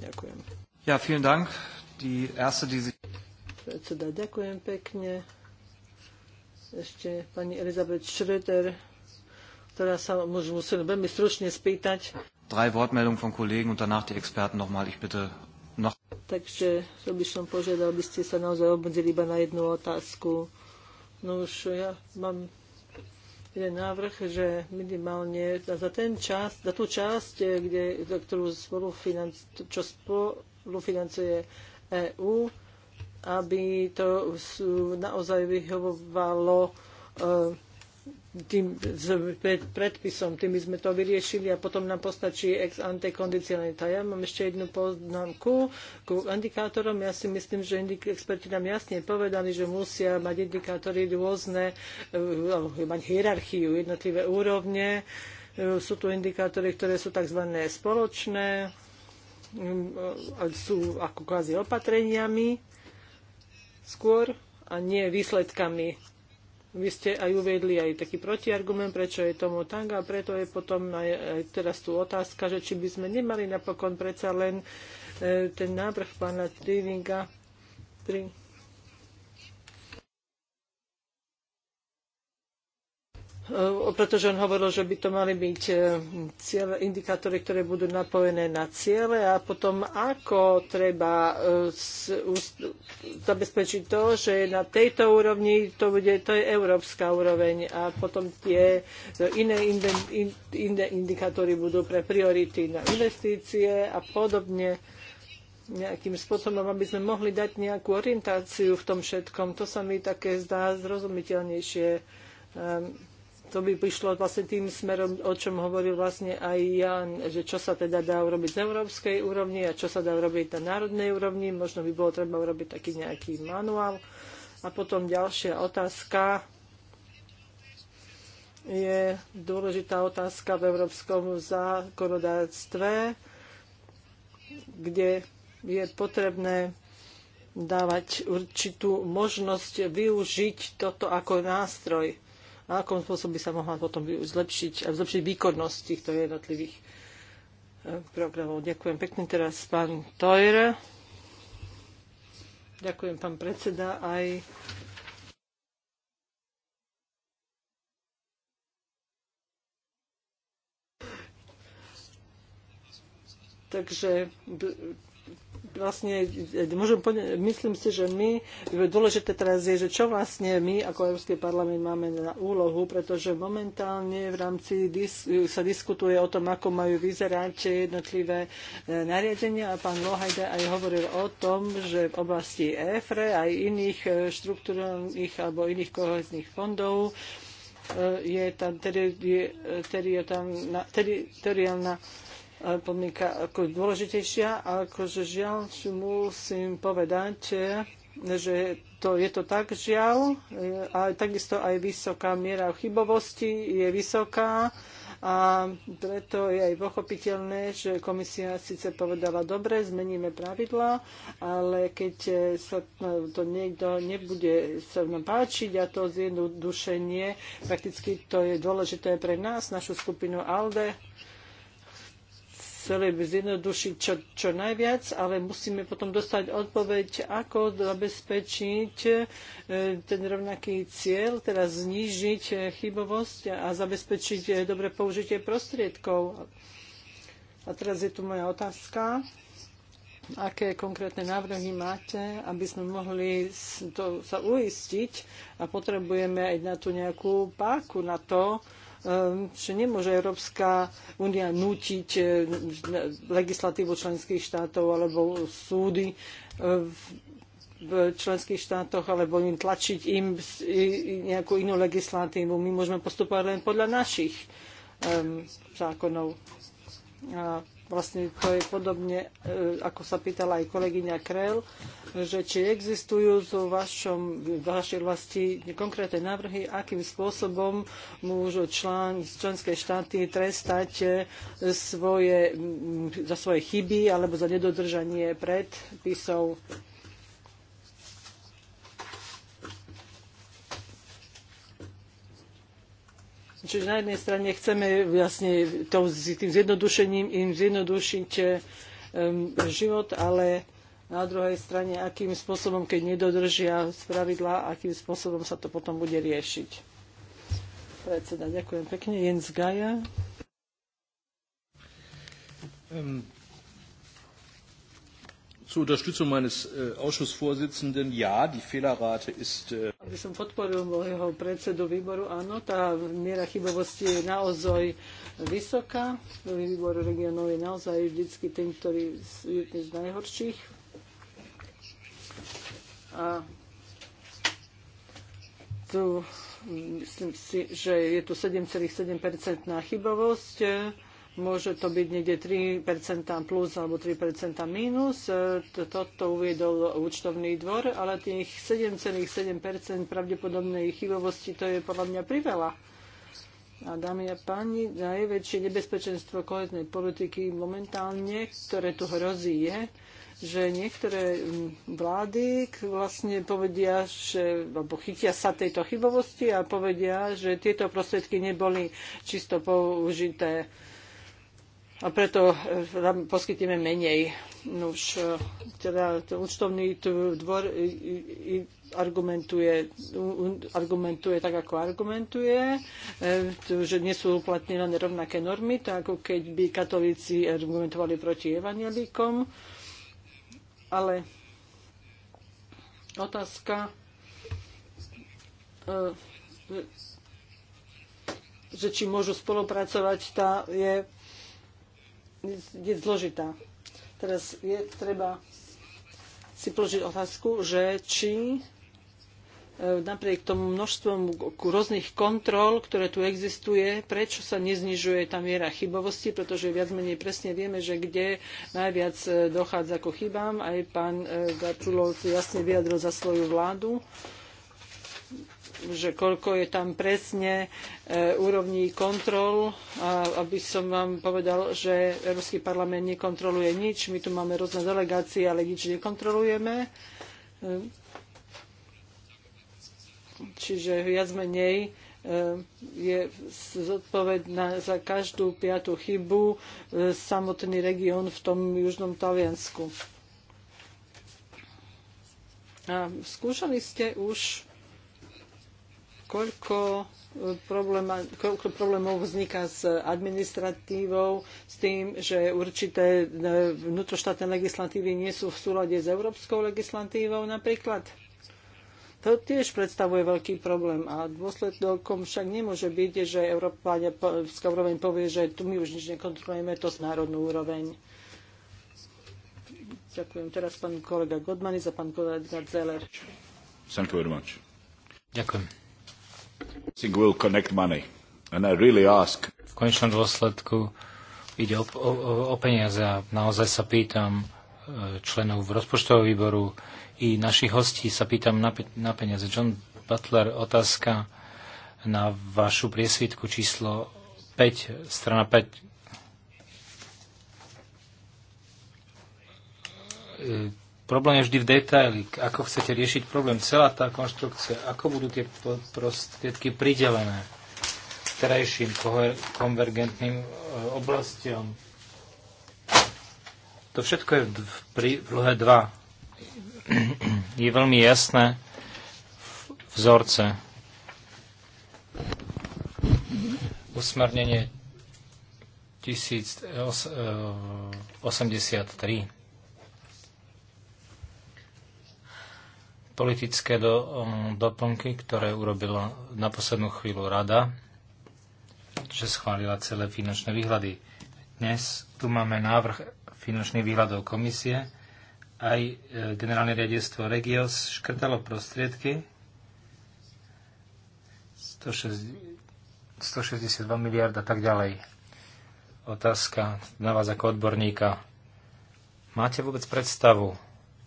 Ďakujem. Ja, vielen Dank. Die erste, die... Predseda, ďakujem pekne. Ešte pani Elisabeth Schröder, ktorá sa musím veľmi stručne spýtať. Drei Wortmeldungen von Kollegen und danach die Experten nochmal. Ich bitte takže to by som požiadal, aby ste sa naozaj obmedzili iba na jednu otázku. No už ja mám jeden návrh, že minimálne za ten čas, za tú časť, eh, kde, za ktorú spolufinanc- čo spolufinancuje EÚ, aby to naozaj vyhovovalo eh, tým predpisom, tým by sme to vyriešili a potom nám postačí ex ante kondicionalita. Ja mám ešte jednu poznámku ku indikátorom. Ja si myslím, že experti nám jasne povedali, že musia mať indikátory rôzne, eh, mať hierarchiu, jednotlivé úrovne. Eh, sú tu indikátory, ktoré sú tzv. spoločné, mm, eh, sú ako kvázi opatreniami skôr a nie výsledkami vy ste aj uvedli aj taký protiargument, prečo je tomu tak a preto je potom aj teraz tu otázka, že či by sme nemali napokon predsa len e, ten návrh pána Trivinga E, pretože on hovoril, že by to mali byť e, ciele, indikátory, ktoré budú napojené na ciele a potom ako treba e, zabezpečiť to, že na tejto úrovni to bude, to je európska úroveň a potom tie iné, iné, iné indikátory budú pre priority na investície a podobne nejakým spôsobom, aby sme mohli dať nejakú orientáciu v tom všetkom. To sa mi také zdá zrozumiteľnejšie. Um, to by prišlo vlastne tým smerom, o čom hovoril vlastne aj Jan, že čo sa teda dá urobiť na európskej úrovni a čo sa dá urobiť na národnej úrovni. Možno by bolo treba urobiť taký nejaký manuál. A potom ďalšia otázka je dôležitá otázka v európskom zákonodárstve, kde je potrebné dávať určitú možnosť využiť toto ako nástroj a akom spôsobom by sa mohla potom zlepšiť, zlepšiť výkonnosť týchto jednotlivých e, programov. Ďakujem pekne teraz pán Tojr. Ďakujem pán predseda aj Takže vlastne, môžem, myslím si, že my, dôležité teraz je, že čo vlastne my ako Európsky parlament máme na úlohu, pretože momentálne v rámci dis, sa diskutuje o tom, ako majú vyzerať jednotlivé e, nariadenia a pán Lohajde aj hovoril o tom, že v oblasti EFRE aj iných e, štruktúrnych alebo iných kohezných fondov e, je tam teritoriálna podmienka ako dôležitejšia, akože žiaľ, či musím povedať, že to, je to tak žiaľ, a takisto aj vysoká miera chybovosti je vysoká a preto je aj pochopiteľné, že komisia síce povedala dobre, zmeníme pravidla, ale keď sa to niekto nebude sa nám páčiť a to zjednodušenie, prakticky to je dôležité pre nás, našu skupinu ALDE, chceli by zjednodušiť čo, čo najviac, ale musíme potom dostať odpoveď, ako zabezpečiť e, ten rovnaký cieľ, teda znížiť e, chybovosť a zabezpečiť e, dobre použitie prostriedkov. A teraz je tu moja otázka aké konkrétne návrhy máte, aby sme mohli to sa uistiť a potrebujeme aj na tú nejakú páku na to, Ehm, že nemôže Európska únia nútiť e, legislatívu členských štátov alebo súdy e, v členských štátoch alebo im tlačiť im nejakú inú legislatívu. My môžeme postupovať len podľa našich um, zákonov. A vlastne to je podobne, e, ako sa pýtala aj kolegyňa Krell, že či existujú vo vašom, v vašej vlasti konkrétne návrhy, akým spôsobom môžu člán, členské štáty trestať e, svoje, za svoje chyby alebo za nedodržanie predpisov. Čiže na jednej strane chceme vlastne to, tým zjednodušením im zjednodušiť um, život, ale na druhej strane, akým spôsobom, keď nedodržia spravidla, akým spôsobom sa to potom bude riešiť. Predseda, ďakujem pekne. Jens Gaja zur Unterstützung meines äh, Ausschussvorsitzenden, ja, die Fehlerrate ist... Äh Aby som podporil môjho predsedu výboru, áno, tá miera chybovosti je naozaj vysoká. Výbor regionov je naozaj vždycky tým, ktorý je z najhorších. A tu myslím si, že je tu 7,7% chybovosť môže to byť niekde 3% plus alebo 3% mínus. E, toto uviedol účtovný dvor, ale tých 7,7% pravdepodobnej chybovosti to je podľa mňa priveľa. A dámy a páni, najväčšie nebezpečenstvo kohetnej politiky momentálne, ktoré tu hrozí, je, že niektoré vlády vlastne povedia, že, alebo chytia sa tejto chybovosti a povedia, že tieto prostriedky neboli čisto použité a preto e, poskytneme menej. No už e, teda účtovný dvor argumentuje, argumentuje tak, ako argumentuje, e, že nie sú uplatnené rovnaké normy, tak ako keď by katolíci argumentovali proti evangelíkom. Ale otázka že či môžu spolupracovať, tá je je zložitá. Teraz je treba si položiť otázku, že či e, napriek tomu množstvom rôznych kontrol, ktoré tu existuje, prečo sa neznižuje tá miera chybovosti, pretože viac menej presne vieme, že kde najviac e, dochádza ku chybám. Aj pán e, Gačulov jasne vyjadril za svoju vládu že koľko je tam presne e, úrovní kontrol. A aby som vám povedal, že Európsky parlament nekontroluje nič. My tu máme rôzne delegácie, ale nič nekontrolujeme. E, čiže viac menej e, je zodpovedná za každú piatú chybu e, samotný región v tom južnom Taliansku. A skúšali ste už koľko e, koľko problémov vzniká s administratívou, s tým, že určité e, vnútroštátne legislatívy nie sú v súlade s európskou legislatívou napríklad. To tiež predstavuje veľký problém a dôsledkom však nemôže byť, že Európska úroveň povie, že tu my už nič nekontrolujeme, to z národnú úroveň. Ďakujem. Teraz pán kolega Godmany za pán kolega Zeller. Ďakujem. V konečnom dôsledku ide o, o, o peniaze a naozaj sa pýtam e, členov rozpočtového výboru i našich hostí sa pýtam na, na peniaze. John Butler, otázka na vašu priesvitku číslo 5, strana 5. Problém je vždy v detaily. Ako chcete riešiť problém, celá tá konštrukcia, ako budú tie prostriedky pridelené terajším konvergentným e, oblastiam. To všetko je v prílohe [CLEARS THROAT] 2. Je veľmi jasné vzorce. Usmernenie 1083. politické do, um, doplnky, ktoré urobila na poslednú chvíľu rada, že schválila celé finančné výhľady. Dnes tu máme návrh finančných výhľadov komisie. Aj e, generálne riadiestvo Regios škrtalo prostriedky 162 miliard a tak ďalej. Otázka na vás ako odborníka. Máte vôbec predstavu,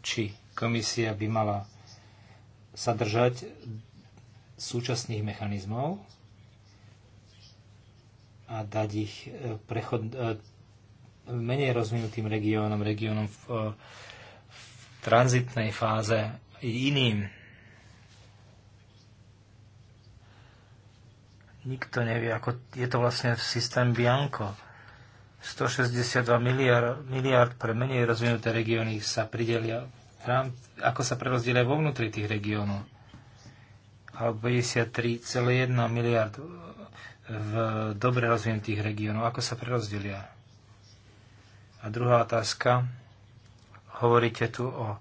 či komisia by mala sa držať súčasných mechanizmov a dať ich e, prechod, e, menej rozvinutým regiónom, regiónom v, e, v tranzitnej fáze iným. Nikto nevie, ako je to vlastne v systém Bianco. 162 miliard, miliard pre menej rozvinuté regióny sa pridelia ako sa prerozdielia vo vnútri tých regiónov. Alebo 53,1 miliard e, v dobre rozvinutých regiónov. Ako sa prerozdelia? A druhá otázka. Hovoríte tu o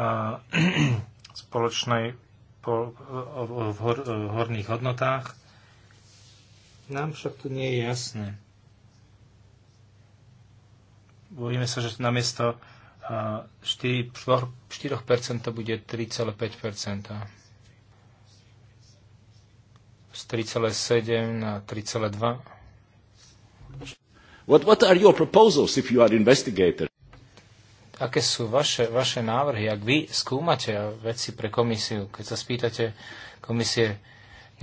a, [CLEARS THROAT] spoločnej po, o, o, v hor, o horných hodnotách. Nám však tu nie je jasné. Bojíme sa, že namiesto a 4, 4% bude 3,5%. Z 3,7 na 3,2. What, what are your proposals if you are investigator? Aké sú vaše, vaše návrhy, ak vy skúmate veci pre komisiu, keď sa spýtate komisie,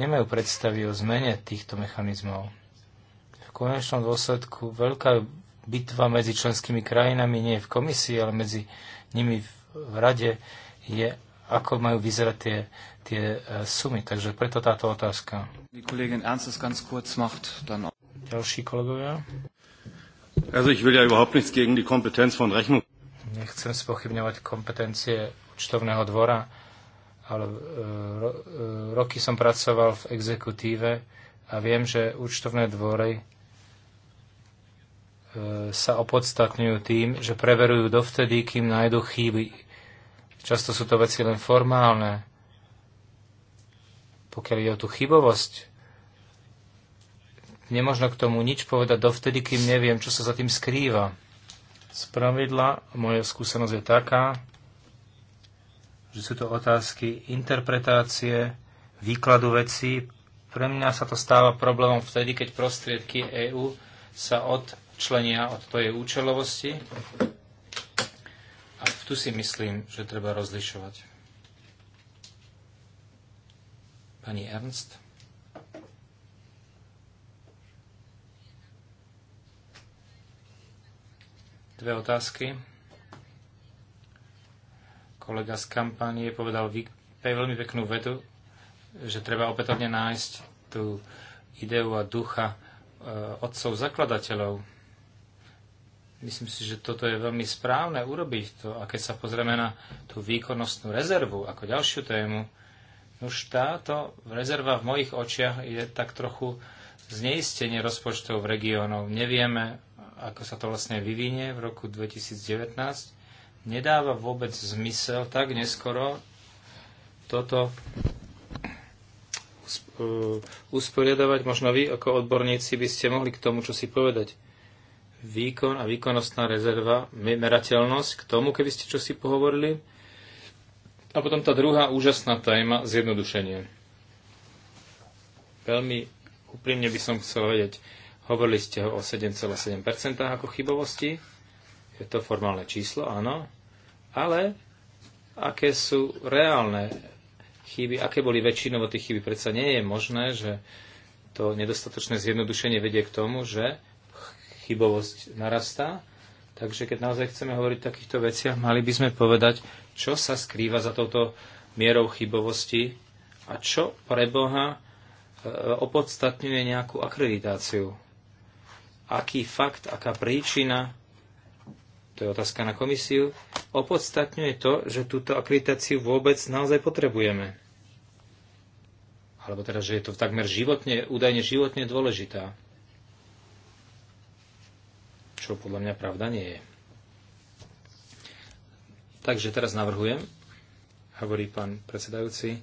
nemajú predstavy o zmene týchto mechanizmov. V konečnom dôsledku veľká bitva medzi členskými krajinami nie v komisii, ale medzi nimi v, v rade je, ako majú vyzerať tie, tie e, sumy. Takže preto táto otázka. Ďalší kolegovia. Also ich will ja überhaupt nichts gegen die Kompetenz von Rechnung. Nechcem spochybňovať kompetencie účtovného dvora, ale e, ro, e, roky som pracoval v exekutíve a viem, že účtovné dvory sa opodstatňujú tým, že preverujú dovtedy, kým nájdu chyby. Často sú to veci len formálne. Pokiaľ ide o tú chybovosť, nemožno k tomu nič povedať dovtedy, kým neviem, čo sa za tým skrýva. Z pravidla moja skúsenosť je taká, že sú to otázky interpretácie, výkladu vecí. Pre mňa sa to stáva problémom vtedy, keď prostriedky EÚ sa od odčlenia od tvojej účelovosti. A tu si myslím, že treba rozlišovať. Pani Ernst? Dve otázky. Kolega z kampanie povedal veľmi peknú vedu, že treba opätovne nájsť tú ideu a ducha e, otcov zakladateľov. Myslím si, že toto je veľmi správne urobiť to. A keď sa pozrieme na tú výkonnostnú rezervu ako ďalšiu tému, už táto rezerva v mojich očiach je tak trochu zneistenie rozpočtov v regiónov. Nevieme, ako sa to vlastne vyvinie v roku 2019. Nedáva vôbec zmysel tak neskoro toto uh, usporiadavať. Možno vy ako odborníci by ste mohli k tomu čo si povedať výkon a výkonnostná rezerva, merateľnosť, k tomu, keby ste čo si pohovorili. A potom tá druhá úžasná téma, zjednodušenie. Veľmi úprimne by som chcel vedieť, hovorili ste ho o 7,7% ako chybovosti, je to formálne číslo, áno, ale aké sú reálne chyby, aké boli väčšinou tých chyby. Predsa nie je možné, že to nedostatočné zjednodušenie vedie k tomu, že chybovosť narastá. Takže keď naozaj chceme hovoriť o takýchto veciach, mali by sme povedať, čo sa skrýva za touto mierou chybovosti a čo pre Boha e, opodstatňuje nejakú akreditáciu. Aký fakt, aká príčina, to je otázka na komisiu, opodstatňuje to, že túto akreditáciu vôbec naozaj potrebujeme. Alebo teda, že je to takmer životne, údajne životne dôležitá čo podľa mňa pravda nie je. Takže teraz navrhujem, hovorí pán predsedajúci,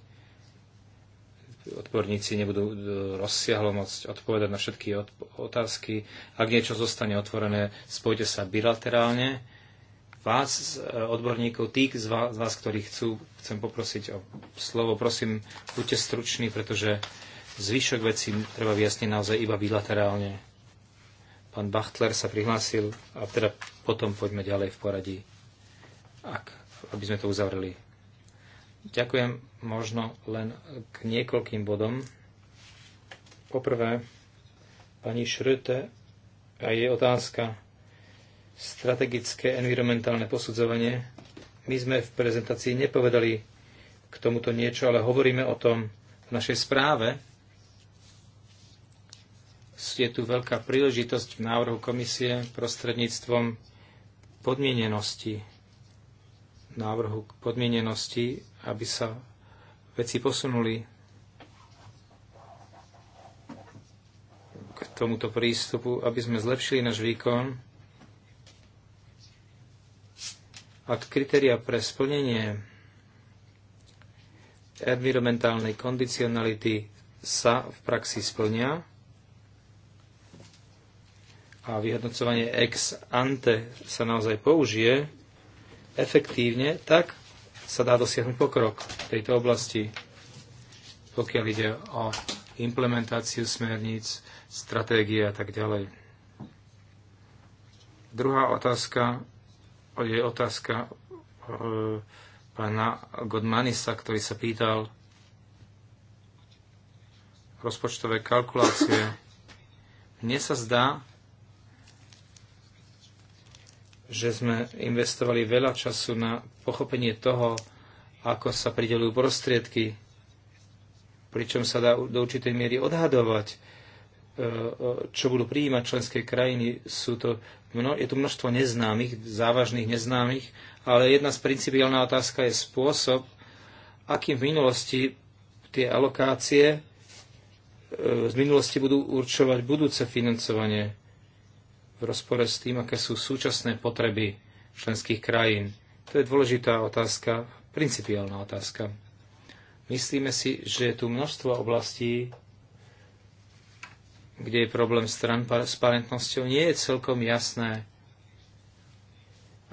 odborníci nebudú e, rozsiahlo môcť odpovedať na všetky otázky. Ak niečo zostane otvorené, spojte sa bilaterálne. Vás, e, odborníkov, tých z vás, z vás ktorí chcú, chcem poprosiť o slovo. Prosím, buďte struční, pretože zvyšok vecí treba vyjasniť naozaj iba bilaterálne. Pán Bachtler sa prihlásil a teda potom poďme ďalej v poradí, ak, aby sme to uzavreli. Ďakujem možno len k niekoľkým bodom. Poprvé, pani Šrute a je otázka strategické environmentálne posudzovanie. My sme v prezentácii nepovedali k tomuto niečo, ale hovoríme o tom v našej správe, je tu veľká príležitosť v návrhu komisie prostredníctvom podmienenosti návrhu k podmienenosti, aby sa veci posunuli k tomuto prístupu, aby sme zlepšili náš výkon a kritéria pre splnenie environmentálnej kondicionality sa v praxi splňa a vyhodnocovanie ex ante sa naozaj použije efektívne, tak sa dá dosiahnuť pokrok v tejto oblasti, pokiaľ ide o implementáciu smerníc, stratégie a tak ďalej. Druhá otázka je otázka e, pána Godmanisa, ktorý sa pýtal rozpočtové kalkulácie. Mne sa zdá, že sme investovali veľa času na pochopenie toho, ako sa pridelujú prostriedky, pričom sa dá do určitej miery odhadovať, e, e, čo budú prijímať členské krajiny. Sú to, je tu množstvo neznámych, závažných neznámych, ale jedna z principiálna otázka je spôsob, akým v minulosti tie alokácie e, z minulosti budú určovať budúce financovanie v rozpore s tým, aké sú súčasné potreby členských krajín. To je dôležitá otázka, principiálna otázka. Myslíme si, že je tu množstvo oblastí, kde je problém s transparentnosťou. Nie je celkom jasné,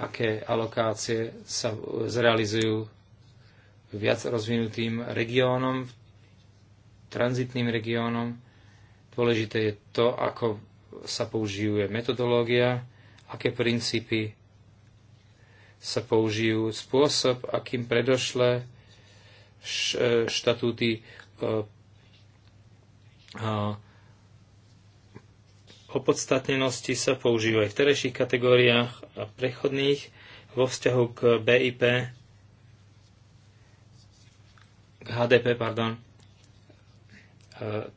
aké alokácie sa zrealizujú viac rozvinutým regiónom, tranzitným regiónom. Dôležité je to, ako sa použije metodológia, aké princípy sa použijú, spôsob, akým predošle štatúty e, opodstatnenosti sa používajú aj v terejších kategóriách a prechodných vo vzťahu k BIP, k HDP, pardon, e,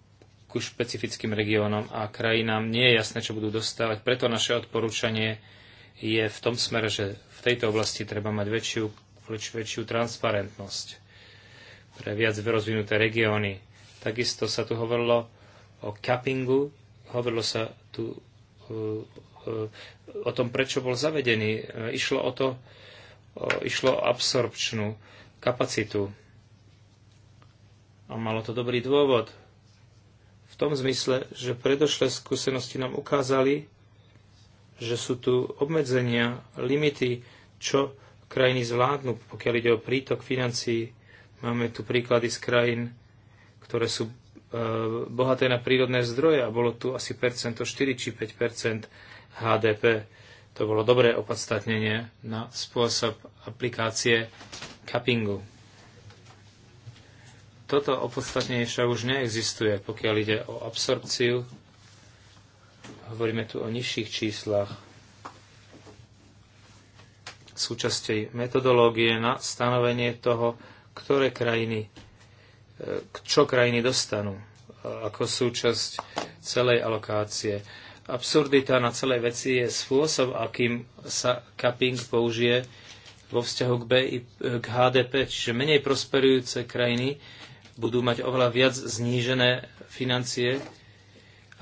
ku špecifickým regiónom a krajinám. Nie je jasné, čo budú dostávať. Preto naše odporúčanie je v tom smere, že v tejto oblasti treba mať väčšiu, väčšiu, väčšiu transparentnosť pre viac rozvinuté regióny. Takisto sa tu hovorilo o cappingu, hovorilo sa tu e, e, o tom, prečo bol zavedený. E, išlo o to, išlo o absorpčnú kapacitu. A malo to dobrý dôvod tom zmysle, že predošlé skúsenosti nám ukázali, že sú tu obmedzenia, limity, čo krajiny zvládnu, pokiaľ ide o prítok financií. Máme tu príklady z krajín, ktoré sú e, bohaté na prírodné zdroje a bolo tu asi percento 4 či 5 HDP. To bolo dobré opodstatnenie na spôsob aplikácie cappingu. Toto opodstatnenie však už neexistuje, pokiaľ ide o absorpciu. Hovoríme tu o nižších číslach. Súčasťou metodológie na stanovenie toho, ktoré krajiny, e, čo krajiny dostanú e, ako súčasť celej alokácie. Absurdita na celej veci je spôsob, akým sa cupping použije vo vzťahu k, BI, k HDP, čiže menej prosperujúce krajiny budú mať oveľa viac znížené financie,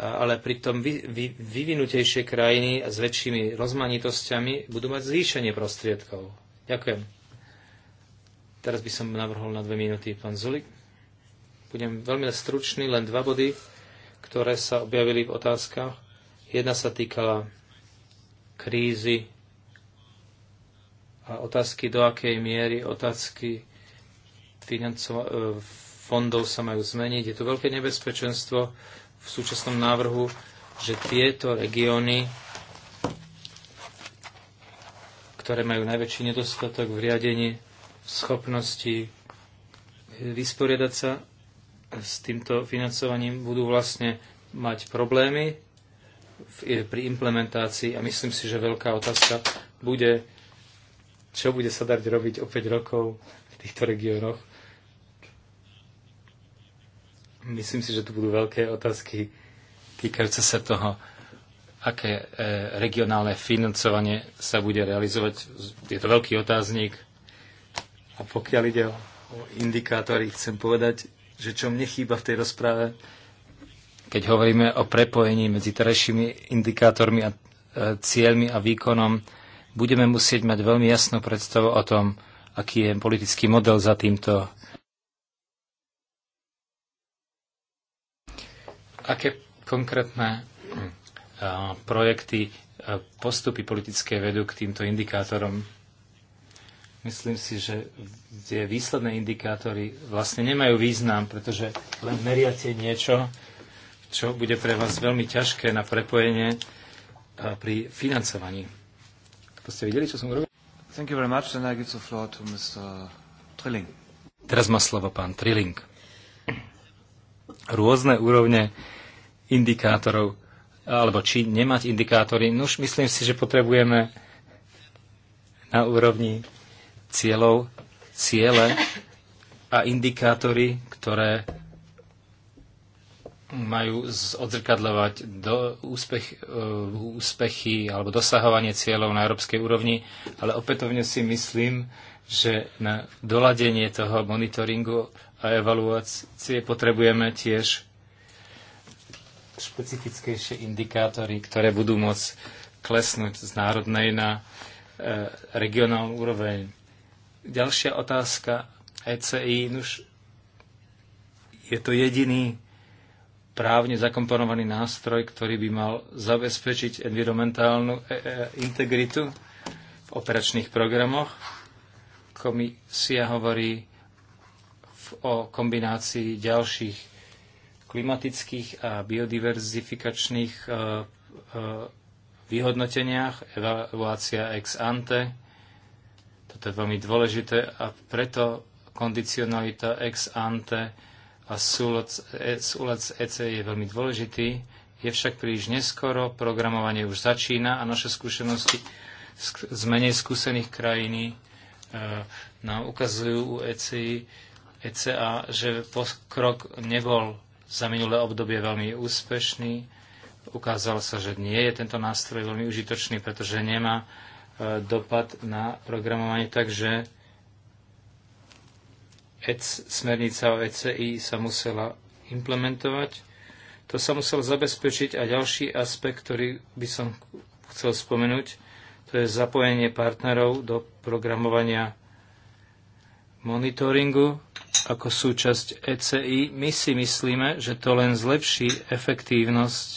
ale pritom vy, vy, vyvinutejšie krajiny s väčšími rozmanitosťami budú mať zvýšenie prostriedkov. Ďakujem. Teraz by som navrhol na dve minúty pán Zulik. Budem veľmi stručný, len dva body, ktoré sa objavili v otázkach. Jedna sa týkala krízy a otázky, do akej miery otázky financova- e, fondov sa majú zmeniť. Je tu veľké nebezpečenstvo v súčasnom návrhu, že tieto regióny, ktoré majú najväčší nedostatok v riadení schopnosti vysporiadať sa s týmto financovaním, budú vlastne mať problémy pri implementácii a myslím si, že veľká otázka bude, čo bude sa dať robiť o 5 rokov v týchto regiónoch Myslím si, že tu budú veľké otázky týkajúce sa toho, aké e, regionálne financovanie sa bude realizovať. Je to veľký otáznik. A pokiaľ ide o indikátory, chcem povedať, že čo mne chýba v tej rozprave, keď hovoríme o prepojení medzi terajšími indikátormi a e, cieľmi a výkonom, budeme musieť mať veľmi jasnú predstavu o tom, aký je politický model za týmto aké konkrétne projekty, postupy politické vedú k týmto indikátorom. Myslím si, že tie výsledné indikátory vlastne nemajú význam, pretože len meriate niečo, čo bude pre vás veľmi ťažké na prepojenie pri financovaní. To ste videli, čo som urobil? Thank you very much. Then I give the floor to Mr. Trilling. Teraz má slovo pán Trilling. Rôzne úrovne indikátorov, alebo či nemať indikátory. No už myslím si, že potrebujeme na úrovni cieľov ciele a indikátory, ktoré majú odzrkadľovať do úspech, e, úspechy alebo dosahovanie cieľov na európskej úrovni, ale opätovne si myslím, že na doladenie toho monitoringu a evaluácie potrebujeme tiež špecifickejšie indikátory, ktoré budú môcť klesnúť z národnej na e, regionálnu úroveň. Ďalšia otázka ECI. Nuž, je to jediný právne zakomponovaný nástroj, ktorý by mal zabezpečiť environmentálnu e, e, integritu v operačných programoch. Komisia hovorí v, o kombinácii ďalších klimatických a biodiverzifikačných e, e, vyhodnoteniach, evaluácia ex ante. Toto je veľmi dôležité a preto kondicionalita ex ante a súlad s EC e je veľmi dôležitý. Je však príliš neskoro, programovanie už začína a naše skúsenosti z menej skúsených krajín nám ukazujú u ECI, ECA, že krok nebol za minulé obdobie veľmi úspešný. Ukázalo sa, že nie je tento nástroj veľmi užitočný, pretože nemá e, dopad na programovanie, takže e smernica o ECI sa musela implementovať. To sa musel zabezpečiť a ďalší aspekt, ktorý by som chcel spomenúť, to je zapojenie partnerov do programovania monitoringu ako súčasť ECI, my si myslíme, že to len zlepší efektívnosť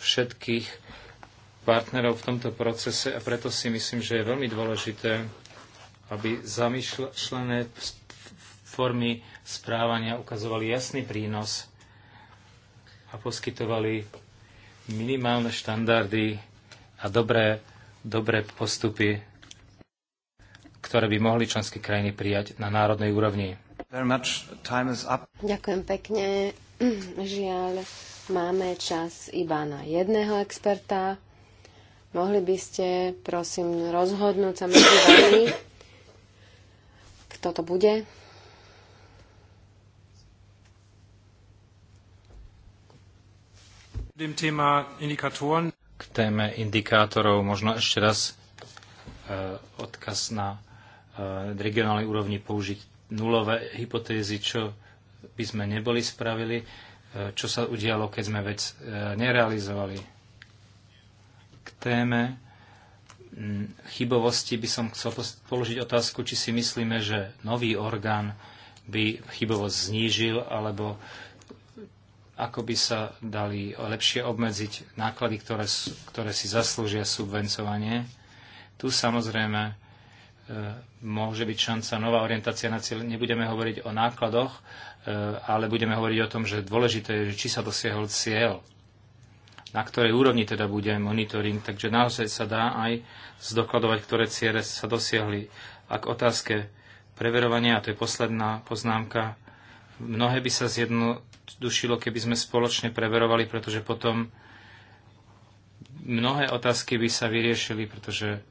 všetkých partnerov v tomto procese a preto si myslím, že je veľmi dôležité, aby zamýšľané formy správania ukazovali jasný prínos a poskytovali minimálne štandardy a dobré, dobré postupy, ktoré by mohli členské krajiny prijať na národnej úrovni. Ďakujem pekne. [CLEARS THROAT] Žiaľ, máme čas iba na jedného experta. Mohli by ste, prosím, rozhodnúť sa medzi vami, kto to bude? K téme indikátorov možno ešte raz eh, odkaz na eh, regionálnej úrovni použiť nulové hypotézy, čo by sme neboli spravili, e, čo sa udialo, keď sme vec e, nerealizovali. K téme chybovosti by som chcel položiť otázku, či si myslíme, že nový orgán by chybovosť znížil, alebo ako by sa dali lepšie obmedziť náklady, ktoré, ktoré si zaslúžia subvencovanie. Tu samozrejme E, môže byť šanca nová orientácia na cieľ. Nebudeme hovoriť o nákladoch, e, ale budeme hovoriť o tom, že dôležité je, či sa dosiahol cieľ, na ktorej úrovni teda bude monitoring. Takže naozaj sa dá aj zdokladovať, ktoré ciele sa dosiahli. Ak otázke preverovania, a to je posledná poznámka, mnohé by sa zjednodušilo, keby sme spoločne preverovali, pretože potom mnohé otázky by sa vyriešili, pretože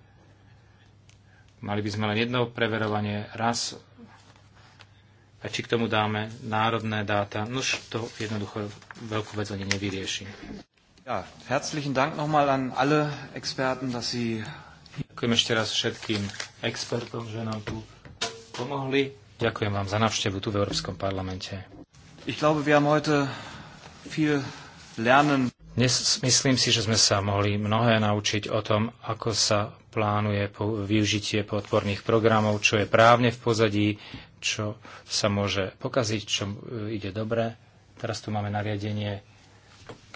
Mali by sme len jedno preverovanie raz a či k tomu dáme národné dáta. no to jednoducho veľkú vec ani nevyrieši. Ja, herzlichen Dank nochmal an alle Experten, dass Sie... Ďakujem ešte raz všetkým expertom, že nám tu pomohli. Ďakujem vám za návštevu tu v Európskom parlamente. Ich glaube, wir haben heute viel lernen. Dnes myslím si, že sme sa mohli mnohé naučiť o tom, ako sa plánuje využitie podporných programov, čo je právne v pozadí, čo sa môže pokaziť, čo e, ide dobre. Teraz tu máme nariadenie,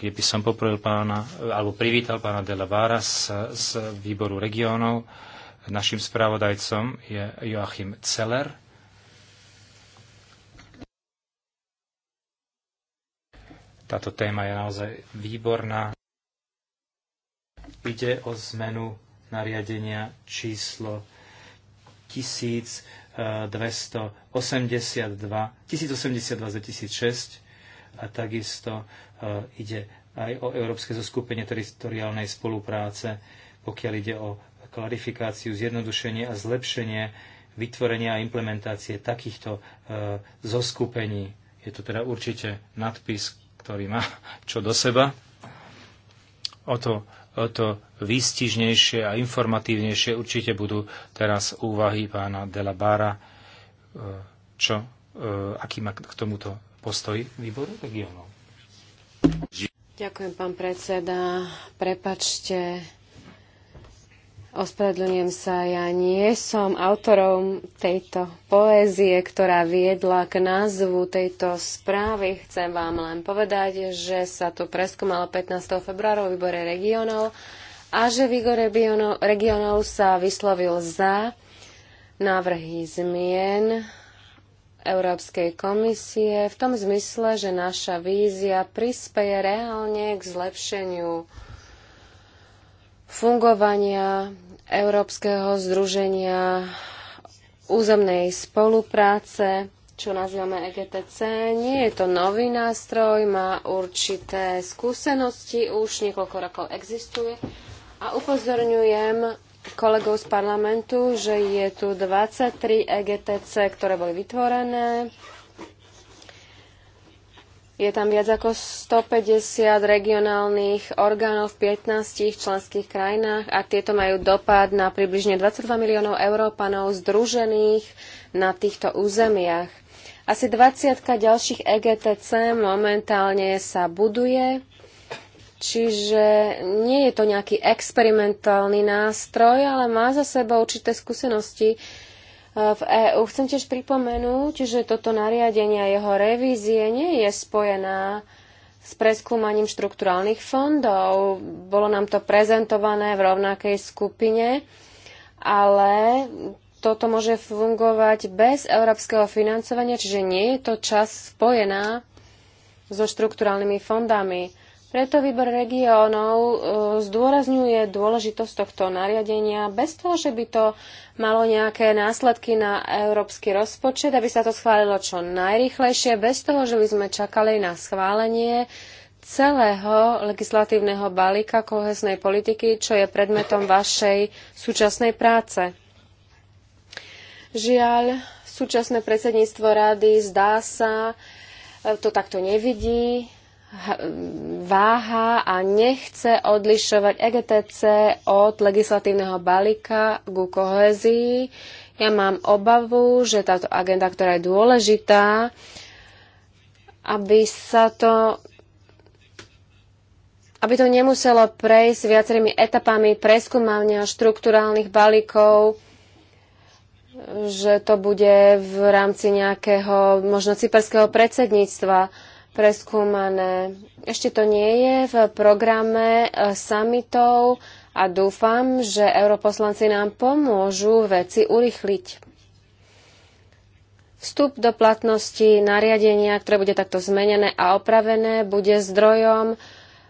kde by som poprojil pána, alebo privítal pána Dela Vára z, z výboru regiónov. Našim správodajcom je Joachim Celer. Táto téma je naozaj výborná. Ide o zmenu nariadenia číslo 1282, 1082 z 2006 a takisto eh, ide aj o Európske zoskupenie teritoriálnej spolupráce, pokiaľ ide o klarifikáciu, zjednodušenie a zlepšenie vytvorenia a implementácie takýchto eh, zoskupení. Je to teda určite nadpis, ktorý má [LAUGHS] čo do seba. O to to výstižnejšie a informatívnejšie určite budú teraz úvahy pána Bara, e, čo, e, aký má k tomuto postoj výboru regionov. Ďakujem, pán predseda. Prepačte, Ospravedlňujem sa, ja nie som autorom tejto poézie, ktorá viedla k názvu tejto správy. Chcem vám len povedať, že sa to preskúmalo 15. februára v výbore regionov a že výbor regionov sa vyslovil za návrhy zmien Európskej komisie v tom zmysle, že naša vízia prispeje reálne k zlepšeniu fungovania Európskeho združenia územnej spolupráce, čo nazývame EGTC. Nie je to nový nástroj, má určité skúsenosti, už niekoľko rokov existuje. A upozorňujem kolegov z parlamentu, že je tu 23 EGTC, ktoré boli vytvorené je tam viac ako 150 regionálnych orgánov v 15 členských krajinách a tieto majú dopad na približne 22 miliónov Európanov združených na týchto územiach. Asi 20 ďalších EGTC momentálne sa buduje, čiže nie je to nejaký experimentálny nástroj, ale má za sebou určité skúsenosti, v EÚ. Chcem tiež pripomenúť, že toto nariadenie a jeho revízie nie je spojená s preskúmaním štrukturálnych fondov. Bolo nám to prezentované v rovnakej skupine, ale toto môže fungovať bez európskeho financovania, čiže nie je to čas spojená so štrukturálnymi fondami. Preto výbor regiónov e, zdôrazňuje dôležitosť tohto nariadenia bez toho, že by to malo nejaké následky na európsky rozpočet, aby sa to schválilo čo najrychlejšie, bez toho, že by sme čakali na schválenie celého legislatívneho balíka kohesnej politiky, čo je predmetom vašej súčasnej práce. Žiaľ, súčasné predsedníctvo rady zdá sa, e, to takto nevidí, váha a nechce odlišovať EGTC od legislatívneho balíka ku kohezii. Ja mám obavu, že táto agenda, ktorá je dôležitá, aby sa to aby to nemuselo prejsť viacerými etapami preskúmania štruktúrálnych balíkov, že to bude v rámci nejakého možno cyperského predsedníctva preskúmané. Ešte to nie je v programe eh, summitov a dúfam, že europoslanci nám pomôžu veci urychliť. Vstup do platnosti nariadenia, ktoré bude takto zmenené a opravené, bude zdrojom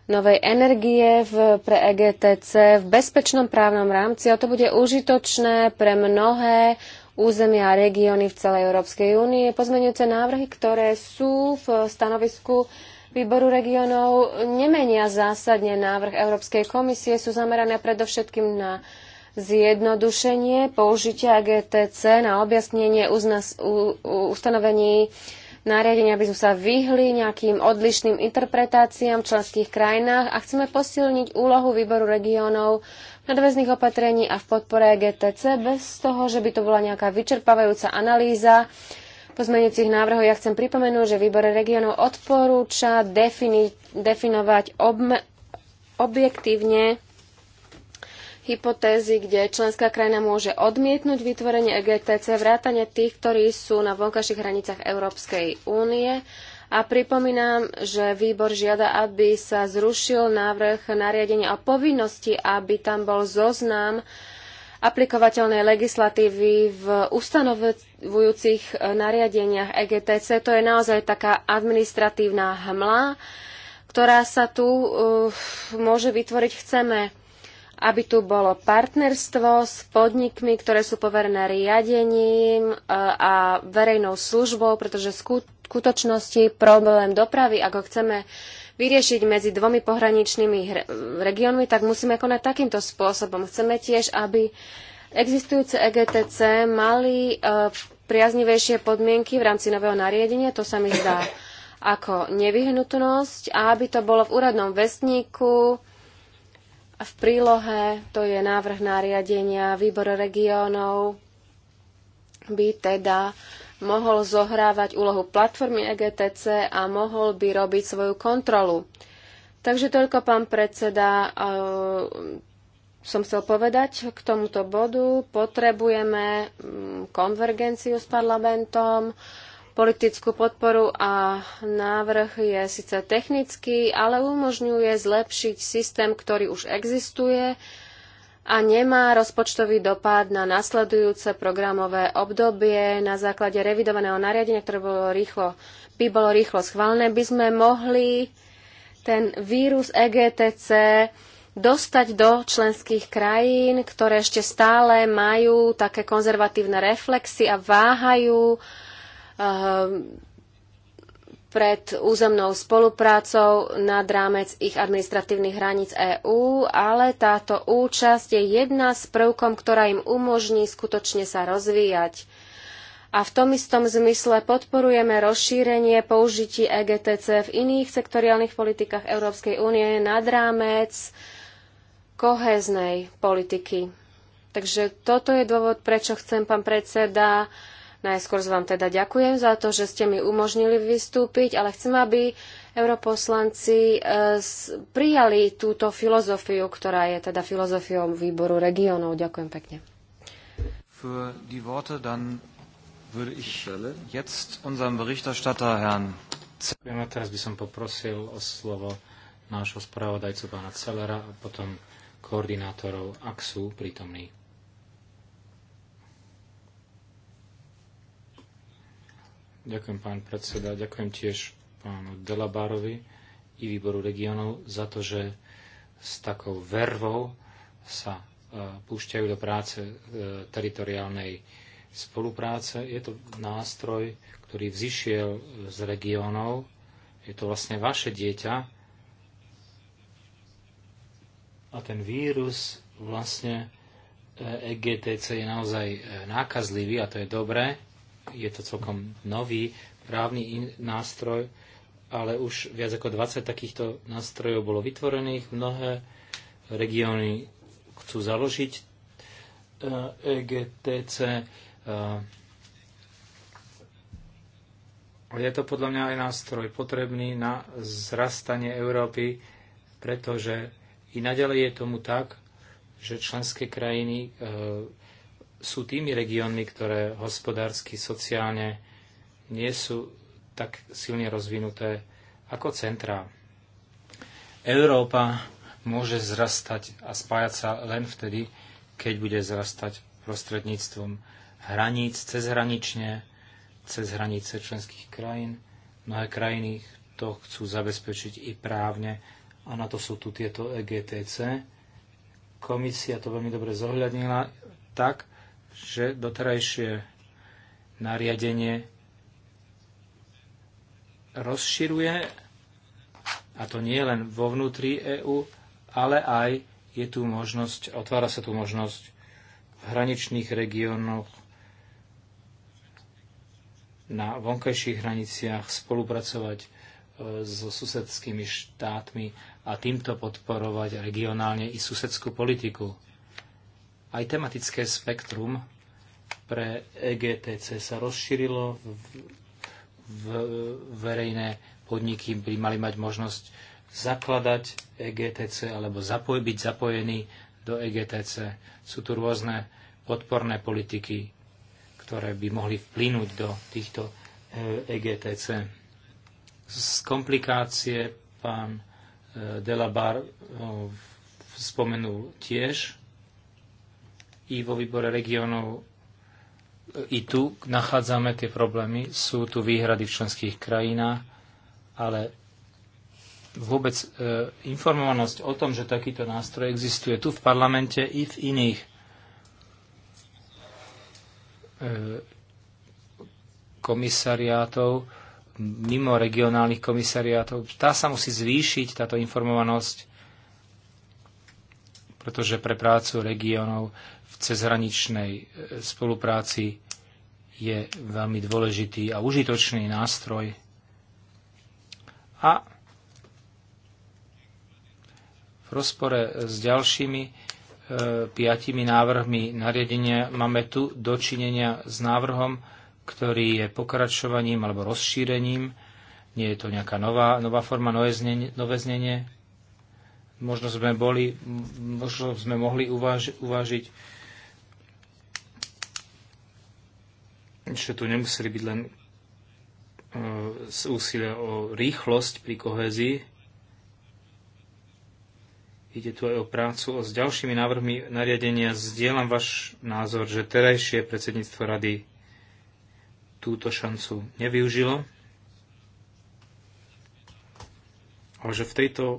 novej energie v, pre EGTC v bezpečnom právnom rámci a to bude užitočné pre mnohé územia a regióny v celej Európskej únie. Pozmenujúce návrhy, ktoré sú v stanovisku výboru regiónov, nemenia zásadne návrh Európskej komisie, sú zamerané predovšetkým na zjednodušenie použitia GTC na objasnenie uznas, u, u, ustanovení nariadenia, aby sme sa vyhli nejakým odlišným interpretáciám v členských krajinách a chceme posilniť úlohu výboru regiónov nadväzných opatrení a v podpore GTC bez toho, že by to bola nejaká vyčerpávajúca analýza pozmeňujúcich návrhov. Ja chcem pripomenúť, že výbor regionov odporúča defini- definovať obme- objektívne hypotézy, kde členská krajina môže odmietnúť vytvorenie EGTC, vrátane tých, ktorí sú na vonkajších hranicách Európskej únie a pripomínam, že výbor žiada, aby sa zrušil návrh nariadenia o povinnosti, aby tam bol zoznam aplikovateľnej legislatívy v ustanovujúcich nariadeniach EGTC. To je naozaj taká administratívna hmla, ktorá sa tu uh, môže vytvoriť. Chceme, aby tu bolo partnerstvo s podnikmi, ktoré sú poverené riadením uh, a verejnou službou, pretože skut- skutočnosti problém dopravy, ako chceme vyriešiť medzi dvomi pohraničnými regiónmi, tak musíme konať takýmto spôsobom. Chceme tiež, aby existujúce EGTC mali e, priaznivejšie podmienky v rámci nového nariadenia, to sa mi zdá ako nevyhnutnosť a aby to bolo v úradnom vestníku v prílohe, to je návrh nariadenia, výbor regiónov by teda mohol zohrávať úlohu platformy EGTC a mohol by robiť svoju kontrolu. Takže toľko, pán predseda, e, som chcel povedať k tomuto bodu. Potrebujeme mm, konvergenciu s parlamentom, politickú podporu a návrh je síce technický, ale umožňuje zlepšiť systém, ktorý už existuje a nemá rozpočtový dopad na nasledujúce programové obdobie na základe revidovaného nariadenia, ktoré bolo rýchlo, by bolo rýchlo schválené, by sme mohli ten vírus EGTC dostať do členských krajín, ktoré ešte stále majú také konzervatívne reflexy a váhajú uh, pred územnou spoluprácou nad rámec ich administratívnych hraníc EÚ, ale táto účasť je jedna z prvkom, ktorá im umožní skutočne sa rozvíjať. A v tom istom zmysle podporujeme rozšírenie použití EGTC v iných sektoriálnych politikách Európskej únie nad rámec kohéznej politiky. Takže toto je dôvod, prečo chcem, pán predseda, Najskôr vám teda ďakujem za to, že ste mi umožnili vystúpiť, ale chcem, aby europoslanci e, prijali túto filozofiu, ktorá je teda filozofiou výboru regionov. Ďakujem pekne. Für die Worte dann würde ich jetzt unserem Berichterstatter Herrn teraz by som poprosil o slovo nášho spravodajcu pána Celera a potom koordinátorov, AXU prítomný. Ďakujem, pán predseda. Ďakujem tiež pánu Delabárovi i výboru regionov za to, že s takou vervou sa e, púšťajú do práce e, teritoriálnej spolupráce. Je to nástroj, ktorý vzýšiel e, z regionov. Je to vlastne vaše dieťa. A ten vírus vlastne EGTC je naozaj nákazlivý a to je dobré je to celkom nový právny nástroj, ale už viac ako 20 takýchto nástrojov bolo vytvorených. Mnohé regióny chcú založiť EGTC. E e, je to podľa mňa aj nástroj potrebný na zrastanie Európy, pretože i naďalej je tomu tak, že členské krajiny e, sú tými regiónmi, ktoré hospodársky, sociálne nie sú tak silne rozvinuté ako centrá. Európa môže zrastať a spájať sa len vtedy, keď bude zrastať prostredníctvom hraníc, cezhranične, cez hranice členských krajín. Mnohé krajiny to chcú zabezpečiť i právne a na to sú tu tieto EGTC. Komisia to veľmi dobre zohľadnila tak, že doterajšie nariadenie rozširuje, a to nie len vo vnútri EÚ, ale aj je tu možnosť, otvára sa tu možnosť v hraničných regiónoch na vonkajších hraniciach spolupracovať e, so susedskými štátmi a týmto podporovať regionálne i susedskú politiku. Aj tematické spektrum pre EGTC sa rozšírilo. V, verejné podniky by mali mať možnosť zakladať EGTC alebo zapoj, byť zapojení do EGTC. Sú tu rôzne podporné politiky, ktoré by mohli vplynúť do týchto EGTC. E Z komplikácie pán e, Delabar e, spomenul tiež i vo výbore regionov e, i tu nachádzame tie problémy. Sú tu výhrady v členských krajinách, ale vôbec e, informovanosť o tom, že takýto nástroj existuje tu v parlamente i v iných e, komisariátov, mimo regionálnych komisariátov, tá sa musí zvýšiť, táto informovanosť, pretože pre prácu regionov v cezhraničnej e, spolupráci je veľmi dôležitý a užitočný nástroj. A v rozpore s ďalšími e, piatimi návrhmi nariadenia máme tu dočinenia s návrhom, ktorý je pokračovaním alebo rozšírením. Nie je to nejaká nová, nová forma, nové znenie, nové znenie. Možno sme, boli, možno sme mohli uváž, uvážiť že tu nemuseli byť len eh, z úsilia o rýchlosť pri kohezii. Ide tu aj o prácu o s ďalšími návrhmi nariadenia. Zdieľam váš názor, že terajšie predsedníctvo rady túto šancu nevyužilo, ale že v tejto eh,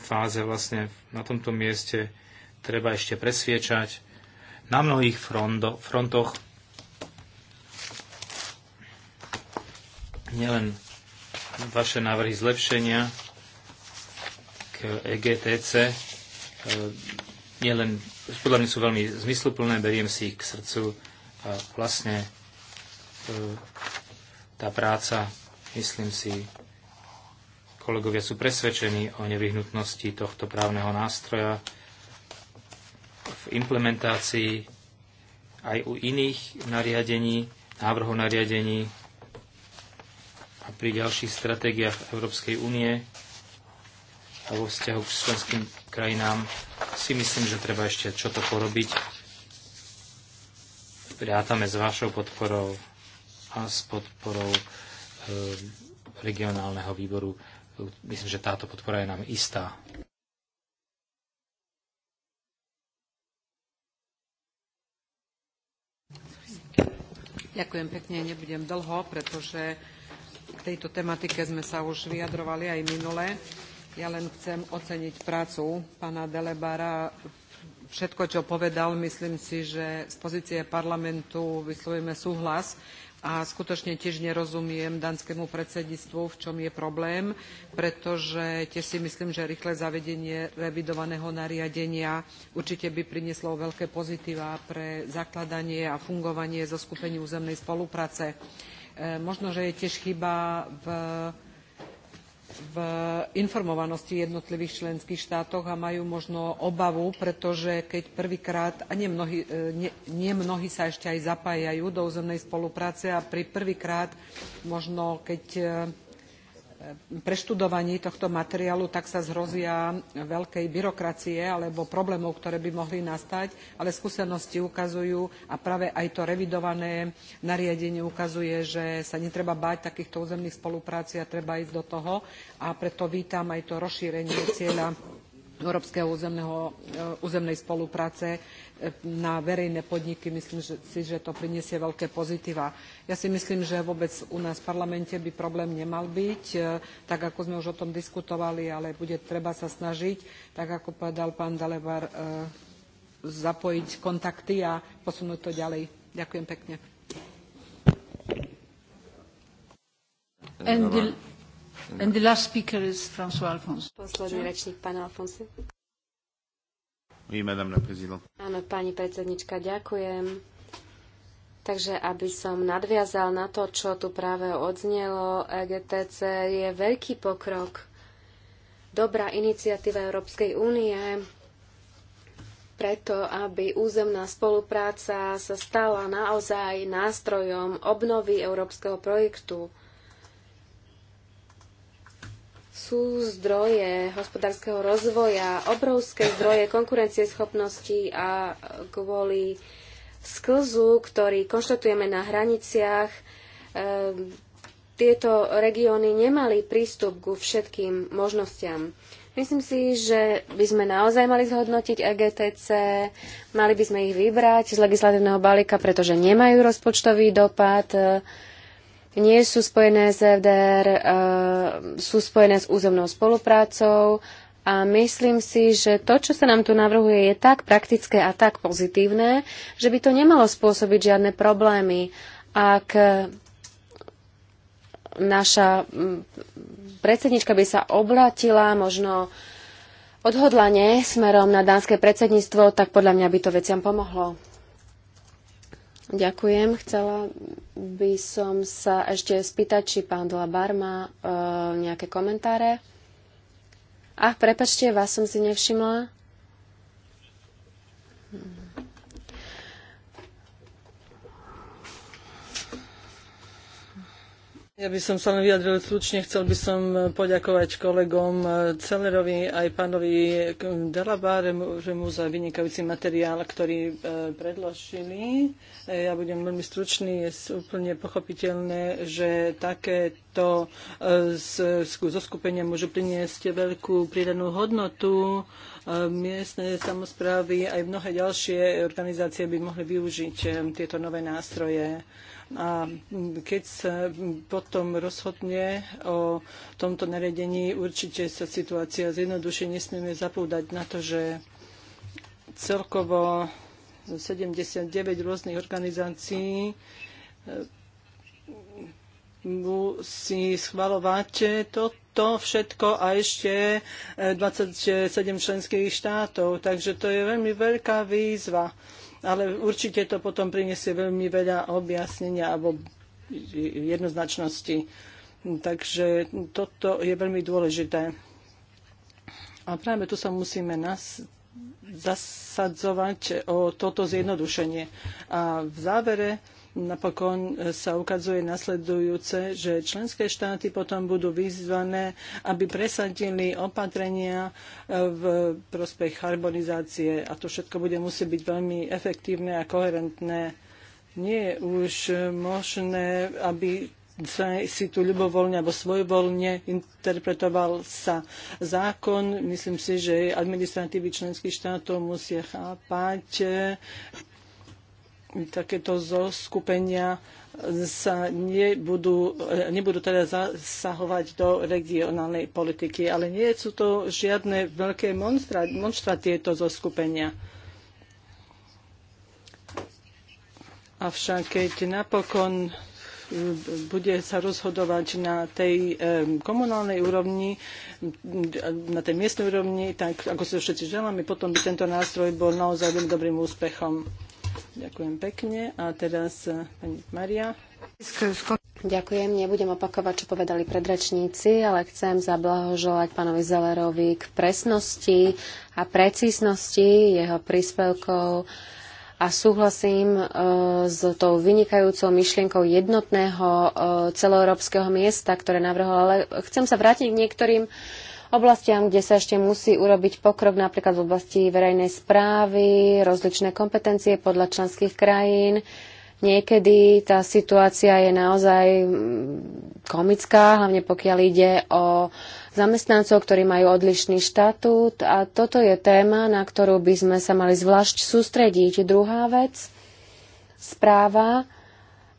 fáze vlastne na tomto mieste treba ešte presviečať na mnohých frontoch nielen vaše návrhy zlepšenia k EGTC, e, nielen, podľa mňa sú veľmi zmysluplné, beriem si ich k srdcu a vlastne e, tá práca, myslím si, kolegovia sú presvedčení o nevyhnutnosti tohto právneho nástroja v implementácii aj u iných nariadení, návrhov nariadení a pri ďalších stratégiách Európskej únie a vo vzťahu k členským krajinám si myslím, že treba ešte čo to porobiť. Prijatame s vašou podporou a s podporou e, regionálneho výboru. Myslím, že táto podpora je nám istá. Ďakujem pekne, nebudem dlho, pretože k tejto tematike sme sa už vyjadrovali aj minule. Ja len chcem oceniť prácu pána Delebara. Všetko, čo povedal, myslím si, že z pozície parlamentu vyslovíme súhlas a skutočne tiež nerozumiem danskému predsedníctvu, v čom je problém, pretože tiež si myslím, že rýchle zavedenie revidovaného nariadenia určite by prinieslo veľké pozitíva pre zakladanie a fungovanie zo skupení územnej spolupráce. Eh, možno, že je tiež chyba v, v informovanosti jednotlivých členských štátoch a majú možno obavu, pretože keď prvýkrát, a nie, eh, nie mnohí sa ešte aj zapájajú do územnej spolupráce a pri prvýkrát možno keď eh, E, preštudovaní tohto materiálu tak sa zhrozia veľkej byrokracie alebo problémov, ktoré by mohli nastať, ale skúsenosti ukazujú a práve aj to revidované nariadenie ukazuje, že sa netreba báť takýchto územných spolupráci a treba ísť do toho a preto vítam aj to rozšírenie cieľa európskeho územného, e, územnej spolupráce e, na verejné podniky. Myslím si, že to prinesie veľké pozitíva. Ja si myslím, že vôbec u nás v parlamente by problém nemal byť, e, tak ako sme už o tom diskutovali, ale bude treba sa snažiť, tak ako povedal pán Dalevar, zapojiť kontakty a posunúť to ďalej. Ďakujem pekne. No. And the last speaker is François Alphonse. Posledný rečník, pán Alfonsi. Oui, madame la présidente. Áno, pani predsednička, ďakujem. Takže aby som nadviazal na to, čo tu práve odznelo, EGTC je veľký pokrok. Dobrá iniciatíva Európskej únie preto, aby územná spolupráca sa stala naozaj nástrojom obnovy európskeho projektu sú zdroje hospodárskeho rozvoja, obrovské zdroje konkurencieschopnosti a kvôli sklzu, ktorý konštatujeme na hraniciach, eh, tieto regióny nemali prístup ku všetkým možnostiam. Myslím si, že by sme naozaj mali zhodnotiť EGTC, mali by sme ich vybrať z legislatívneho balíka, pretože nemajú rozpočtový dopad. Eh, nie sú spojené s FDR, e, sú spojené s územnou spoluprácou a myslím si, že to, čo sa nám tu navrhuje, je tak praktické a tak pozitívne, že by to nemalo spôsobiť žiadne problémy, ak naša predsednička by sa obratila možno odhodlane smerom na dánske predsedníctvo, tak podľa mňa by to veciam pomohlo. Ďakujem. Chcela by som sa ešte spýtať, či pán Dlabar má e, nejaké komentáre. Ach, prepačte, vás som si nevšimla. Hm. Ja by som sa len vyjadril slučne, chcel by som poďakovať kolegom Celerovi aj pánovi Delabáremu za vynikajúci materiál, ktorý e, predložili. E, ja budem veľmi stručný, je úplne pochopiteľné, že takéto e, zoskupenia môžu priniesť veľkú pridanú hodnotu. Miestne samozprávy aj mnohé ďalšie organizácie by mohli využiť tieto nové nástroje a mm, keď sa mm, potom rozhodne o tomto naredení, určite sa situácia zjednoduše nesmieme zapúdať na to, že celkovo 79 rôznych organizácií e, musí schvalovať toto všetko a ešte 27 e, členských štátov. Takže to je veľmi veľká výzva ale určite to potom prinesie veľmi veľa objasnenia alebo jednoznačnosti. Takže toto je veľmi dôležité. A práve tu sa musíme nas, zasadzovať o toto zjednodušenie. A v závere Napokon e, sa ukazuje nasledujúce, že členské štáty potom budú vyzvané, aby presadili opatrenia e, v prospech harmonizácie a to všetko bude musieť byť veľmi efektívne a koherentné. Nie je už možné, aby si tu ľubovoľne alebo svojvoľne interpretoval sa zákon. Myslím si, že administratívy členských štátov musia chápať takéto zoskupenia sa nebudú, nebudú teda zasahovať do regionálnej politiky. Ale nie sú to žiadne veľké monstra, monstra tieto zoskupenia. Avšak keď napokon e, bude sa rozhodovať na tej e, komunálnej úrovni, na tej miestnej úrovni, tak ako si všetci želáme, potom by tento nástroj bol naozaj veľmi dobrým úspechom. Ďakujem pekne. A teraz eh, pani Maria. Ďakujem. Nebudem opakovať, čo povedali predrečníci, ale chcem zablahoželať pánovi Zelerovi k presnosti a precíznosti jeho príspevkov a súhlasím eh, s tou vynikajúcou myšlienkou jednotného eh, celoeurópskeho miesta, ktoré navrhol, ale chcem sa vrátiť k niektorým oblastiam, kde sa ešte musí urobiť pokrok, napríklad v oblasti verejnej správy, rozličné kompetencie podľa členských krajín. Niekedy tá situácia je naozaj mm, komická, hlavne pokiaľ ide o zamestnancov, ktorí majú odlišný štatút a toto je téma, na ktorú by sme sa mali zvlášť sústrediť. Druhá vec, správa.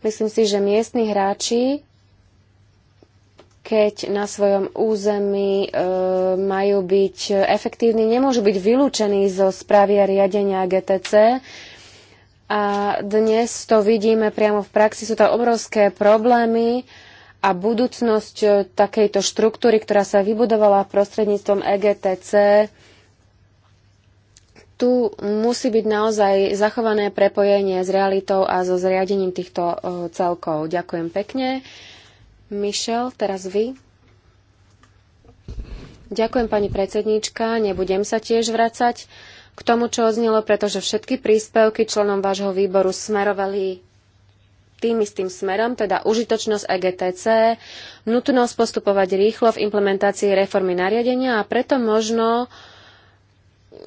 Myslím si, že miestni hráči keď na svojom území e, majú byť efektívni, nemôžu byť vylúčení zo správy a riadenia GTC. A dnes to vidíme priamo v praxi, sú to obrovské problémy a budúcnosť e, takejto štruktúry, ktorá sa vybudovala prostredníctvom EGTC, tu musí byť naozaj zachované prepojenie s realitou a so zriadením týchto e, celkov. Ďakujem pekne. Michel, teraz vy. Ďakujem, pani predsedníčka. Nebudem sa tiež vracať k tomu, čo oznelo, pretože všetky príspevky členom vášho výboru smerovali tým istým smerom, teda užitočnosť EGTC, nutnosť postupovať rýchlo v implementácii reformy nariadenia a preto možno uh,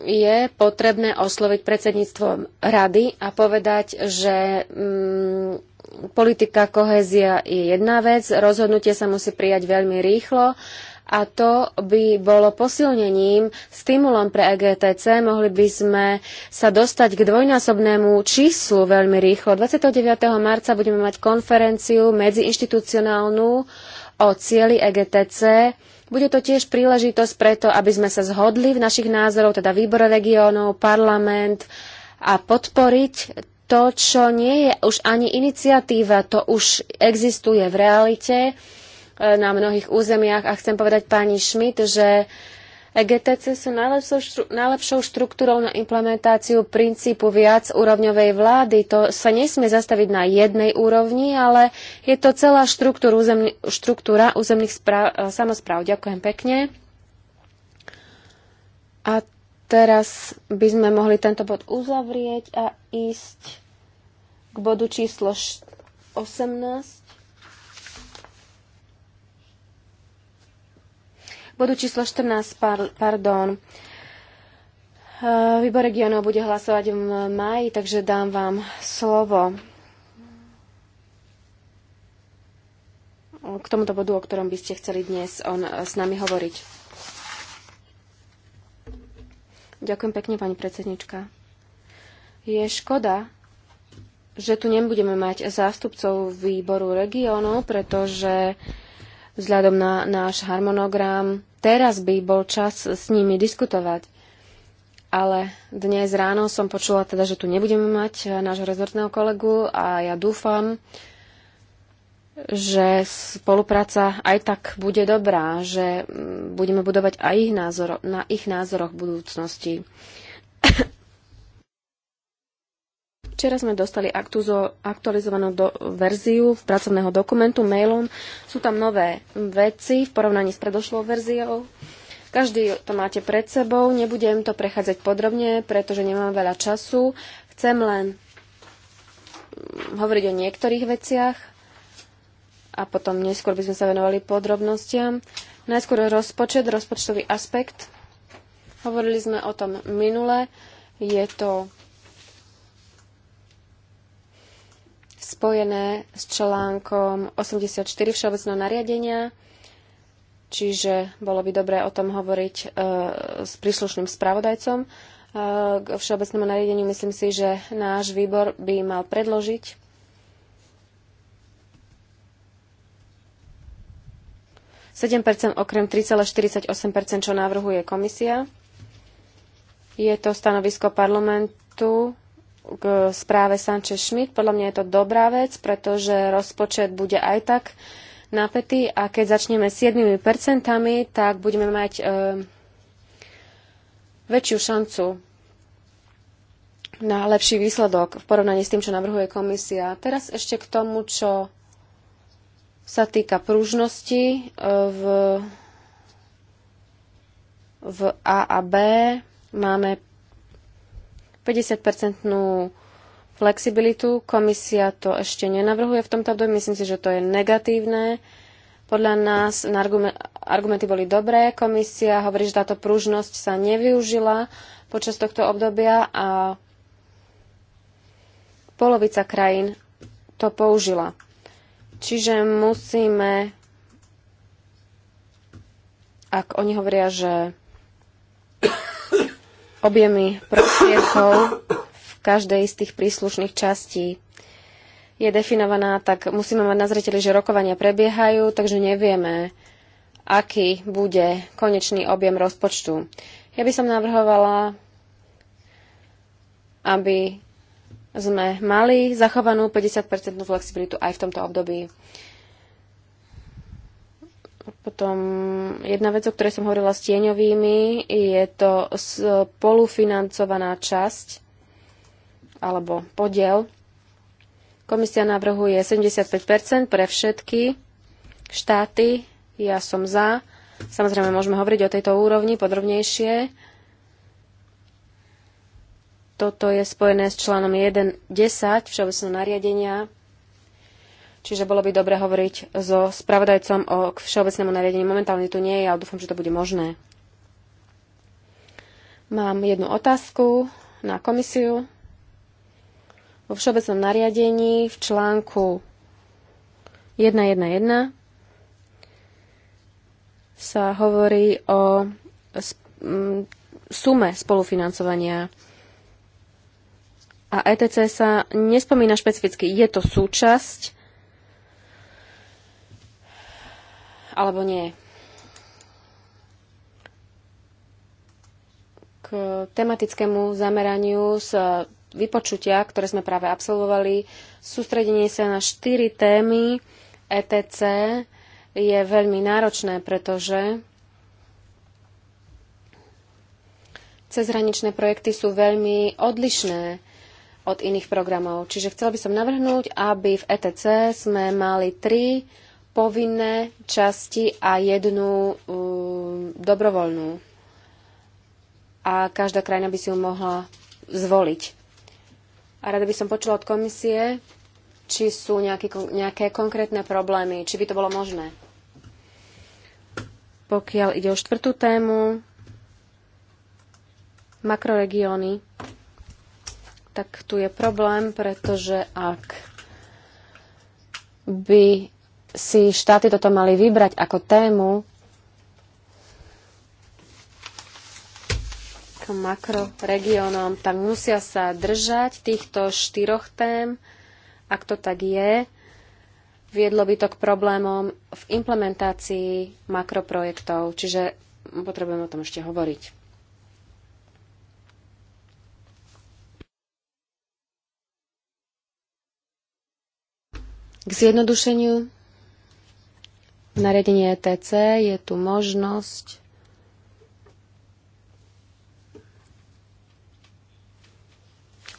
je potrebné osloviť predsedníctvo rady a povedať, že mm, politika kohézia je jedna vec, rozhodnutie sa musí prijať veľmi rýchlo a to by bolo posilnením, stimulom pre EGTC. Mohli by sme sa dostať k dvojnásobnému číslu veľmi rýchlo. 29. marca budeme mať konferenciu medziinštitucionálnu o cieli EGTC bude to tiež príležitosť preto, aby sme sa zhodli v našich názorov, teda výbor regiónov, parlament a podporiť to, čo nie je už ani iniciatíva, to už existuje v realite e, na mnohých územiach. A chcem povedať pani Schmidt, že EGTC sú najlepšou, štru, najlepšou štruktúrou na implementáciu princípu viac úrovňovej vlády. To sa nesmie zastaviť na jednej úrovni, ale je to celá štruktúra, územn, štruktúra územných správ, e, samozpráv. Ďakujem pekne. A teraz by sme mohli tento bod uzavrieť a ísť k bodu číslo 18. bodu číslo 14, par, pardon. E, výbor regionov bude hlasovať v maji, takže dám vám slovo k tomuto bodu, o ktorom by ste chceli dnes on, s nami hovoriť. Ďakujem pekne, pani predsednička. Je škoda, že tu nebudeme mať zástupcov výboru regionov, pretože uh, vzhľadom na náš harmonogram. Teraz by bol čas s nimi diskutovať. Ale dnes ráno som počula teda, že tu nebudeme mať eh, nášho rezortného kolegu a ja dúfam, že spolupráca aj tak bude dobrá, že mm, budeme budovať aj ich názor, na ich názoroch v budúcnosti. Včera sme dostali aktuzo, aktualizovanú do, verziu v pracovného dokumentu mailom. Sú tam nové veci v porovnaní s predošlou verziou. Každý to máte pred sebou. Nebudem to prechádzať podrobne, pretože nemám veľa času. Chcem len mm, hovoriť o niektorých veciach a potom neskôr by sme sa venovali podrobnostiam. Najskôr rozpočet, rozpočtový aspekt. Hovorili sme o tom minule. Je to spojené s článkom 84 Všeobecného nariadenia, čiže bolo by dobré o tom hovoriť e, s príslušným spravodajcom. E, k Všeobecnému nariadeniu myslím si, že náš výbor by mal predložiť okrem 3,48%, čo návrhuje komisia. Je to stanovisko parlamentu k správe Sanchez Schmidt. Podľa mňa je to dobrá vec, pretože rozpočet bude aj tak napätý a keď začneme 7 percentami, tak budeme mať e, väčšiu šancu na lepší výsledok v porovnaní s tým, čo navrhuje komisia. Teraz ešte k tomu, čo sa týka pružnosti e, v, v A a B. Máme 50-percentnú flexibilitu. Komisia to ešte nenavrhuje v tomto období. Myslím si, že to je negatívne. Podľa nás argumenty boli dobré. Komisia hovorí, že táto pružnosť sa nevyužila počas tohto obdobia a polovica krajín to použila. Čiže musíme, ak oni hovoria, že objemy prostriedkov v každej z tých príslušných častí je definovaná, tak musíme mať na zreteli, že rokovania prebiehajú, takže nevieme, aký bude konečný objem rozpočtu. Ja by som navrhovala, aby sme mali zachovanú 50% flexibilitu aj v tomto období. Potom jedna vec, o ktorej som hovorila s tieňovými, je to spolufinancovaná e, časť alebo podiel. Komisia navrhuje 75% pre všetky štáty. Ja som za. Samozrejme, môžeme hovoriť o tejto úrovni podrobnejšie. Toto je spojené s článom 1.10 Všeobecného nariadenia Čiže bolo by dobre hovoriť so spravodajcom o k všeobecnému nariadeniu. Momentálne tu nie je, ale dúfam, že to bude možné. Mám jednu otázku na komisiu. Vo všeobecnom nariadení v článku 1.1.1 sa hovorí o sume spolufinancovania a ETC sa nespomína špecificky. Je to súčasť alebo nie. K tematickému zameraniu z vypočutia, ktoré sme práve absolvovali, sústredenie sa na štyri témy ETC je veľmi náročné, pretože cezhraničné projekty sú veľmi odlišné od iných programov. Čiže chcela by som navrhnúť, aby v ETC sme mali tri povinné časti a jednu um, dobrovoľnú. A každá krajina by si ju mohla zvoliť. A rada by som počula od komisie, či sú nejaké, nejaké konkrétne problémy, či by to bolo možné. Pokiaľ ide o štvrtú tému, makroregióny, tak tu je problém, pretože ak by si štáty toto mali vybrať ako tému k makroregiónom, tak musia sa držať týchto štyroch tém. Ak to tak je, viedlo by to k problémom v implementácii makroprojektov, čiže potrebujeme o tom ešte hovoriť. K zjednodušeniu nariadenie ETC je tu možnosť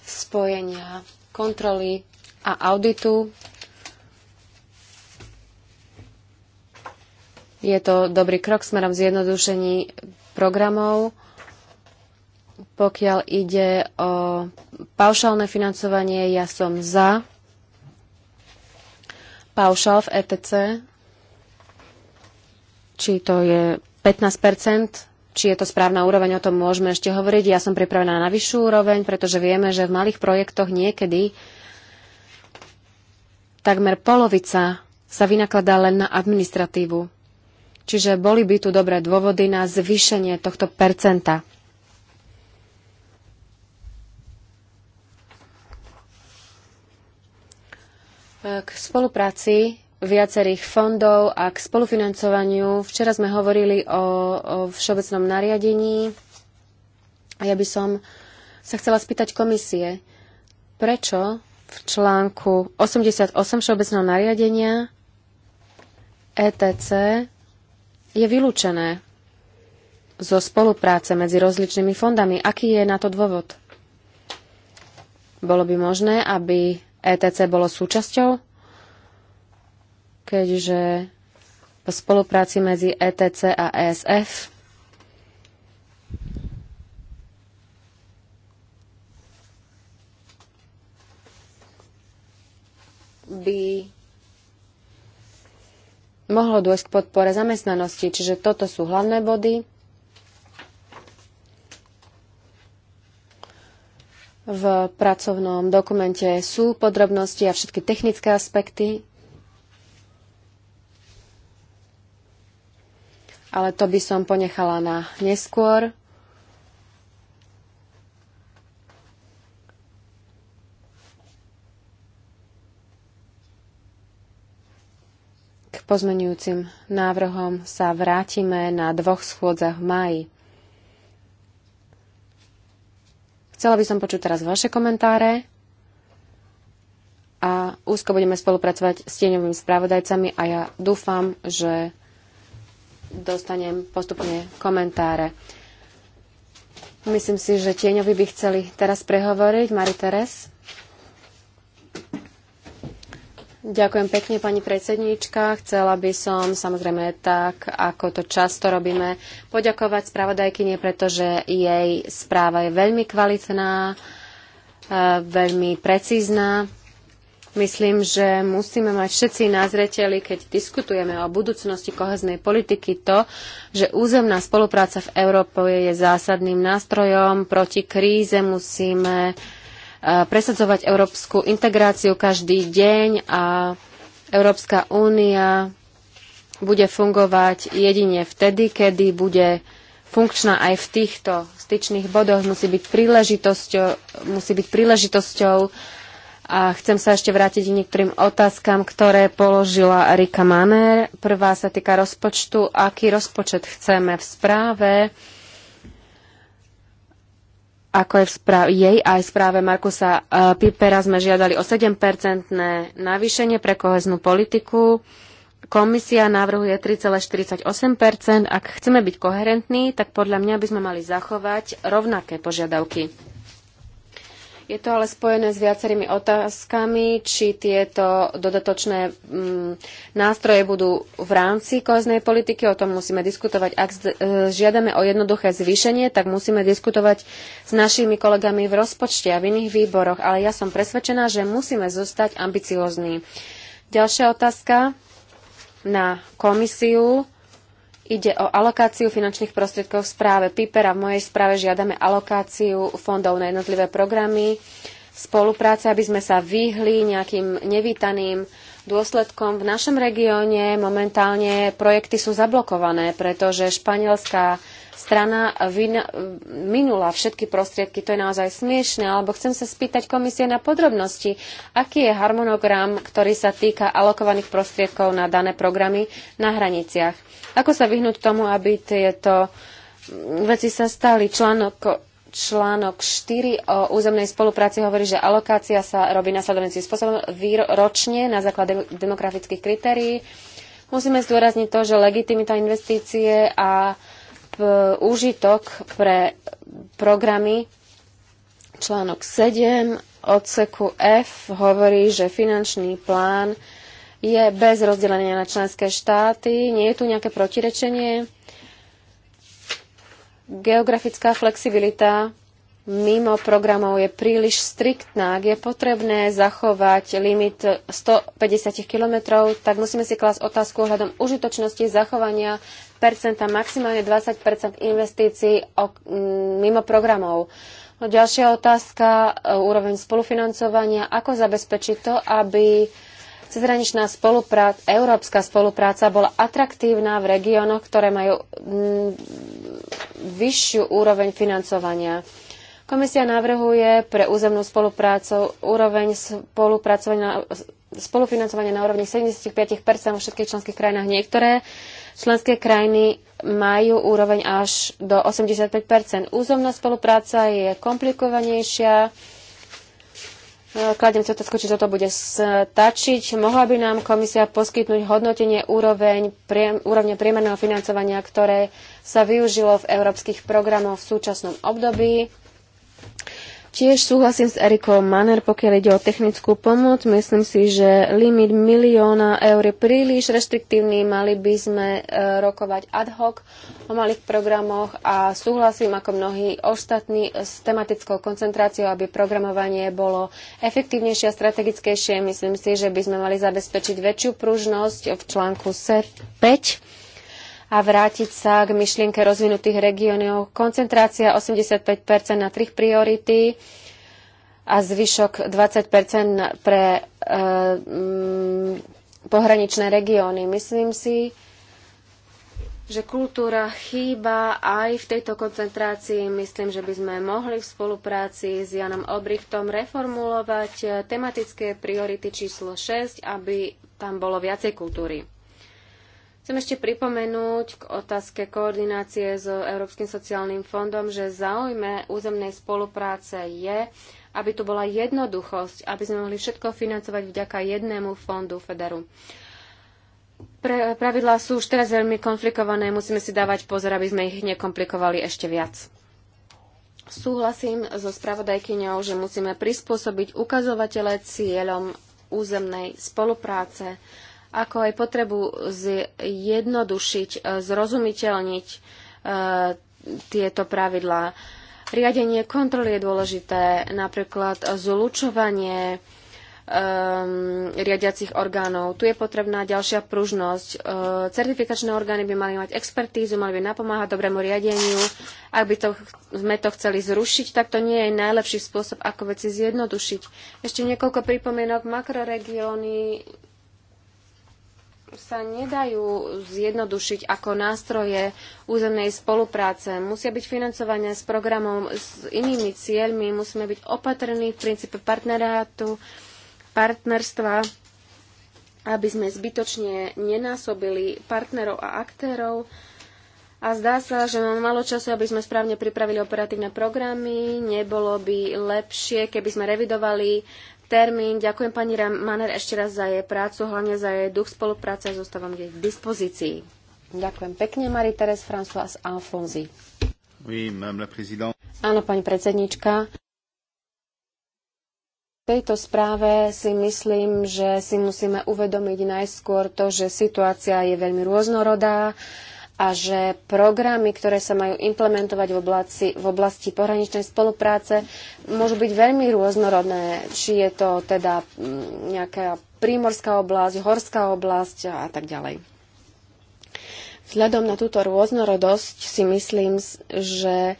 spojenia kontroly a auditu. Je to dobrý krok smerom zjednodušení programov. Pokiaľ ide o paušálne financovanie, ja som za paušál v ETC či to je 15 či je to správna úroveň, o tom môžeme ešte hovoriť. Ja som pripravená na vyššiu úroveň, pretože vieme, že v malých projektoch niekedy takmer polovica sa vynakladá len na administratívu. Čiže boli by tu dobré dôvody na zvýšenie tohto percenta. K spolupráci viacerých fondov a k spolufinancovaniu. Včera sme hovorili o, o všeobecnom nariadení a ja by som sa chcela spýtať komisie, prečo v článku 88 všeobecného nariadenia ETC je vylúčené zo spolupráce medzi rozličnými fondami. Aký je na to dôvod? Bolo by možné, aby ETC bolo súčasťou keďže po spolupráci medzi ETC a ESF by mohlo dôjsť k podpore zamestnanosti. Čiže toto sú hlavné body. V pracovnom dokumente sú podrobnosti a všetky technické aspekty. ale to by som ponechala na neskôr. K pozmenujúcim návrhom sa vrátime na dvoch schôdzach v maji. Chcela by som počuť teraz vaše komentáre a úzko budeme spolupracovať s tieňovými spravodajcami a ja dúfam, že dostanem postupne komentáre. Myslím si, že tieňovi by chceli teraz prehovoriť. Mari Teres. Ďakujem pekne, pani predsedníčka. Chcela by som, samozrejme tak, ako to často robíme, poďakovať spravodajkyne, pretože jej správa je veľmi kvalitná, eh, veľmi precízna Myslím, že musíme mať všetci na zreteli, keď diskutujeme o budúcnosti koheznej politiky, to, že územná spolupráca v Európe je zásadným nástrojom. Proti kríze musíme e, presadzovať európsku integráciu každý deň a Európska únia bude fungovať jedine vtedy, kedy bude funkčná aj v týchto styčných bodoch, musí byť príležitosťou, musí byť príležitosťou a chcem sa ešte vrátiť k niektorým otázkam, ktoré položila Rika Maner. Prvá sa týka rozpočtu. Aký rozpočet chceme v správe? Ako je v správe jej aj v správe Markusa e, Pipera sme žiadali o 7-percentné navýšenie pre koheznú politiku. Komisia navrhuje 3,48 Ak chceme byť koherentní, tak podľa mňa by sme mali zachovať rovnaké požiadavky je to ale spojené s viacerými otázkami, či tieto dodatočné m, mm, nástroje budú v rámci koheznej politiky, o tom musíme diskutovať. Ak e, žiadame o jednoduché zvýšenie, tak musíme diskutovať s našimi kolegami v rozpočte a v iných výboroch, ale ja som presvedčená, že musíme zostať ambiciozní. Ďalšia otázka na komisiu Ide o alokáciu finančných prostriedkov v správe PIPER a v mojej správe žiadame alokáciu fondov na jednotlivé programy spolupráce, aby sme sa vyhli nejakým nevítaným dôsledkom. V našom regióne momentálne projekty sú zablokované, pretože španielská strana minula všetky prostriedky. To je naozaj smiešne, alebo chcem sa spýtať komisie na podrobnosti, aký je harmonogram, ktorý sa týka alokovaných prostriedkov na dané programy na hraniciach ako sa vyhnúť tomu, aby tieto veci sa stali? Článok, článok 4 o územnej spolupráci hovorí, že alokácia sa robí nasledovným spôsobom ročne na základe demografických kritérií. Musíme zdôrazniť to, že legitimita investície a úžitok pre programy článok 7 odseku F hovorí, že finančný plán je bez rozdelenia na členské štáty. Nie je tu nejaké protirečenie? Geografická flexibilita mimo programov je príliš striktná. Ak je potrebné zachovať limit 150 km, tak musíme si klásť otázku ohľadom užitočnosti zachovania percenta, maximálne 20 investícií mimo programov. Ďalšia otázka, úroveň spolufinancovania. Ako zabezpečiť to, aby cezhraničná spolupráca, európska spolupráca bola atraktívna v regiónoch, ktoré majú mm, vyššiu úroveň financovania. Komisia navrhuje pre územnú spoluprácu úroveň spolupracovania spolufinancovanie na úrovni 75 vo všetkých členských krajinách. Niektoré členské krajiny majú úroveň až do 85 Územná spolupráca je komplikovanejšia, Eh, kladiem si otázku, či toto bude stačiť. Mohla by nám komisia poskytnúť hodnotenie úroveň, priem, úrovne priemerného financovania, ktoré sa využilo v európskych programoch v súčasnom období. Tiež súhlasím s Erikou Manner, pokiaľ ide o technickú pomoc. Myslím si, že limit milióna eur je príliš reštriktívny. Mali by sme e, rokovať ad hoc o malých programoch a súhlasím ako mnohí ostatní s tematickou koncentráciou, aby programovanie bolo efektívnejšie a strategickejšie. Myslím si, že by sme mali zabezpečiť väčšiu pružnosť v článku SEF 5 a vrátiť sa k myšlienke rozvinutých regiónov. Koncentrácia 85 na trich priority a zvyšok 20 pre e, m, mm, pohraničné regióny. Myslím si, že kultúra chýba aj v tejto koncentrácii. Myslím, že by sme mohli v spolupráci s Janom Obrichtom reformulovať tematické priority číslo 6, aby tam bolo viacej kultúry. Chcem ešte pripomenúť k otázke koordinácie s Európskym sociálnym fondom, že záujme územnej spolupráce je, aby tu bola jednoduchosť, aby sme mohli všetko financovať vďaka jednému fondu Federu. Pre, pravidlá sú už teraz veľmi konflikované, musíme si dávať pozor, aby sme ich nekomplikovali ešte viac. Súhlasím so spravodajkyňou, že musíme prispôsobiť ukazovatele cieľom územnej spolupráce ako aj potrebu zjednodušiť, e, zrozumiteľniť e, tieto pravidlá. Riadenie kontroly je dôležité, napríklad zlučovanie um, riadiacich orgánov. Tu je potrebná ďalšia pružnosť. Uh, certifikačné orgány by mali mať expertízu, mali by napomáhať dobrému riadeniu. Ak by to, sme to chceli zrušiť, tak to nie je najlepší spôsob, ako veci zjednodušiť. Ešte niekoľko pripomienok makroregióny sa nedajú zjednodušiť ako nástroje územnej spolupráce. Musia byť financované s programom s inými cieľmi, musíme byť opatrní v princípe partnerátu, partnerstva, aby sme zbytočne nenásobili partnerov a aktérov. A zdá sa, že máme malo času, aby sme správne pripravili operatívne programy. Nebolo by lepšie, keby sme revidovali termín. Ďakujem pani Maner ešte raz za jej prácu, hlavne za jej duch spolupráce a zostávam jej k dispozícii. Ďakujem pekne, marie Teres François Alfonzi. Oui, la Áno, pani predsednička. V tejto správe si myslím, že si musíme uvedomiť najskôr to, že situácia je veľmi rôznorodá a že programy, ktoré sa majú implementovať v oblasti, v oblasti pohraničnej spolupráce, môžu byť veľmi rôznorodné, či je to teda mm, nejaká prímorská oblasť, horská oblasť a tak ďalej. Vzhľadom na túto rôznorodosť si myslím, že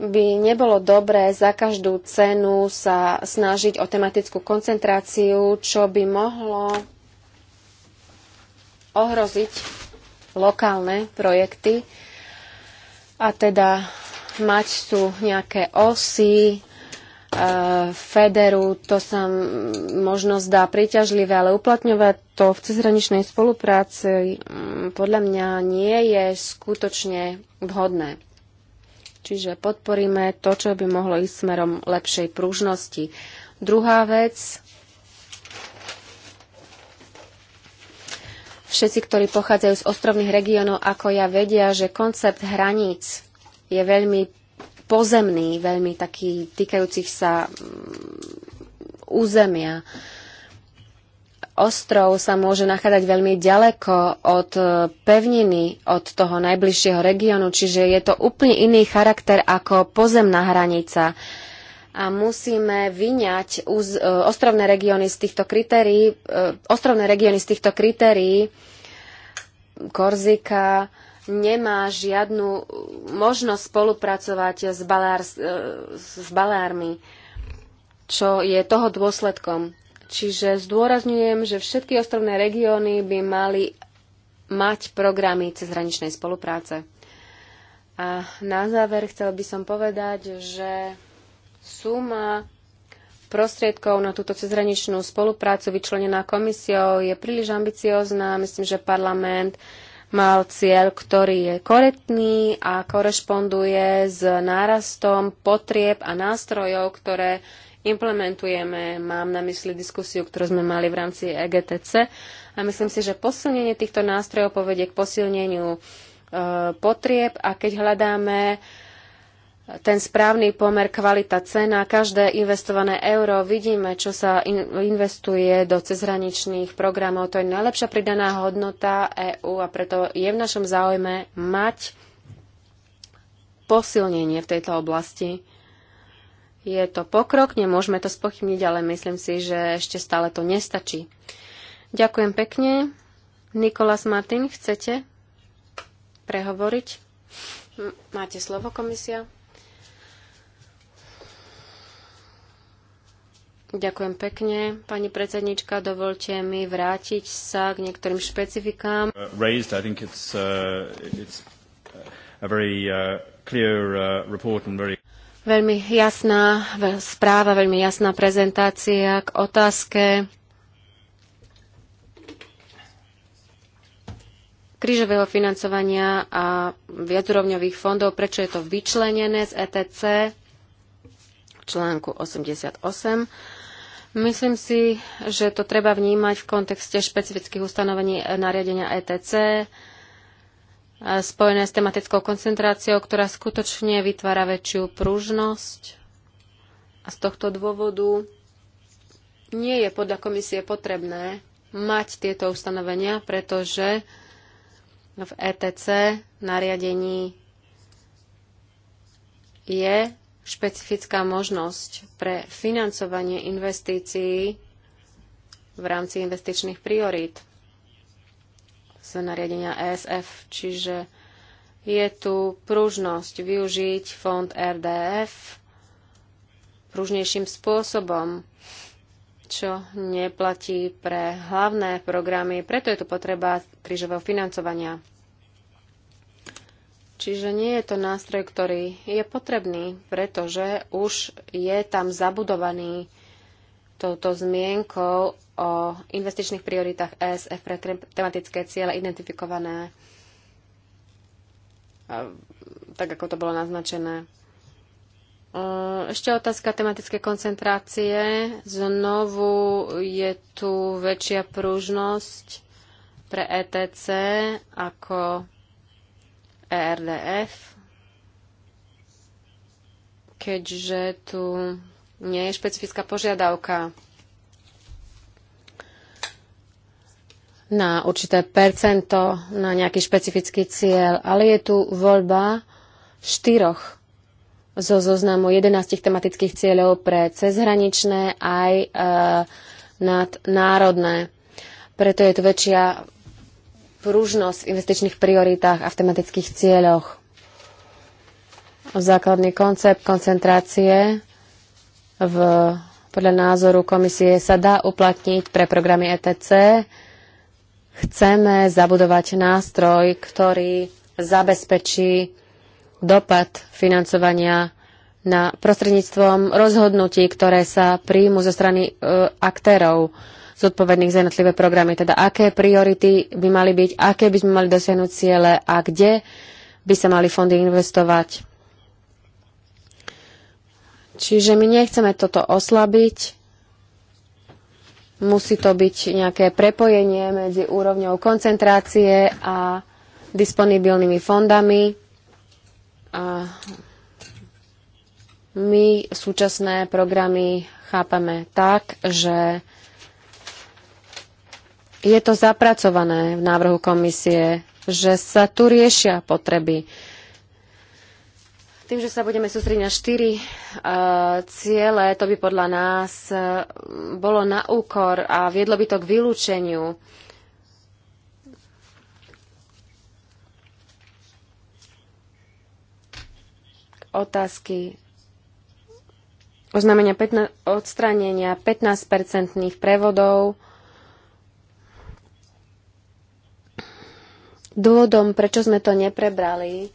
by nebolo dobré za každú cenu sa snažiť o tematickú koncentráciu, čo by mohlo ohroziť lokálne projekty a teda mať tu nejaké osy, e, Federu, to sa možno zdá priťažlivé, ale uplatňovať to v cezhraničnej spolupráci podľa mňa nie je skutočne vhodné. Čiže podporíme to, čo by mohlo ísť smerom lepšej pružnosti. Druhá vec, Všetci, ktorí pochádzajú z ostrovných regiónov, ako ja, vedia, že koncept hraníc je veľmi pozemný, veľmi taký týkajúcich sa mm, územia. Ostrov sa môže nachádzať veľmi ďaleko od e, pevniny, od toho najbližšieho regiónu, čiže je to úplne iný charakter ako pozemná hranica a musíme vyňať uz, e, ostrovné regióny z týchto kritérií, e, ostrovné regióny z týchto kritérií. Korzika nemá žiadnu možnosť spolupracovať s, Balár, e, s Balármi, čo je toho dôsledkom. Čiže zdôrazňujem, že všetky ostrovné regióny by mali mať programy cezhraničnej spolupráce. A na záver chcel by som povedať, že suma prostriedkov na túto cezhraničnú spoluprácu vyčlenená komisiou je príliš ambiciózna. Myslím, že parlament mal cieľ, ktorý je korektný a korešponduje s nárastom potrieb a nástrojov, ktoré implementujeme. Mám na mysli diskusiu, ktorú sme mali v rámci EGTC a myslím si, že posilnenie týchto nástrojov povedie k posilneniu e, potrieb a keď hľadáme ten správny pomer kvalita-cena. Každé investované euro vidíme, čo sa investuje do cezhraničných programov. To je najlepšia pridaná hodnota EÚ a preto je v našom záujme mať posilnenie v tejto oblasti. Je to pokrok, nemôžeme to spochybniť, ale myslím si, že ešte stále to nestačí. Ďakujem pekne. Nikolas Martin, chcete prehovoriť? Máte slovo, komisia. Ďakujem pekne. Pani predsednička, dovolte mi vrátiť sa k niektorým špecifikám. Uh, raised, I think it's, uh, uh, a very clear report and very... Veľmi jasná správa, veľmi jasná prezentácia k otázke krížového financovania a viacúrovňových fondov, prečo je to vyčlenené z ETC v článku 88 Myslím si, že to treba vnímať v kontexte špecifických ustanovení nariadenia ETC, spojené s tematickou koncentráciou, ktorá skutočne vytvára väčšiu pružnosť. A z tohto dôvodu nie je podľa komisie potrebné mať tieto ustanovenia, pretože v ETC nariadení je špecifická možnosť pre financovanie investícií v rámci investičných priorít z nariadenia ESF, čiže je tu pružnosť využiť fond RDF prúžnejším spôsobom, čo neplatí pre hlavné programy, preto je tu potreba krížového financovania. Čiže nie je to nástroj, ktorý je potrebný, pretože už je tam zabudovaný touto zmienkou o investičných prioritách ESF pre tematické ciele identifikované tak, ako to bolo naznačené. E, ešte otázka tematické koncentrácie. Znovu je tu väčšia pružnosť pre ETC ako ERDF, keďže tu nie je špecifická požiadavka na určité percento, na nejaký špecifický cieľ, ale je tu voľba štyroch zo zoznamu 11 tematických cieľov pre cezhraničné aj e, nadnárodné. Preto je tu väčšia pružnosť v investičných prioritách a v tematických cieľoch. Základný koncept koncentrácie v, podľa názoru komisie sa dá uplatniť pre programy ETC. Chceme zabudovať nástroj, ktorý zabezpečí dopad financovania na prostredníctvom rozhodnutí, ktoré sa príjmu zo strany e, aktérov. E, zodpovedných za jednotlivé programy. Teda aké priority by mali byť, aké by sme mali dosiahnuť ciele a kde by sa mali fondy investovať. Čiže my nechceme toto oslabiť. Musí to byť nejaké prepojenie medzi úrovňou koncentrácie a disponibilnými fondami. A my súčasné programy chápame tak, že je to zapracované v návrhu komisie, že sa tu riešia potreby. Tým, že sa budeme sústrediť na štyri uh, ciele, to by podľa nás uh, bolo na úkor a viedlo by to k vylúčeniu otázky oznámenia 15, odstránenia 15-percentných prevodov Dôvodom, prečo sme to neprebrali,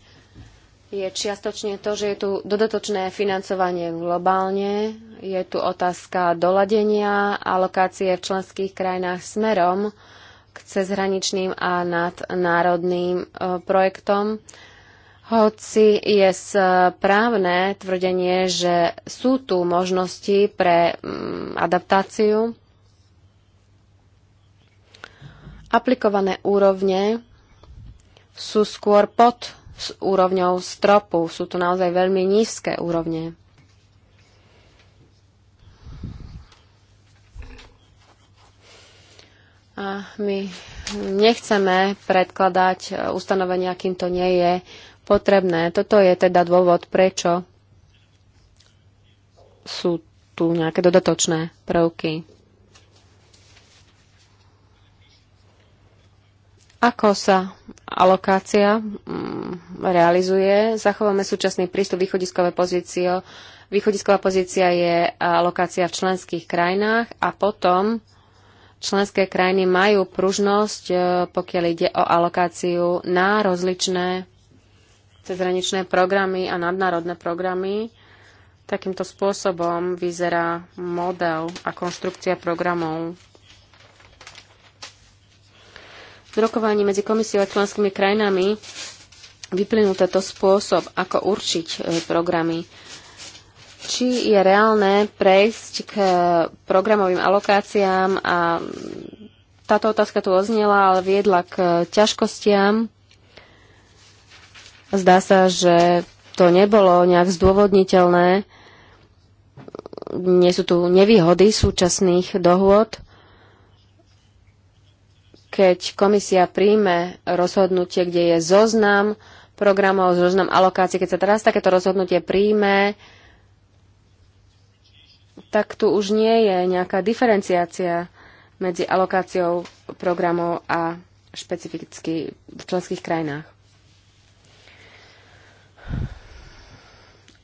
je čiastočne to, že je tu dodatočné financovanie globálne, je tu otázka doladenia, a lokácie v členských krajinách smerom k cezhraničným a nadnárodným e, projektom. Hoci je správne tvrdenie, že sú tu možnosti pre mm, adaptáciu, aplikované úrovne sú skôr pod úrovňou stropu. Sú tu naozaj veľmi nízke úrovne. A my nechceme predkladať e, ustanovenia, kým to nie je potrebné. Toto je teda dôvod, prečo sú tu nejaké dodatočné prvky. Ako sa alokácia mm, realizuje. Zachováme súčasný prístup východiskové pozície. Východisková pozícia je alokácia v členských krajinách a potom členské krajiny majú pružnosť, e, pokiaľ ide o alokáciu na rozličné cezhraničné programy a nadnárodné programy. Takýmto spôsobom vyzerá model a konštrukcia programov v rokovaní medzi komisiou a členskými krajinami vyplynul tento spôsob, ako určiť e, programy. Či je reálne prejsť k e, programovým alokáciám a táto otázka tu oznela, ale viedla k e, ťažkostiam. Zdá sa, že to nebolo nejak zdôvodniteľné. Nie sú tu nevýhody súčasných dohôd keď komisia príjme rozhodnutie, kde je zoznam programov, zoznam alokácií, keď sa teraz takéto rozhodnutie príjme, tak tu už nie je nejaká diferenciácia medzi alokáciou programov a špecificky v členských krajinách.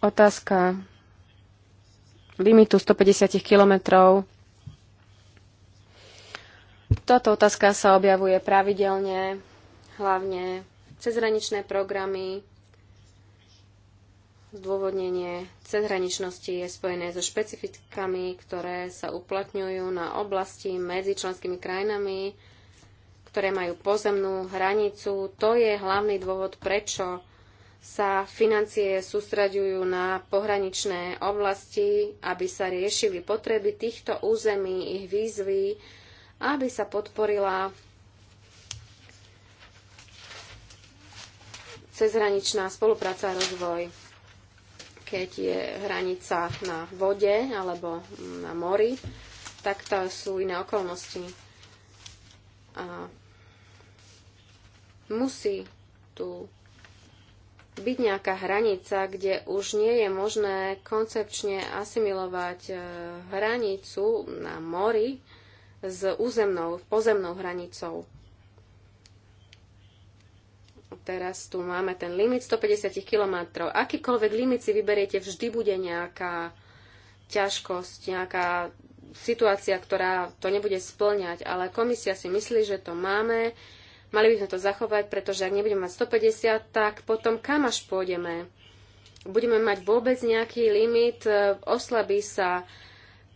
Otázka limitu 150 kilometrov táto otázka sa objavuje pravidelne, hlavne cezhraničné programy. Zdôvodnenie cezhraničnosti je spojené so špecifikami, ktoré sa uplatňujú na oblasti medzi členskými krajinami, ktoré majú pozemnú hranicu. To je hlavný dôvod, prečo sa financie sústraďujú na pohraničné oblasti, aby sa riešili potreby týchto území, ich výzvy, aby sa podporila cezhraničná spolupráca a rozvoj, keď je hranica na vode alebo na mori, tak to sú iné okolnosti. A musí tu byť nejaká hranica, kde už nie je možné koncepčne asimilovať eh, hranicu na mori s územnou, pozemnou hranicou. Teraz tu máme ten limit 150 km. Akýkoľvek limit si vyberiete, vždy bude nejaká ťažkosť, nejaká situácia, ktorá to nebude splňať. Ale komisia si myslí, že to máme. Mali by sme to zachovať, pretože ak nebudeme mať 150, tak potom kam až pôjdeme? Budeme mať vôbec nejaký limit, oslabí sa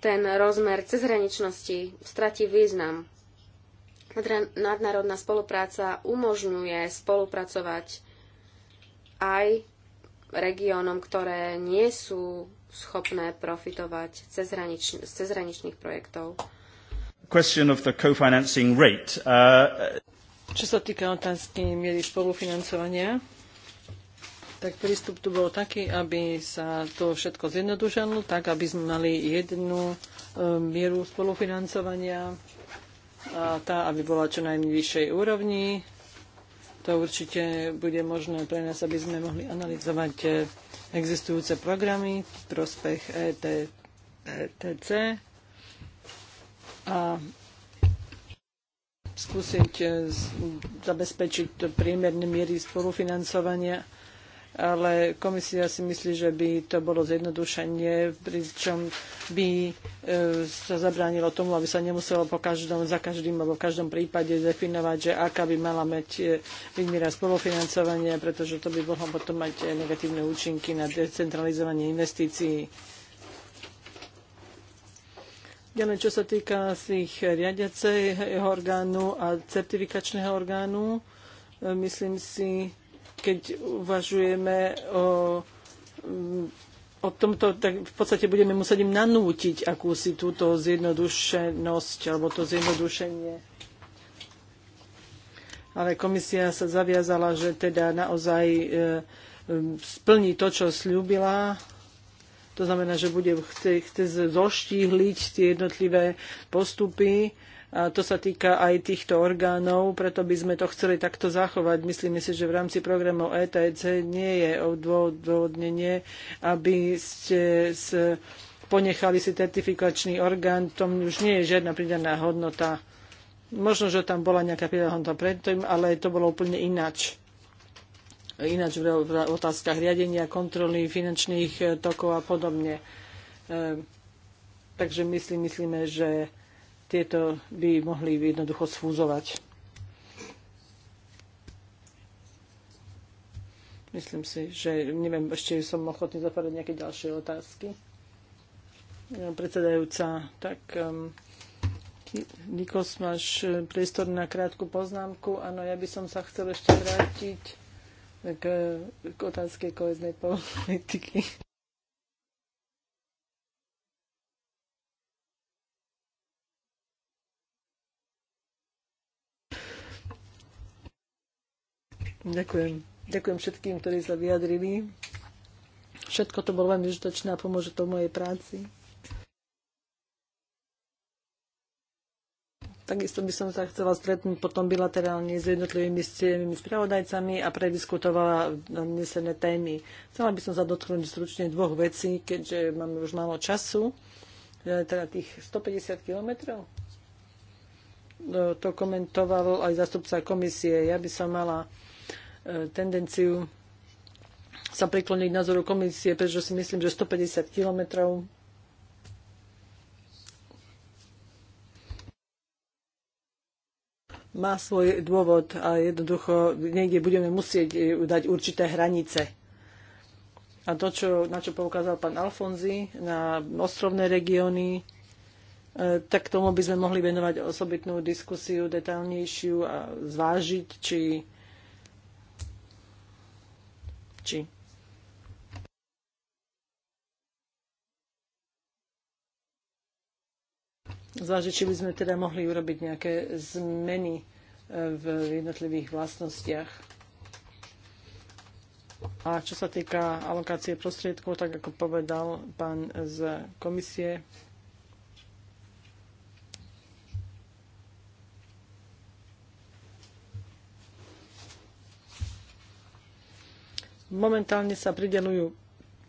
ten rozmer cezhraničnosti stratí význam. Nadnárodná spolupráca umožňuje spolupracovať aj regiónom, ktoré nie sú schopné profitovať cezhranič- z cezhraničných projektov. Question of the co-financing rate. Uh... Čo sa týka otázky miery spolufinancovania, tak prístup tu bol taký, aby sa to všetko zjednodušilo, tak aby sme mali jednu e, mieru spolufinancovania a tá, aby bola čo najvyššej úrovni. To určite bude možné pre nás, aby sme mohli analyzovať e, existujúce programy v prospech ETC e a skúsiť zabezpečiť priemerné miery spolufinancovania ale komisia si myslí, že by to bolo zjednodušenie, pričom by e, sa zabránilo tomu, aby sa nemuselo po každom, za každým alebo v každom prípade definovať, že aká by mala mať e, výmiera spolufinancovania, pretože to by mohlo potom mať negatívne účinky na decentralizovanie investícií. Ďalej, čo sa týka tých riadiaceho orgánu a certifikačného orgánu, e, myslím si, keď uvažujeme o, o tomto, tak v podstate budeme musieť im nanútiť akúsi túto zjednodušenosť alebo to zjednodušenie. Ale komisia sa zaviazala, že teda naozaj e, splní to, čo slúbila to znamená, že bude chce, zoštíhliť tie jednotlivé postupy a to sa týka aj týchto orgánov, preto by sme to chceli takto zachovať. Myslíme si, že v rámci programov ETC nie je odôvodnenie, aby ste s, ponechali si certifikačný orgán, tom už nie je žiadna pridaná hodnota. Možno, že tam bola nejaká pridaná hodnota predtým, ale to bolo úplne ináč ináč v otázkach riadenia, kontroly finančných eh, tokov a podobne. Eh, takže my si myslíme, že tieto by mohli jednoducho sfúzovať. Myslím si, že neviem, ešte som ochotný zapadať nejaké ďalšie otázky. predsedajúca, tak um, Nikos, máš eh, priestor na krátku poznámku. Áno, ja by som sa chcel ešte vrátiť k, k otázke koheznej politiky. Ďakujem. Ďakujem všetkým, ktorí sa vyjadrili. Všetko to bolo veľmi užitočné a pomôže to mojej práci. Takisto by som sa chcela stretnúť potom bilaterálne s jednotlivými stejnými spravodajcami a prediskutovala nesené témy. Chcela by som sa dotknúť stručne dvoch vecí, keďže máme už málo času, e, teda tých 150 kilometrov. E, to komentoval aj zastupca komisie. Ja by som mala tendenciu sa prikloniť názoru komisie, pretože si myslím, že 150 kilometrov má svoj dôvod a jednoducho niekde budeme musieť eh, dať určité hranice. A to, čo, na čo poukázal pán Alfonzi, na ostrovné regióny, eh, tak tomu by sme mohli venovať osobitnú diskusiu, detailnejšiu a zvážiť, či ľahčí. Zvlášť, či by sme teda mohli urobiť nejaké zmeny e, v jednotlivých vlastnostiach. A čo sa týka alokácie prostriedkov, tak ako povedal pán z komisie, momentálne sa pridelujú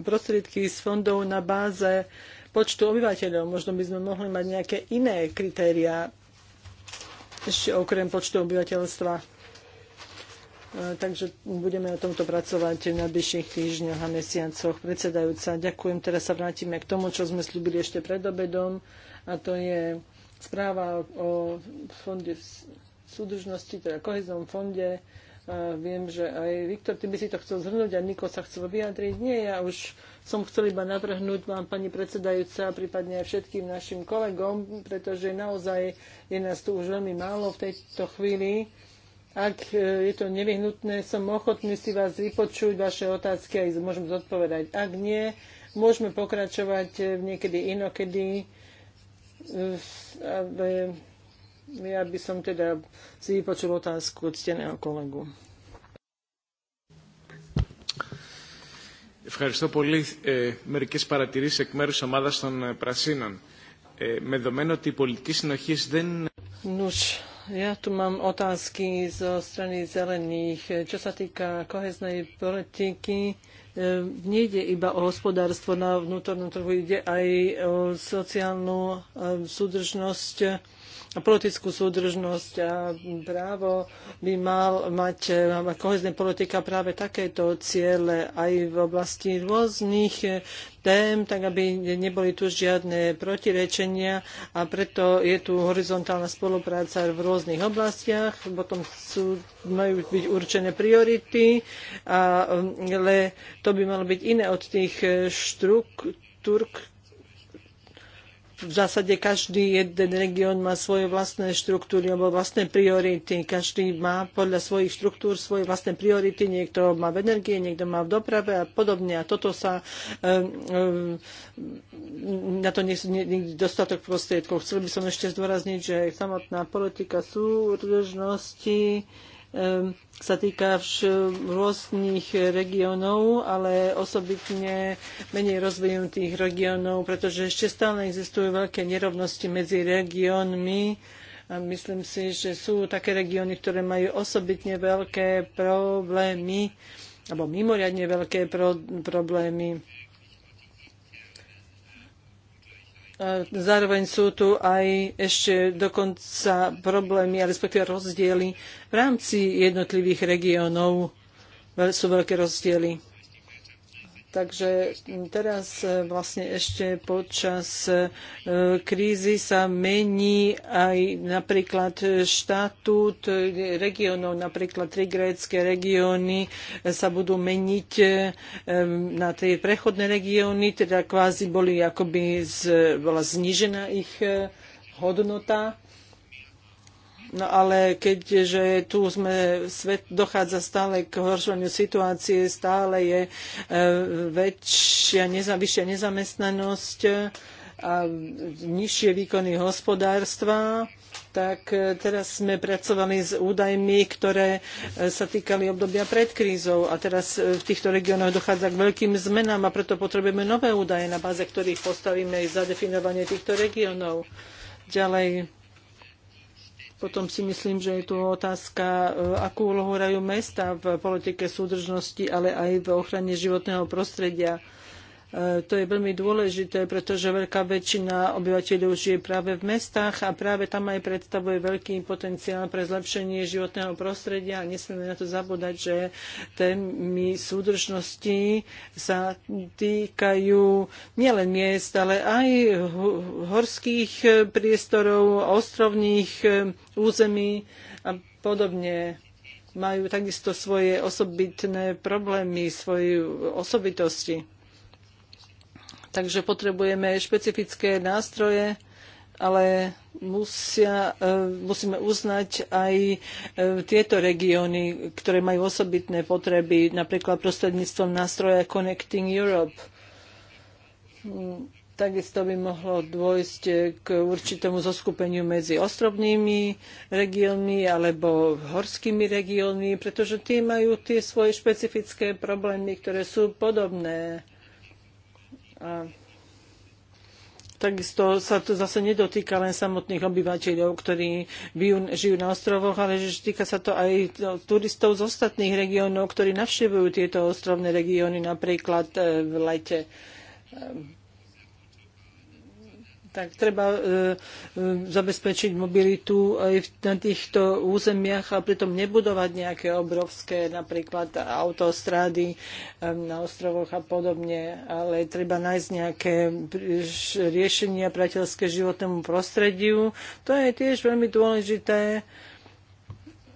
prostriedky z fondov na báze počtu obyvateľov. Možno by sme mohli mať nejaké iné kritériá ešte okrem počtu obyvateľstva. E, takže budeme na tomto pracovať v najbližších týždňoch a mesiacoch. Predsedajúca, ďakujem. Teraz sa vrátime k tomu, čo sme slúbili ešte pred obedom. A to je správa o fonde súdržnosti, teda koheznom fonde viem, že aj Viktor, ty by si to chcel zhrnúť a Niko sa chcel vyjadriť. Nie, ja už som chcel iba navrhnúť vám, pani predsedajúca, prípadne aj všetkým našim kolegom, pretože naozaj je nás tu už veľmi málo v tejto chvíli. Ak e, je to nevyhnutné, som ochotný si vás vypočuť, vaše otázky aj môžem zodpovedať. Ak nie, môžeme pokračovať e, niekedy inokedy. E, ja by som teda si vypočul otázku od steného kolegu. Ευχαριστώ πολύ. Ε, μερικές παρατηρήσεις εκ μέρους ομάδας των Πρασίνων. Ε, με δεδομένο ότι η πολιτική συνοχή δεν... Νους, ja tu mám otázky zo strany zelených. Čo sa týka koheznej politiky, e, nejde iba o hospodárstvo na vnútornom trhu, ide aj o sociálnu e, súdržnosť politickú súdržnosť a právo by mal mať kohezná politika práve takéto ciele aj v oblasti rôznych tém, tak aby neboli tu žiadne protirečenia a preto je tu horizontálna spolupráca v rôznych oblastiach, potom sú, majú byť určené priority, ale to by malo byť iné od tých štruktúr, v zásade každý jeden región má svoje vlastné štruktúry alebo vlastné priority. Každý má podľa svojich štruktúr svoje vlastné priority. Niekto má v energie, niekto má v doprave a podobne. A toto sa um, um, na to nie, nie, dostatok prostriedkov. Chcel by som ešte zdôrazniť, že samotná politika súdržnosti sa týka rôznych regiónov, ale osobitne menej rozvinutých regiónov, pretože ešte stále existujú veľké nerovnosti medzi regiónmi. A myslím si, že sú také regióny, ktoré majú osobitne veľké problémy, alebo mimoriadne veľké pro, problémy Zároveň sú tu aj ešte dokonca problémy, respektíve rozdiely v rámci jednotlivých regiónov. Sú veľké rozdiely. Takže teraz e, vlastne ešte počas e, krízy sa mení aj napríklad štatút regionov, napríklad tri grécké regióny sa budú meniť e, na tie prechodné regióny, teda kvázi boli akoby z, bola znižená ich hodnota No ale keďže tu sme, svet dochádza stále k horšovaniu situácie, stále je e, väčšia, neza, vyššia nezamestnanosť a nižšie výkony hospodárstva, tak e, teraz sme pracovali s údajmi, ktoré e, sa týkali obdobia pred krízou a teraz v týchto regiónoch dochádza k veľkým zmenám a preto potrebujeme nové údaje, na báze ktorých postavíme zadefinovanie týchto regiónov. Ďalej potom si myslím, že je tu otázka, e, akú úlohu hrajú mesta v politike súdržnosti, ale aj v ochrane životného prostredia. E, to je veľmi dôležité, pretože veľká väčšina obyvateľov žije práve v mestách a práve tam aj predstavuje veľký potenciál pre zlepšenie životného prostredia a nesmieme na to zabúdať, že témy súdržnosti sa týkajú nielen miest, ale aj horských priestorov, ostrovných e, území a podobne majú takisto svoje osobitné problémy, svoje osobitosti. Takže potrebujeme špecifické nástroje, ale musia, e, musíme uznať aj e, tieto regióny, ktoré majú osobitné potreby, napríklad prostredníctvom nástroja Connecting Europe. Takisto by mohlo dôjsť k určitému zoskupeniu medzi ostrovnými regiónmi alebo horskými regiónmi, pretože tie majú tie svoje špecifické problémy, ktoré sú podobné a Takisto sa to zase nedotýka len samotných obyvateľov, ktorí žijú na ostrovoch, ale že týka sa to aj turistov z ostatných regiónov, ktorí navštevujú tieto ostrovné regióny napríklad e, v lete. Ehm, tak treba e, e, zabezpečiť mobilitu aj na týchto územiach a pritom nebudovať nejaké obrovské napríklad autostrády e, na ostrovoch a podobne, ale treba nájsť nejaké riešenia priateľské životnému prostrediu. To je tiež veľmi dôležité.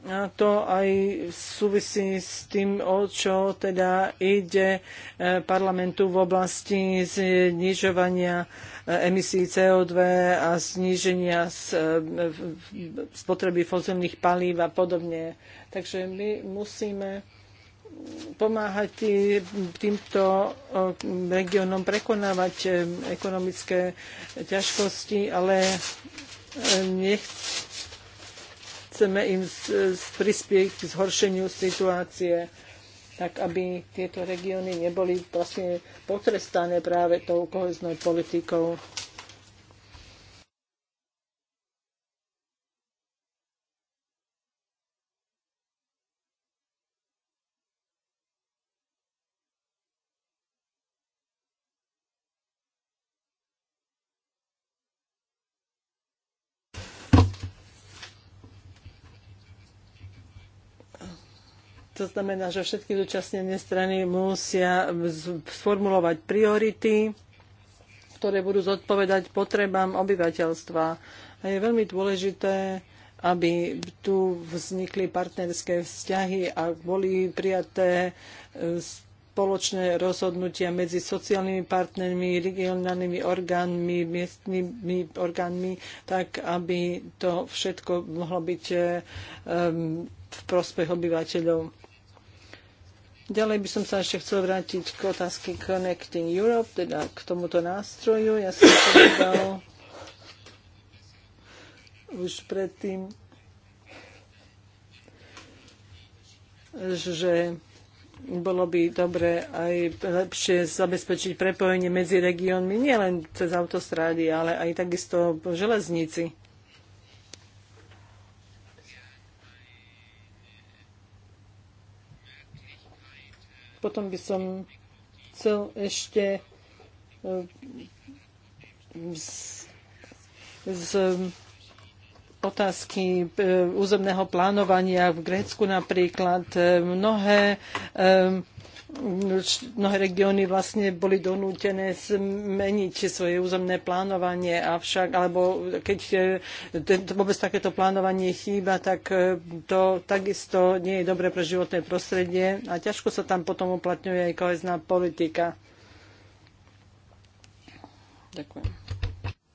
A to aj súvisí s tým, o čo teda ide e, parlamentu v oblasti znižovania emisí CO2 a zníženia e, spotreby fosilných palív a podobne. Takže my musíme pomáhať týmto e, regiónom prekonávať e, ekonomické ťažkosti, ale nechceme im prispieť k zhoršeniu situácie tak aby tieto regióny neboli vlastne potrestané práve tou koheznou politikou. To znamená, že všetky zúčastnené strany musia sformulovať priority, ktoré budú zodpovedať potrebám obyvateľstva. A je veľmi dôležité, aby tu vznikli partnerské vzťahy a boli prijaté e, spoločné rozhodnutia medzi sociálnymi partnermi, regionálnymi orgánmi, miestnymi orgánmi, tak aby to všetko mohlo byť e, v prospech obyvateľov. Ďalej by som sa ešte chcel vrátiť k otázke Connecting Europe, teda k tomuto nástroju. Ja som povedal už predtým, že bolo by dobre aj lepšie zabezpečiť prepojenie medzi regiónmi, nielen cez autostrády, ale aj takisto po železnici. Potom by som chcel ešte e, z, z otázky e, územného plánovania v Grécku napríklad. E, mnohé um, mnohé regióny vlastne boli donútené zmeniť svoje územné plánovanie, avšak, alebo keď e, tento, vôbec takéto plánovanie chýba, tak e, to takisto nie je dobre pre životné prostredie a ťažko sa tam potom uplatňuje aj kohezná politika. Ďakujem.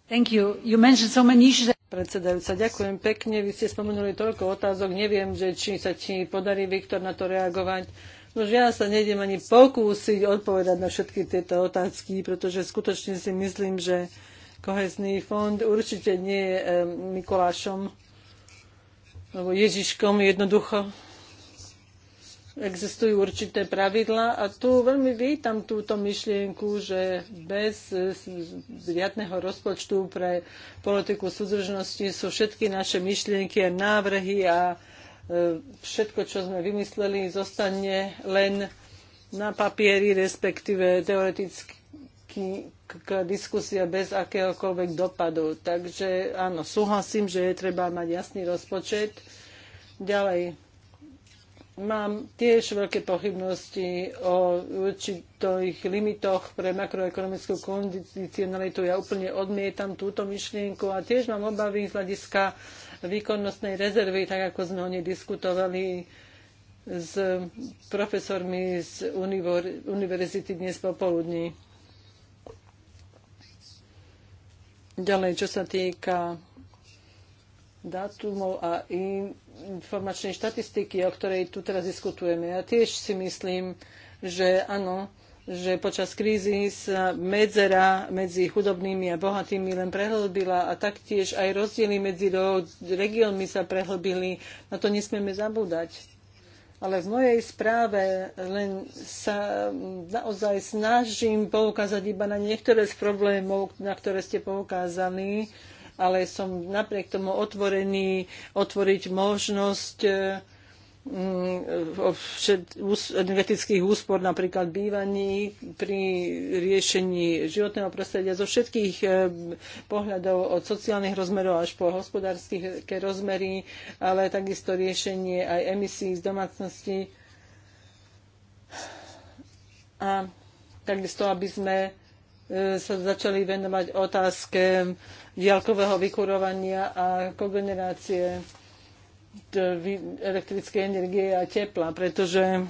Thank you. You mentioned so many issues predsedajúca. Ďakujem pekne. Vy ste spomenuli toľko otázok. Neviem, že či sa ti podarí, Viktor, na to reagovať No ja sa nejdem ani pokúsiť odpovedať na všetky tieto otázky, pretože skutočne si myslím, že kohezný fond určite nie je eh, Mikulášom alebo Ježiškom jednoducho. Existujú určité pravidla a tu veľmi vítam túto myšlienku, že bez eh, riadneho rozpočtu pre politiku súdržnosti sú všetky naše myšlienky a návrhy a všetko, čo sme vymysleli, zostane len na papieri, respektíve teoreticky diskusia bez akéhokoľvek dopadu. Takže áno, súhlasím, že je treba mať jasný rozpočet. Ďalej, mám tiež veľké pochybnosti o určitých limitoch pre makroekonomickú kondicionalitu. Ja úplne odmietam túto myšlienku a tiež mám obavy z hľadiska výkonnostnej rezervy, tak ako sme o nej diskutovali s profesormi z univerzity dnes popoludní. Ďalej, čo sa týka dátumov a informačnej štatistiky, o ktorej tu teraz diskutujeme. Ja tiež si myslím, že áno, že počas krízy sa medzera medzi chudobnými a bohatými len prehlbila a taktiež aj rozdiely medzi regiónmi sa prehlbili. Na to nesmieme zabúdať. Ale v mojej správe len sa naozaj snažím poukázať iba na niektoré z problémov, na ktoré ste poukázali, ale som napriek tomu otvorený otvoriť možnosť Mm, energetických úspor, napríklad bývaní, pri riešení životného prostredia zo všetkých eh, pohľadov od sociálnych rozmerov až po hospodárske rozmery, ale takisto riešenie aj emisí z domácnosti a takisto, aby sme eh, sa začali venovať otázke diálkového vykurovania a kogenerácie elektrickej energie a tepla, pretože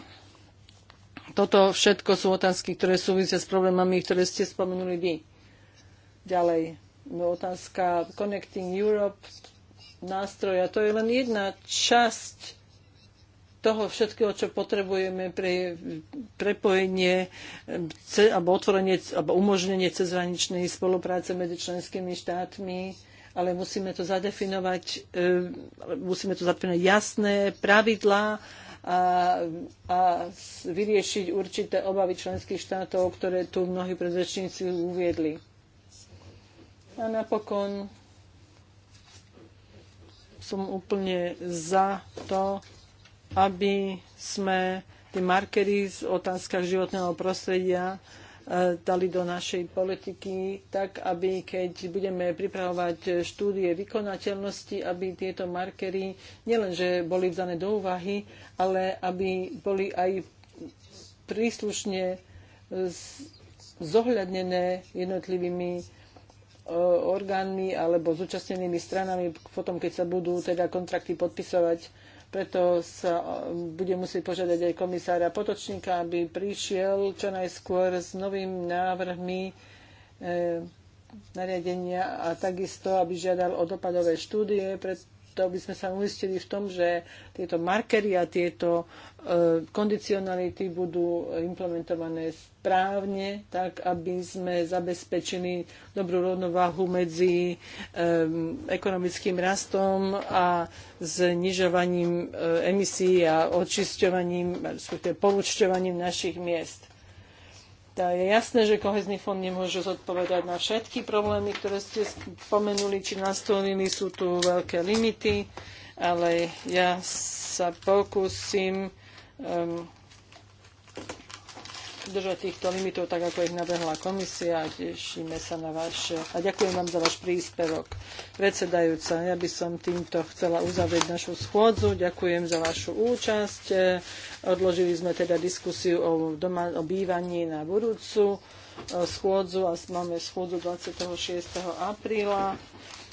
toto všetko sú otázky, ktoré súvisia s problémami, ktoré ste spomenuli vy. Ďalej, no, otázka Connecting Europe nástroja. To je len jedna časť toho všetkého, čo potrebujeme pre prepojenie alebo otvorenie alebo umožnenie cezhraničnej spolupráce medzi členskými štátmi ale musíme to zadefinovať, e, musíme to zadefinovať jasné pravidlá, a, a vyriešiť určité obavy členských štátov, ktoré tu mnohí predvečníci uviedli. A napokon som úplne za to, aby sme tie markery z otázkach životného prostredia Eh, dali do našej politiky tak, aby keď budeme pripravovať štúdie vykonateľnosti, aby tieto markery nielenže boli vzané do úvahy, ale aby boli aj príslušne eh, zohľadnené jednotlivými eh, orgánmi alebo zúčastnenými stranami potom, keď sa budú teda kontrakty podpisovať preto sa e, bude musieť požiadať aj komisára Potočníka, aby prišiel čo najskôr s novými návrhmi e, nariadenia a takisto, aby žiadal o dopadové štúdie, pretože to by sme sa uistili v tom, že tieto markery a tieto e, kondicionality budú implementované správne, tak aby sme zabezpečili dobrú rovnováhu medzi e, ekonomickým rastom a znižovaním e, emisí a očisťovaním, respektíve povučťovaním našich miest je jasné, že kohezný fond nemôže zodpovedať na všetky problémy, ktoré ste spomenuli či nastolili. Sú tu veľké limity, ale ja sa pokúsim um, držať týchto limitov, tak ako ich navrhla komisia. Tešíme sa na váš a ďakujem vám za váš príspevok. Predsedajúca, ja by som týmto chcela uzavrieť našu schôdzu. Ďakujem za vašu účasť. Odložili sme teda diskusiu o, doma, o bývaní na budúcu e, schôdzu a máme schôdzu 26. apríla.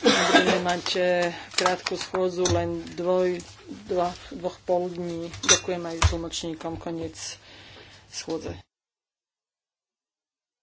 Budeme mať e, krátku schôdzu len dvoj, dva, dvoch pol dní. Ďakujem aj tlmočníkom. Koniec schôdze.